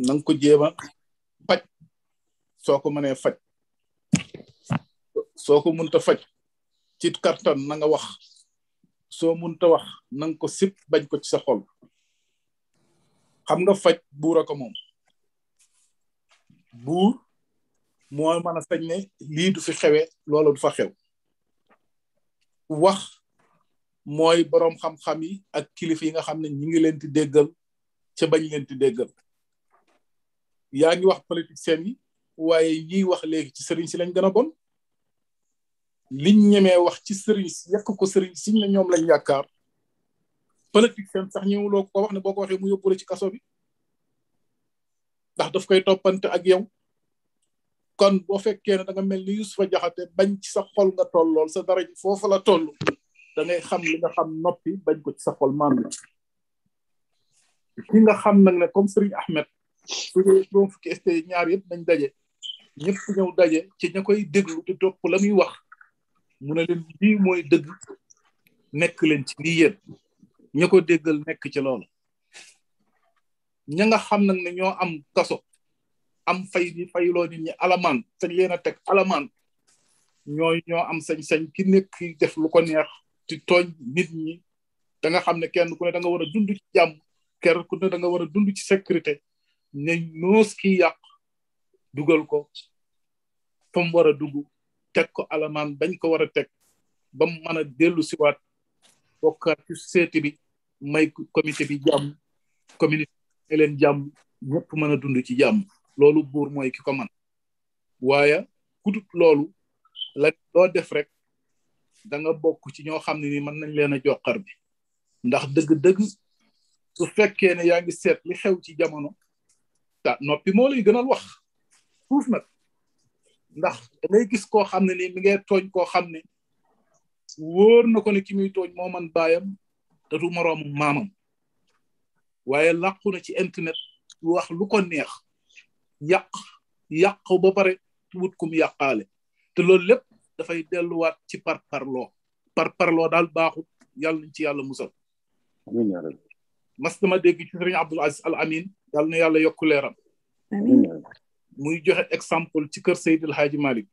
Speaker 6: na nga ko jéem a faj soo ko mënee faj. soo ko mënta faj. ci kattan na nga wax. soo munta wax nanga ko sip bañ ko ci sa xol xam nga faj buur a ko moom buur moo mën a sañ ne lii du fi xewe loola du fa xew wax mooy boroom xam-xam yi ak kilifa yi nga xam ne ñi ngi leen di déggal ca bañ leen di déggal yaa ngi wax politique seen yi waaye ñiy wax léegi ci sëriñ si lañ gën a bon liñ ñemee wax ci sëriñ si yàq ko sëriñ siñ la ñoom lañ yaakaar politique seen sax ñëwuloo ko wax ne boo ko waxee mu yóbbu la ci kaso bi ndax daf koy toppante ak yow kon boo fekkee ne da nga mel ni yusufa jaxate bañ ci sa xol nga tollool sa dara ji foofu la toll da ngay xam li nga xam noppi bañ ko ci sa xol maandu ki nga xam nag ne comme sëriñ ahmed su ñu juróom fukki st ñaar yëpp nañ daje ñëpp ñëw daje ci ña koy déglu di topp la muy wax mu ne leen mooy dëgg nekk leen ci lii yéen ña ko déggal nekk ci loolu ña nga xam na ne am kaso am fay di fayloo nit alamaan te leen a teg alamaan ñooy ñoo am sañ-sañ ki nekk def lu ko neex ci tooñ nit ñi da nga xam ne kenn ku ne da nga war a dund ci jàmm kenn ku ne da nga war a dund ci sécurité ne noos ki yàq dugal ko fa mu war a dugg teg ko alamaan bañ ko war a teg ba mu mën a dellu siwaat bokkaat ci seeti bi may comité bi jàmm communauté leen jàmm ñëpp mën a dund ci jàmm loolu buur mooy ki ko man waaye kudut loolu la loo def rek da nga bokk ci ñoo xam ne ni mën nañ leen a joxar bi ndax dëgg-dëgg su fekkee ne yaa ngi seet li xew ci jamono ta ah noppi moo lay gënal wax fuuf nag ndax da ngay gis koo xam ne nii mi ngay tooñ koo xam ne wóor na ko ne ki muy tooñ moo man baayam te du moroomu maamam waaye làqu na ci internet wax lu ko neex yàq yàq ba pare wut kum yàqaale te loolu lépp dafay delluwaat ci par parloo par parloo daal baaxut yàlla nañ ci yàlla musal mas dama dégg ci sëriñ Abdul Aziz Al Amin yàlla na yàlla yokku leeram muy joxe exemple ci kër Seydil Hadji Malick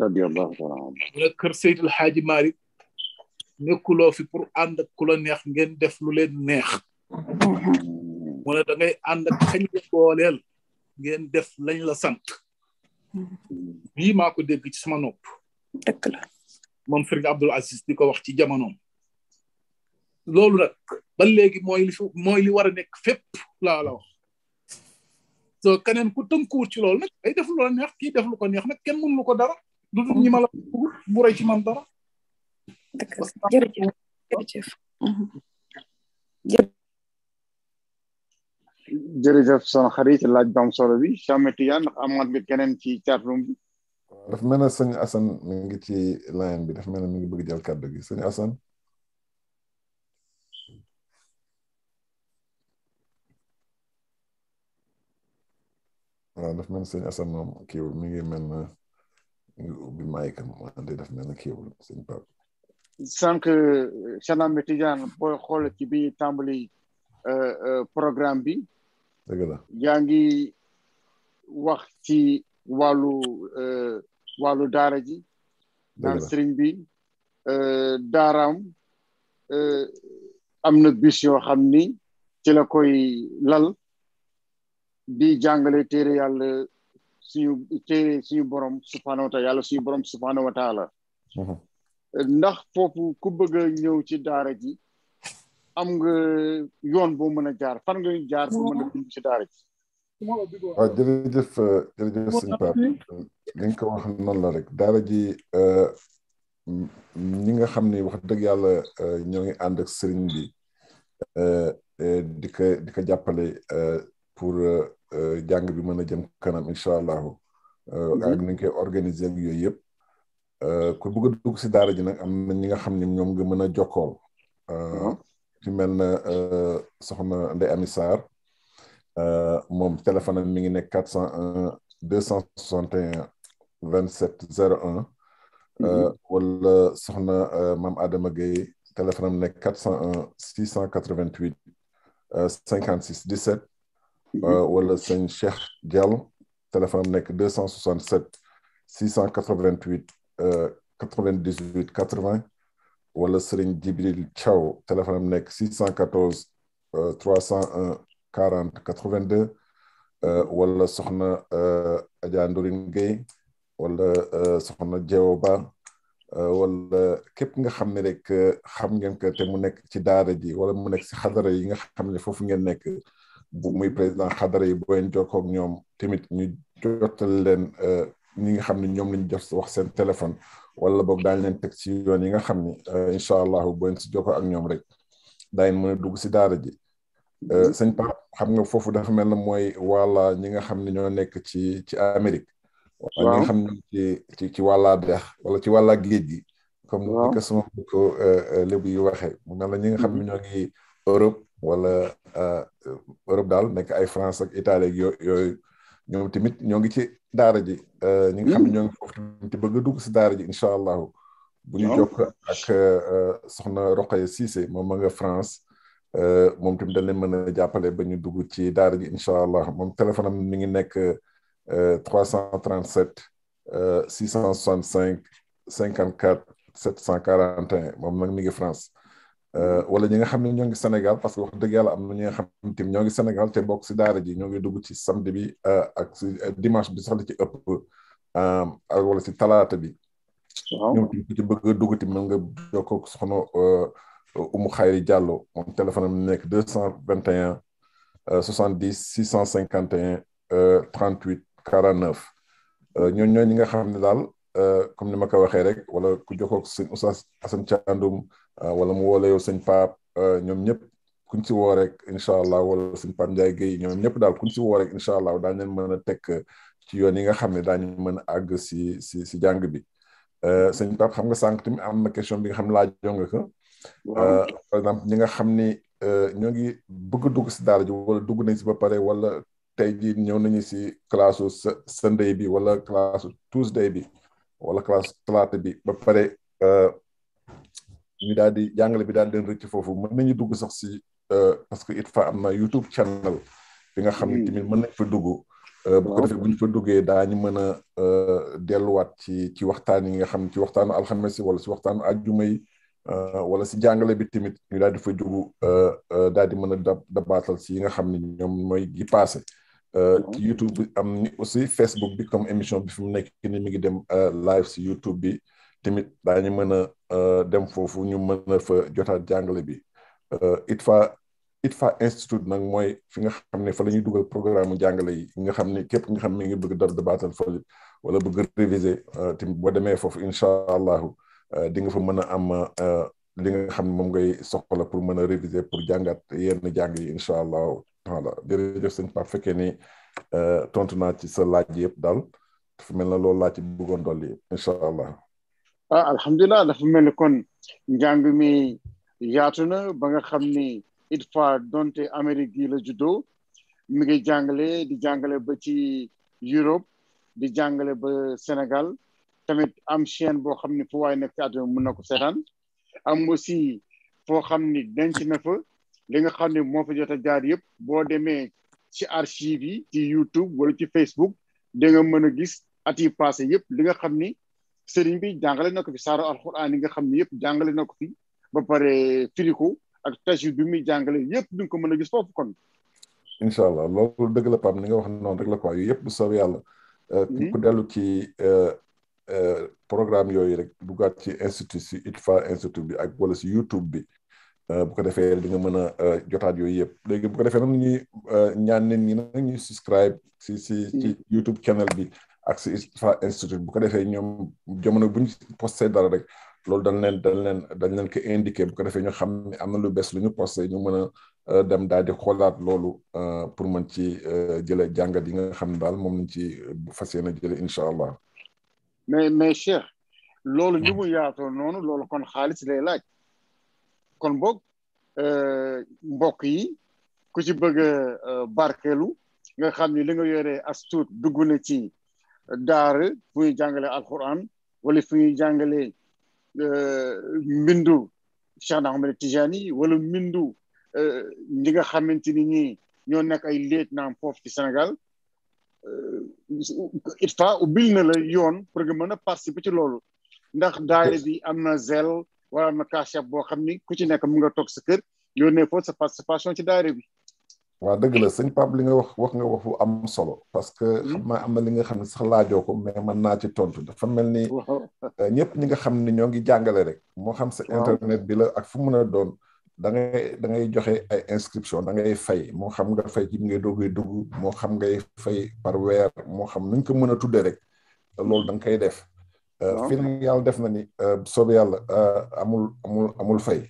Speaker 1: radiyallahu ta'ala mu
Speaker 6: ne kër Seydil Hadji Malick nekkuloo fi pour ànd ak ku neex ngeen def lu leen neex wala da ngay ànd ak xagn ko booleel ngeen def lañ la sant bi mako deg ci sama nopp dëkk la mom Sëriñ Abdul Aziz diko wax ci jamono lolou nak ba léegi moy li moy li wara nek fep la la wax so keneen ku tënkuwut ci loolu nag day def lu la neex kii def lu ko neex nag kenn mënu ko dara. du dul ma la bu rëy ci man dara.
Speaker 1: jërëjëf jërëjëf. Mhm.
Speaker 4: son xarit laaj ba am solo bi Chame Tidiane ndax amaat nga keneen ci caatum bi.
Speaker 5: daf mel ne sëñ Assane ngi ci line bi daf mel ne mi ngi bëgg jël gi sëñ waaw daf mel ni sëñ Assane moom kiiwul mi ngi mel na ngi ubbi maayikam wante daf mel na kiiwul sëñ Pape
Speaker 4: sànq euh, Cheikh Ahmed Tidiane ci bi ñu tàmbali euh, euh, programme bi dëgg la yaa ngi wax ci wàllu wàllu daara ji naan bi daaraam am na yoo xam ni ci la koy lal bi jàngale téere yàlla suñu téere suñu borom subhaanahu wa taala yàlla suñu borom subhaanahu wa taala mhm. ndax foofu ku bëgg a ci daara ji am nga yoon boo mën a jaar fan nga jaar boo mën a
Speaker 1: dugg ci daara ji waaw ah,
Speaker 5: euh, wax noonu la rek daara ji euh, ñi nga xam ni wax dëgg yàlla euh, ñoo ngi ànd bi di ko di pour Euh, jàng bi mën a jëm kanam incha allahu euh, mhm. ak nañ organiser ak yooyu yëpp euh, ku bëgg a dugg si daara ji nag am na ñi nga xam ne ñoom nga mën a jokkool mhm. ci mel na soxna Ndeye Ami Sarr moom téléphone am mi ngi nekk quatre cent un deux cent soixante et un vingt sept zéro un mhm. wala soxna maam Adama Gueye téléphone am nekk quatre cent un six cent quatre vingt huit cinquante six dix sept wala sëñ Cheikh Diallo téléphone am nekk 267 688 98 80 wala sëriñ Djibril Thiaw téléphone am nekk 614 301 40 82 wala soxna Adja Ndorin Gueye wala soxna Jewo Ba wala képp nga xam ne rek xam ngeen ko te mu nekk ci daara ji wala mu nekk si xadara yi nga xam ne foofu ngeen nekk bu muy président xadara yi booyeen jokkoog ñoom tamit ñu jotal leen euh, ñi nga xam ne ñoom lañ jot wax seen téléphone wala boog daañ leen teg ci yoon yi nga xam ni euh, incha allahu si jokkoo ak ñoom rek daañ mën a dugg si daara ji euh, mm-hmm. sëñ Pape xam nga foofu dafa mel na mooy wàlla ñi nga xam ne ñoo nekk ci ci Amérique waaw ñi nga xam ne ci ci ci wàllaa dex wala ci wàllaa géej gi comme ni ko sama mbokk lébu yi waxee mu ñi nga xam ñoo ngi Europe wala euh, Europe daal nekk ay France ak Italie ak yooyu ñoom tamit ñoo ngi ci daara ji. Euh, ñi nga xam ngi foofu tamit bëgg a dugg si daara ji incha allahu. bu ñu jokk ak euh, soxna Roqaya Cissé moom ma nga France. moom tamit dañ leen mën a jàppale ba ñu dugg ci daara ji incha allah moom téléphone am mi ngi nekk 337 665 54 741 moom nag mi ngi France. Euh, wala ñi nga xam ne ñoo ngi Sénégal parce que wax yàlla am na ñi xam ne ñoo ngi Sénégal te bokk si daara ji ñoo ngi dugg ci samedi bi euh, ak si euh, dimanche bi sax ci ëpp ak wala si talaata bi. waaw ñoom ku ci bëgg a dugg nga jokkoo soxna Umu Xayri Diallo moom téléphone am nekk deux cent vingt et un soixante dix six cent cinquante et un trente huit quarante neuf ñooñu ñi nga xam ne daal comme ni ma ko waxee rek wala ku jokkoo si seen Oustaz Assane Thiandoum Euh, wala mu woo la yow sëñ Pape euh, ñoom ñëpp kuñ si woo rek incha allah wala sëñ Pape Ndiaye Guèye ñoom ñëpp daal kuñ si woo rek incha allah daañu leen mën a teg ci yoon yi nga xam ne daañu mën a àgg si si si jàng bi euh, sëñ Pape xam nga sànq tamit am na question bi nga xam laajoo nga ko. par exemple ñi nga xam ni ñoo ngi bëgg a dugg si daara ji wala dugg nañ si ba pare wala tey jii ñëw nañu si classe su Sunday bi wala classe su Tuesday bi wala classe talaata bi ba pare. ñu daal di jàngale bi daal di leen rëcc foofu mën nañu dugg sax si euh, parce que ITFA am na YouTube channel fi nga xam ne hmm. tamit mën nañ fa dugg euh, bu ko defee bu ñu fa duggee daañu mën a euh, delluwaat ci ci waxtaan yi nga xam ne ci waxtaanu alxames yi wala si waxtaanu àjjuma yi wala si jàngale bi tamit ñu daal di fa jugu daal di mën a dabaatal si yi nga xam ne ñoom mooy gi passé ci YouTube am ni aussi Facebook bi comme émission bi fi mu nekk ni mi ngi dem live si YouTube bi tamit daañu mën a euh, dem foofu ñu mën a fa jotaat jàngale bi euh, ITFA fa institute nag mooy fi nga xam ne fa la ñuy dugal programme jàngale yi nga xam ne képp nga xam ne ngi bëgg dar dabaatal fa wala bëgg réviser euh, tamit boo demee foofu incha allahu di nga fa mën a am li nga xam ne moom ngay soxla pour mën a réviser pour jàngat yenn jàng yi incha allahu taala jërëjëf sëñ Pape fekkee ni tontu naa ci sa laaj yëpp daal dafa mel na loolu laa ci bëggoon dolli incha allah
Speaker 4: ah alhamdulilah dafa mel ni kon njàng mi yaatu na ba nga xam ni ITFA donte Amérique gi la juddoo mi ngi jàngale di jàngale ba ci Europe di jàngale ba Sénégal tamit am chaîne boo xam ni fu waay nekk ci àdduna mën na ko seetaan am aussi foo xam ni denc na fa li nga xam ne moo fa jot jaar yëpp boo demee ci archive yi ci YouTube wala ci Facebook da nga mën a gis at yi passé yëpp li nga xam ni sëriñ bi jàngale na ko fi saaru alxuraan yi nga xam ne yëpp jàngale na ko fi ba pare firi ko ak tajwid bi muy jàngale yëpp duñ ko mën a gis foofu kon.
Speaker 5: incha allah loolu dëgg la Pape ni nga wax noonu rek la quoi yooyu yëpp bu soobee yàlla. Mm-hmm. ku dellu ci euh, euh, programme yooyu rek duggaat ci institut si ITFA institut bi ak wala si YouTube bi euh, bu ko defee di nga mën a jotaat yooyu yëpp léegi bu ko defee nag ñuy ñaan nit ñi nag ñuy subscribe si si ci mm-hmm. YouTube channel bi. ak si ITFA institute bu ko defee ñoom jamono bu ñu dal rek loolu dañ leen dañ leen dañ leen ko indiqué bu ko defee ñu xam ne am na lu bees lu ñu posté ñu mën a euh, dem daal di xoolaat loolu euh, pour mën ci euh, jële jàngat yi nga xam ne daal moom lañ ci fas yéene jële incha allah.
Speaker 4: mais mais Cheikh loolu li mm. mu yaatoo noonu loolu kon xaalis lay laaj kon boog mbokk yi ku ci bëgg barkelu barkeelu nga xam ni li nga yoree as tuut ci. daar fu ñuy jàngale alquran wala fu ñuy jàngale euh, mbindu Cheikh Ahmed Tijani wala mbindu euh, ñi nga xamante ni ñi ñoo nekk ay léet naam ci Sénégal euh, it fa ubbil na la yoon pour nga mën a ci loolu ndax daara bi am na zel wala am na cachet boo xam ni ku ci nekk mun nga toog sa kër yónnee foofu sa participation ci daar bi
Speaker 5: waaw dëgg la eh. sëñ Pape li nga wax wax nga waxu am solo parce que ma hmm? naa am na li nga xam ne sax laajoo ko mais mën naa ci tontu dafa mel ni eh, ñëpp ñi nga xam ni ñoo ngi jàngale rek moo xam sa internet bi la ak fu mën a doon da ngay da ngay joxe ay inscription da ngay fay moo xam nga fay ci ngay doogay dugg moo xam ngay fay par weer moo xam nuñ ko mën a tuddee rek loolu da koy def eh, film yàlla def na ni soob yàlla amul amul amul fay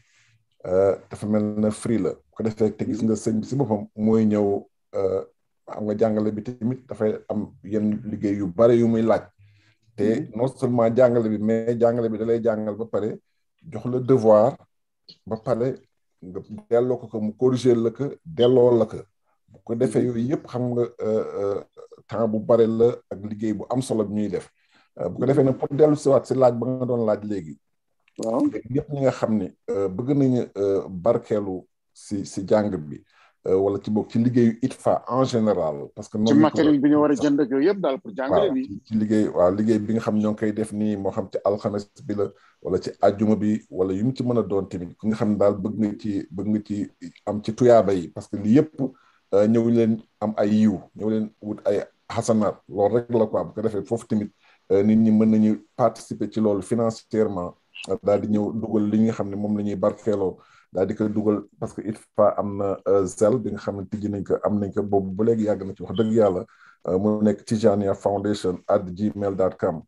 Speaker 5: dafa mel na la ko defee te gis nga sëñ si boppam mooy ñëw euh, am nga jàngale bi tamit dafa am yenn liggéey yu bare yu muy laaj te mm-hmm. non seulement jàngale bi mais jàngale bi da lay jàngal ba pare jox la devoir ba pare nga delloo ko ko mu corriger la ko delloo la ko bu ko defee mm-hmm. yooyu yëpp xam nga euh, euh, temps bu bare la ak liggéey bu am solo ñuy def bu ko defee nag pour dellu siwaat si laaj ba nga doon laaj léegi waaw nga xam ni bëgg nañu barkeelu si si jàng bi euh, wala ci boog ci liggéeyu ITFA en général. parce que noonu ci matériel bi ñu
Speaker 4: war a jënd ak yooyu daal pour jàngale bi.
Speaker 5: ci liggéey waaw liggéey bi nga xam ñoo ngi koy def nii moo xam ci alxames bi la wala ci ajjuma bi wala yu mu ci mën a doon tamit ku nga xam daal bëgg nga ci bëgg nga ci am ci tuyaaba yi parce que lii yëpp euh, ñëw leen am ay yiw ñëw leen wut ay xasanaat loolu rek la quoi bu ko defee foofu tamit euh, nit ñi mën nañu participer ci loolu financièrement daal di ñëw dugal li nga xam ne moom la ñuy barkeeloo. daal di dugal parce que ITFA am na euh, zell bi nga xam ne tijji nañ am nañ ko boobu ba léegi yàgg na ci wax dëgg yàlla euh, mu nekk Tijania Foundation at gmail dot com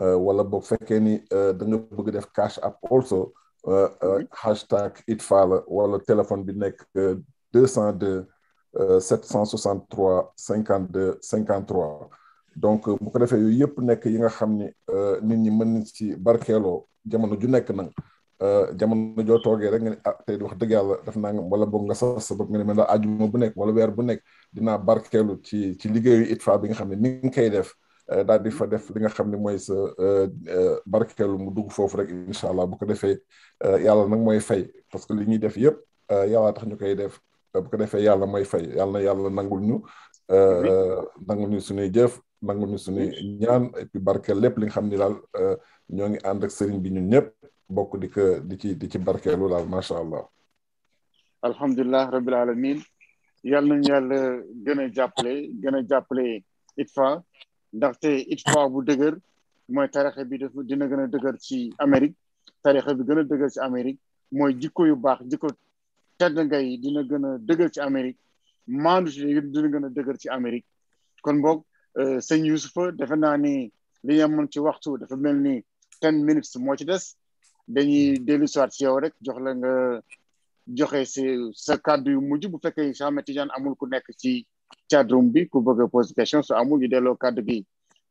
Speaker 5: euh, wala boo fekkee ni da nga bëgg def cash app also mm-hmm. hashtag ITFA la wala téléphone bi nekk deux cent deux sept cent soixante trois cinquante deux cinquante trois donc bu ko defee yooyu yëpp nekk yi nga xam ni nit ñi mën nañ ci barkeeloo jamono ju nekk nag Eh, jamono joo toogee rek nga ne ah tey wax dëgg yàlla def naa wala boog nga sas sa bopp nga ne man daal àjjuma bu nekk wala weer bu nekk dinaa barkeelu ci ci liggéeyu ITFA bi nga xam ni nga koy def eh, daal di fa def li nga xam ne mooy sa eh, barkeelu mu dugg foofu rek incha bu ko defee yàlla nag mooy fay parce que li ñuy def yëpp yàlla tax ñu koy def bu ko defee yàlla mooy fay yàlla na yàlla nangul ñu nangul ñu suñuy jëf nangul ñu suñuy ñaan et puis barkeel lépp li nga xam ne ñoo ngi ànd ak sëriñ bi ñun ñëpp bokk di ko di ci di ci barkeelu daal macha allah.
Speaker 4: alhamdulilah rabil alamin yal nañu yàlla gën a jàppale gën a jàppale ITFA ndaxte ITFA bu dëgër mooy tarixa bi def dina gën a dëgër ci Amérique tarixa bi gën a dëgër ci Amérique mooy jikko yu baax jikko tedd ngay dina gën a dëgër ci Amérique maandu ci dina gën a dëgër ci Amérique kon boog euh, sëñ Youssoufa defe naa ni li ñu amoon ci waxtu dafa mel ni ten minutes moo ci des dañuy dellu si yow rek jox la nga joxe si sa kàddu yu mujj bu fekkee Cheikh Ahmed Tidiane amul ku nekk ci cadrum bi ku bëgg a poser question su amul ñu delloo kàddu gi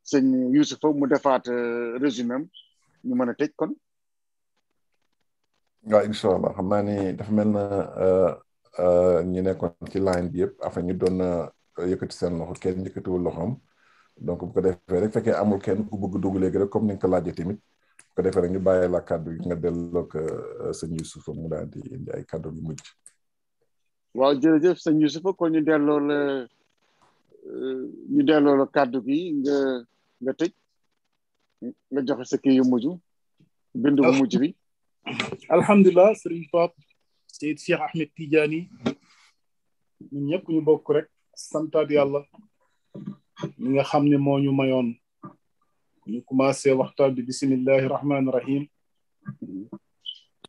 Speaker 4: sëñ Youssoufa mu defaat euh, résumé am ñu mën a tëj kon.
Speaker 5: waaw incha allah xam naa ni dafa mel na euh, euh, ñu nekkoon ci line bi yëpp afin ñu doon yëkkati seen loxo kenn yëkkatiwul loxoom donc bu ko defee rek fekkee amul kenn ku bëgg dugg léegi rek comme ni nga ko tamit. ko defee ñu bàyyi la cadeau nga delloo ko sëñ yusuf mu daal di indi ay cadeau yu mujj
Speaker 4: waaw jërëjëf sëñ yusuf ko ñu delloo le ñu delloo le cadeau gi nga nga tej nga joxe sa kii yu mujj bindu bu mujj bi
Speaker 6: alhamdullah sëriñ pap Seyd Cheikh Ahmed tidiani ñun ñëpp ñu bokk rek santat yalla ñi nga xamne ne ñu ñu commencé waxtaan bi bismillahi rahmani rahim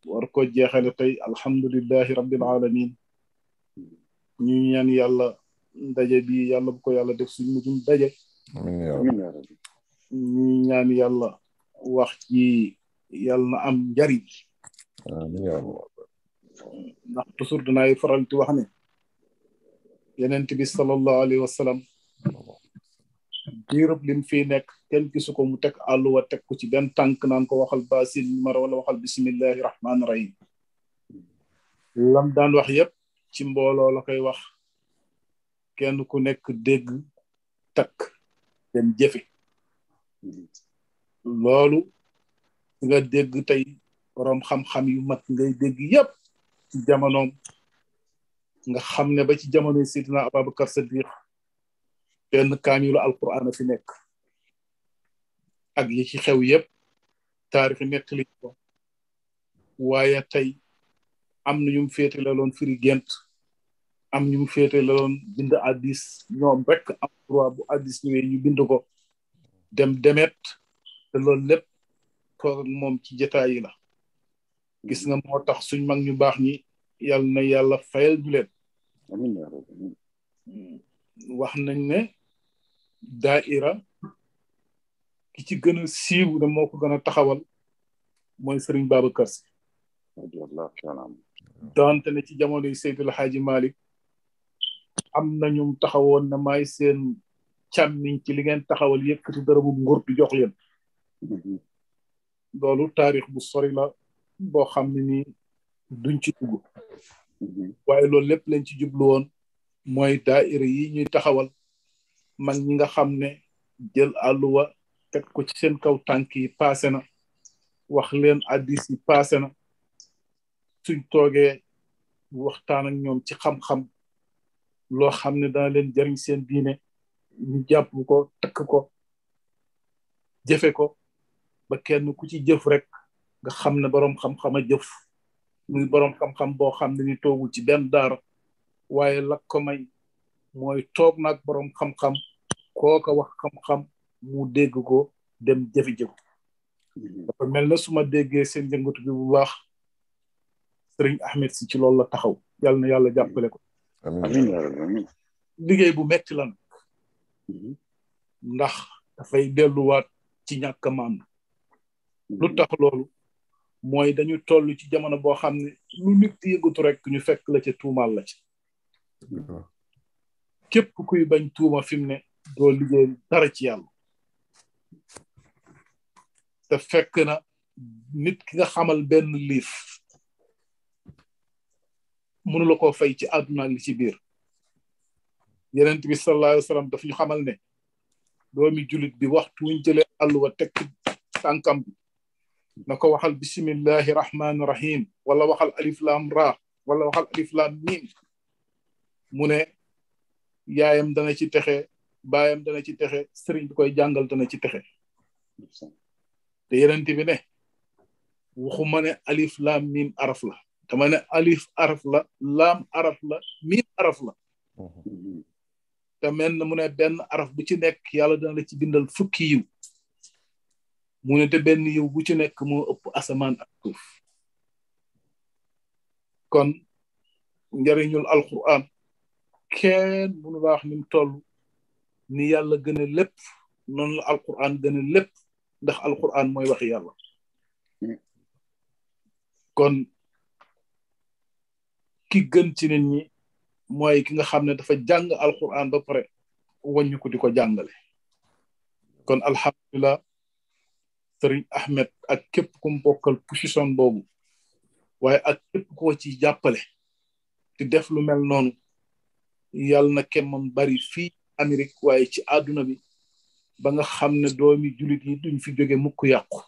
Speaker 6: war ko jeexale tey alhamdulillahi rabbil alamin ñu ñaan yàlla ndaje bi yàlla bu ko yàlla def suñu mujum daje ya ya ñu ñaan yàlla wax ji yàlla na am njariñ ya ndax toujours dinaay faral di wax ne yenent bi salallahu alayhi wa sallam lim fii nekk Ken gisu ko mu teg àlluwa teg ko ci benn tànk naan ko waxal basil mar wala waxal bismillahi rahman rahim lam dan wax yépp ci mbooloo la koy wax kenn ku nekk dégg takk dem jëfe loolu nga dégg tey borom xam-xam yu mag ngay dégg yépp ci jamonoom nga xam ba ci jamono sidina ababakar sadiq alquran fi ak li ci xew yépp taarix li ko waaye tey am na ñum féete la loon firi gent am ñum féete la loon bind addis ñoom rek am droit bu addis ñu ñu bind ko dem demet te loolu lépp toog ak moom ci yi la gis nga moo tax suñ mag ñu baax ñi yàlla na yàlla fayal ju leen wax nañ ne daaira ki ci gën a siiw ne moo ko gën a taxawal mooy Serigne Babacar Sy donte ne ci jamono yi Seydil Hadji Malick am nañu taxawoon na maay seen càmmiñ ci li ngeen taxawal yëkkati dërëmu nguur di jox leen mm-hmm. loolu taarix bu sori la boo xam ne ni duñ ci dugg mm-hmm. waaye loolu lépp lañ ci jublu woon mooy daaira yi ñuy taxawal mag ñi nga xam ne jël àlluwa teg ko ci seen kaw tànk yi paase na wax leen addis yi paase na suñ toogee waxtaan ak ñoom ci xam-xam loo xam ne dana leen jariñ seen diine ñu jàpp ko takk ko jëfe ko ba kenn ku ci jëf rek nga xam ne boroom xam-xam a jëf muy boroom xam-xam boo xam ne ni toogul ci benn daara waaye la ko may mooy toog nag boroom xam-xam kooka wax xam-xam mu dégg ko dem jëfi jëf mhm. dafa mel na suma déggee seen jëngatu bi bu baax sëriñ ahmed si ci loolu la taxaw yàlla na yàlla jàppale ko ya liggéey bu metti la nag mhm. ndax dafay delluwaat ci ñàkk maam mhm. lu tax loolu mooy dañu toll ci jamono boo xam ne lu nit di yëgatu rek ñu fekk la ca tuumaal la ci képp kuy bañ tuuma fi mu ne doo liggéey dara ci yàlla te fekk na nit ki nga xamal benn liif mënu la koo fay ci àdduna li ci biir yenent bi sallallahu alayhi sallam daf ñu xamal ne doomi julit bi waxtu wuñ jëlee àlluwa tekk tànkam bi na ko waxal bismillahi rahmani rahim wala waxal alif lam ra wala waxal alif lam mim mu ne yaayam dana ci texe baayam dana ci texe sëriñ bi koy jàngal dana ci texe te yenent bi ne alif laam miim araf la dama alif araf la laam araf la miim araf la te mel mu ne benn araf bu ci nekk yàlla dina la ci bindal fukki yiw mu te benn yiw bu ci nekk moo ëpp asamaan ak suuf kon njariñul alquran kenn mënu la wax ni ni yàlla gën a lépp noonu la alquran gën lépp ndax alquran moy waxi yàlla hmm. kon ki gën ci nit ñi mooy ki nga xam ne dafa jàng alquran ba pare wàññi ko di ko jàngale kon alhamdulilah sëriñ Ahmed ak képp ku mu bokkal position boobu waaye ak képp ci jàppale di def lu mel noonu yàlla na kemmam bari fii Amérique waaye ci àdduna bi ba nga xam ne doomi julit yi duñ fi jóge mukk yàqu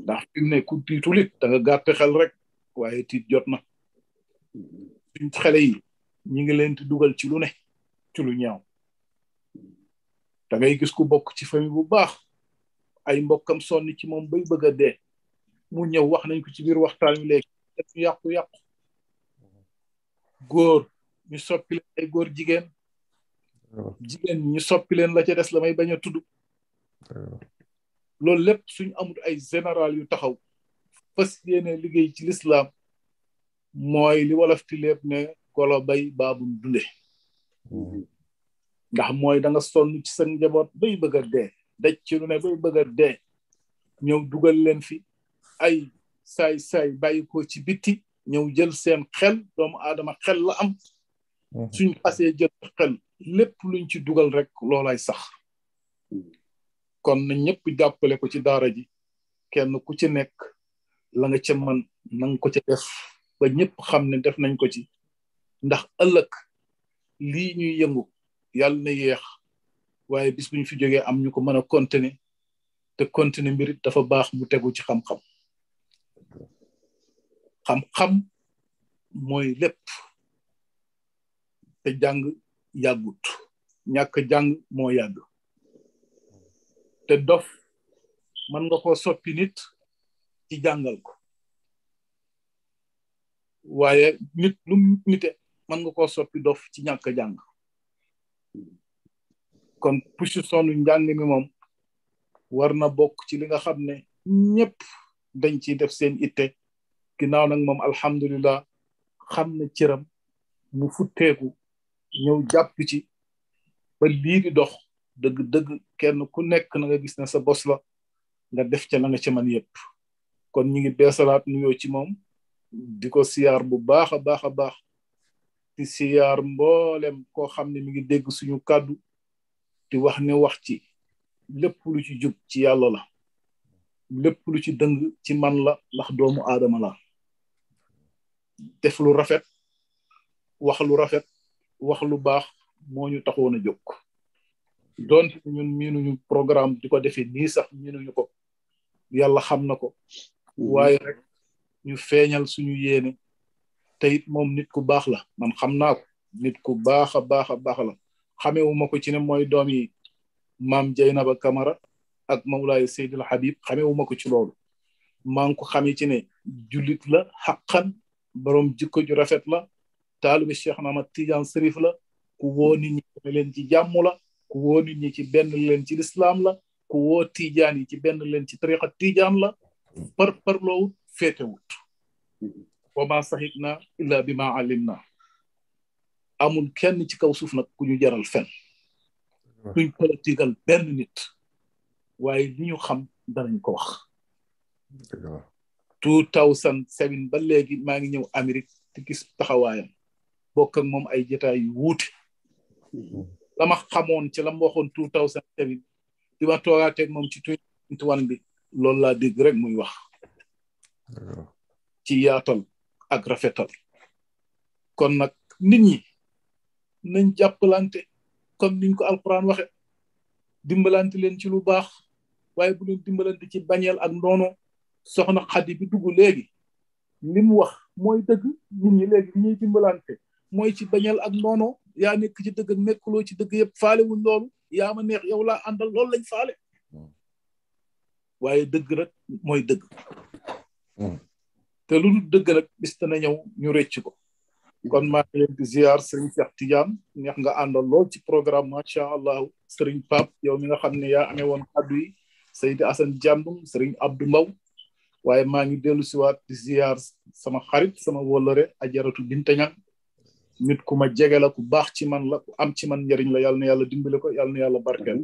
Speaker 6: ndax fi mu ne ku tiitulit da nga xel rek waaye tiit jot na suñ xele yi ñi ngi leen di dugal ci lu ne ci lu ñaaw da ngay gis ku bokk ci famille bu baax ay mbokkam sonni ci moom bay bëgg a dee mu ñëw wax nañ ko ci biir waxtaan wi léegi dañu yàqu-yàqu góor ñu soppi ay góor jigéen jigen ñu soppi leen la ca des la may bañ a tudd loolu lépp suñ amul ay général yu taxaw fas yéene liggéey ci lislaam mooy li wolof ti lépp ne golo bay babu dunde hmm. ndax mooy da nga sonn ci sa njaboot bay bëgg a dee daj ci lu ne bay bëgg a dee ñëw dugal leen fi ay saay saay bàyyi ko ci bitti ñëw jël seen xel doomu aadama xel la am Mhm. suñ xasee jël xel lépp luñ ci dugal rek loolay sax kon na ñëpp jàppale ko ci daara ji kenn ku ci nekk langa cemman nang ko ci def ba ñëpp xam ne def nañ ko ci ndax ëllëg lii ñuy yëngu yàlla na yéex waaye bis buñ fi jógee am ñu ko mën a continuer te continuer mbirit dafa baax mu tegu ci xam-xam xam-xam mooy lépp te jàng yàggut ñàkk jàng moo yàgg te dof mën nga ko soppi nit ci jàngal ko waaye nit lu nite mën nga ko soppi dof ci ñàkk jàng kon pusu sonu njàng mi moom war na bokk ci li nga xam ne ñëpp dañ ci def seen itte ginnaaw nag moom alhamdulillah xam na cëram mu futteeku ñëw jàpp ci ba lii di dox dëgg dëgg kenn ku nekk na nga gis ne sa bos la nga def ca la nga ca man yépp kon ñu ngi beesalaat nuyoo ci moom di ko siyaar bu baax a baax a baax di siyaar mboolem koo mi ngi dégg suñu kàddu di wax ne wax ci lépp lu ci jub ci yàlla la lépp lu ci dëng ci man la ndax doomu aadama la def lu rafet wax lu rafet wax lu bax moñu taxona jokk don jóg doon ñun miinuñu programme diko defé ni nii sax miinuñu ko yalla xam ko uhuh. rek ñu feñal suñu yene tayit mom nit ku bax la man xam naa ko nit ku baxa baxa bax la baax wu mako ci ne moy doom yi jaynaba kamara ak habib wu mako ci lolu man ko xamee ci ne julit la haqqan borom jikko ju rafet la taalu cheikh mamad tidian tidiane sërif la ku wo nit ñi ne leen ci jàmm la ku wo nit ñi ci benn leen ci lislaam la ku wo tidian yi ci benn leen ci tariqa tidian la par parloowut féetewut wa ma saxit illa bima alimna amul kenn ci kaw suuf nag ku ñu jaral fen duñ politikal benn nit waaye li ñu xam danañ ko wax 2007 ba léegi maa ngi ñëw Amérique te gis taxawaayam bokk ak moom ay jotaay yu wuute mm-hmm. la ma xamoon ci la ma waxoon two thousand seven moom ci twenty one bi loolu laa dégg rek muy wax ci yaatal ak kon nag nit ñi nañ jàppalante comme niñ ko alquran waxe dimbalante leen ci lu baax waaye bu leen dimbalante ci bañeel ak noono soxna xadi bi dugg léegi li mu wax mooy dëgg nit ñi léegi ñuy dimbalante mooy ci bañal ak noono yaa nekk ci dëgg ak nekkuloo ci dëgg yëpp fale wuñ loolu yaa ma neex yow laa àndal loolu lañ faale hmm. waaye dëgg rek mooy dëgg hmm. te lu dëgg nag bis dana ñëw ñu rëcc ko kon maa ngi leen di ziar Serigne Cheikh Tidiane nga àndal lool ci programme macha allah Serigne Pape yow mi nga xam ne yaa amee woon kàddu yi Seydi Assane Diambum Serigne Abdou Mbow waaye maa ngi dellu siwaat sama xarit sama wolore ajaratu Binta Ñang nit ku ma jege la ku bax ci man la ku am ci man ñariñ la yalla na yalla dimbali ko yalla na yalla barkel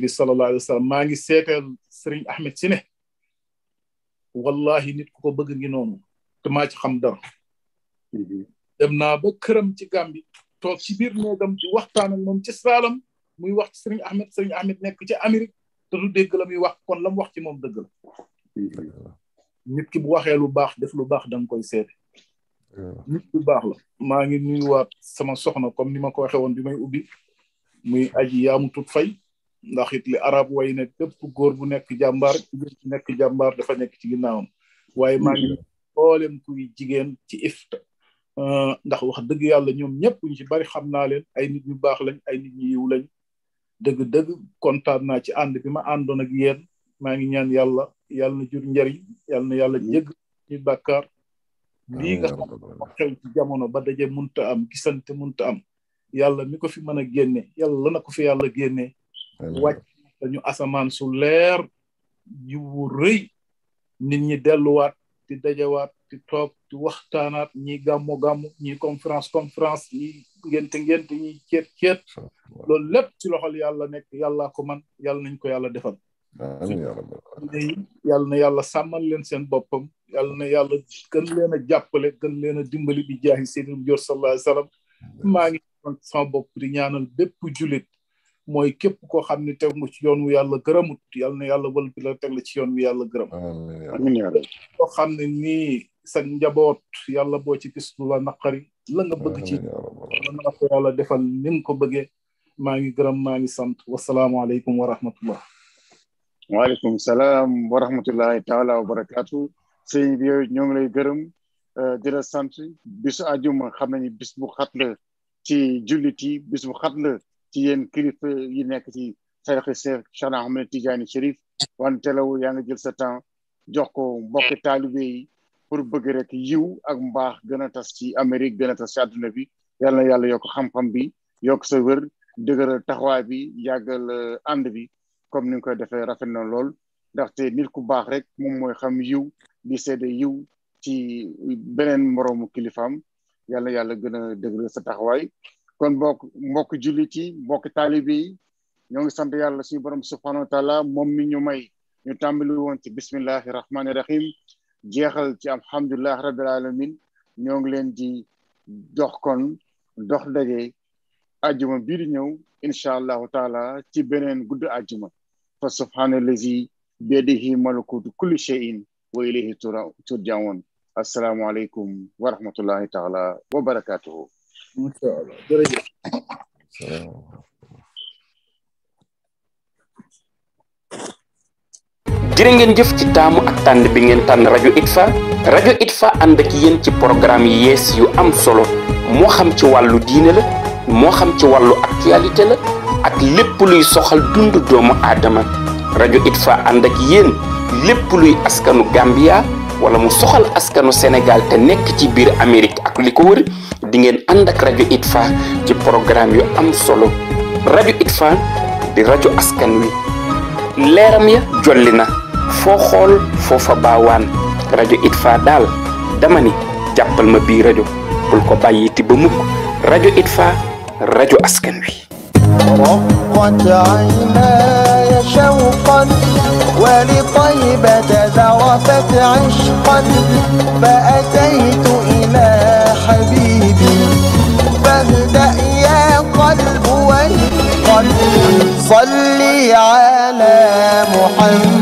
Speaker 6: bi sallallahu alaihi wasallam ma ngi sétal serigne ahmed ci wallahi nit ku ko bëgg ngi nonu te ma ci xam dar dem na ba kërëm ci gambi tok ci biir néegam ci waxtaan ak mom ci salam muy wax ci serigne ahmed serigne ahmed nek ci amerique te du dégg la muy wax kon lam wax ci mom dëgg la nit ki bu waxé lu bax def lu bax dang koy nit bu baax la maa ngi nuyuwaat sama soxna comme ni ma ko waxe woon bi may ubbi muy aji yaamu tut fay ndax it li arab way ne képp góor bu nekk jàmbaar jigéen bu nekk jàmbaar dafa nekk ci ginnaawam waaye maa ngi mboolem kuy jigéen ci ifta euh, ndax wax dëgg yàlla ñoom ñëpp ñu ci bari xam naa leen ay nit ñu baax lañ ay nit ñu yiw lañ dëgg-dëgg kontaan naa ci ànd bi ma àndoon ak yéen maa ngi ñaan yàlla yàlla na jur njariñ yàlla na yàlla jégg ñu bàkkaar li nga xam xew ci jamono ba dajé munta am gisante munta am yalla mi ko fi mën génné yalla la nako fi yalla génné wacc ñu asaman su lèr yiwu reuy nit ñi delluwaat di dajawaat di tok di waxtaanaat ñi gamu gamu ñi conférence conférence ñi ngent ngent ñi ciet ciet lool lepp ci loxol yalla nek yalla ko man yalla nañ ko yalla defal ya yalla na yàlla na yàlla gën leen a jàppale gën leen a dimbali bi jaahi seydina mu jor sallallahu alayhi wasallam maa ngi sama bopp di ñaanal bépp julit mooy képp koo xam ne teg nga ci yoon wu yàlla gërëmut yàlla na yàlla wël bi la teg la ci yoon wu yàlla gërëm amiin koo xam ne nii sa njaboot yàlla boo ci gis lu la naqari la nga bëgg ci na ko defal ni ko bëggee maa ngi gërëm maa ngi sant wasalaamaaleykum wa
Speaker 4: rahmatullah waaleykum salaam wa rahmatullahi taala wa barakaatu sëñ bi yow ñoo ngi lay gërëm euh, di la sant bisu àjjuma xam nañu bis bu xat ci jullit yi bis bu xat la ci yéen kilifa yi nekk ci tarixi Seex Seexna Ahmed Tijaani Chérif wante law yaa ngi jël sa temps jox ko mbokki taalibe yi pour bëgg rek yiw ak mbaax gën a tas ci Amérique gën a tas ci àdduna bi yàlla na yàlla yokk xam-xam bi yokk sa wër dëgëral taxawaay bi yàggal euh, ànd bi comme ni nga koy defee rafet na lool ndaxte nit ku baax rek moom mooy xam yiw di seede yiw ci beneen mboroomu kilifaam yàlla yàlla gën a dëgëral sa taxawaay kon mbokk mbokk jullit yi mbokk taalibe yi ñoo ngi sant yàlla suñu borom subhanahu taala moom mi ñu may ñu tàmbali woon ci bismillahi rahmaani rahim jeexal ci alhamdulilah rabbil alamin ñoo ngi leen di dox kon dox daje ajjuma bii di ñëw incha allahu taala ci beneen gudd ajjuma fa subhaana lazi biyadihi malakutu kulli cheyin وإليه ترجعون السلام عليكم ورحمة الله تعالى وبركاته
Speaker 1: إن شاء الله
Speaker 2: jërë ngeen jëf ci taamu ak tànn bi ngeen tànn rajo ITFA rajo ITFA ànd ak yéen ci programme yi yees yu am solo moo xam ci wàllu diine la moo xam ci wàllu actualité la ak lépp luy soxal dundu doomu aadama Radio ITFA Anda ak yéen luy askanu Gambia wala mu soxal askanu Senegal, te nek ci bir amerique ak liko wër di ngeen ànd ak ITFA ci programme yu am solo Radio ITFA di radio askan wi leram ya jollina fo xol fo fa bawan radio ITFA dal, dama ni jappal ma bi Radio bul ko ti ba mukk radio ITFA radio askan wi
Speaker 3: شوقا ولطيبة ذرفت عشقا فأتيت إلى حبيبي فاهدأ يا قلب وانقل صلي على محمد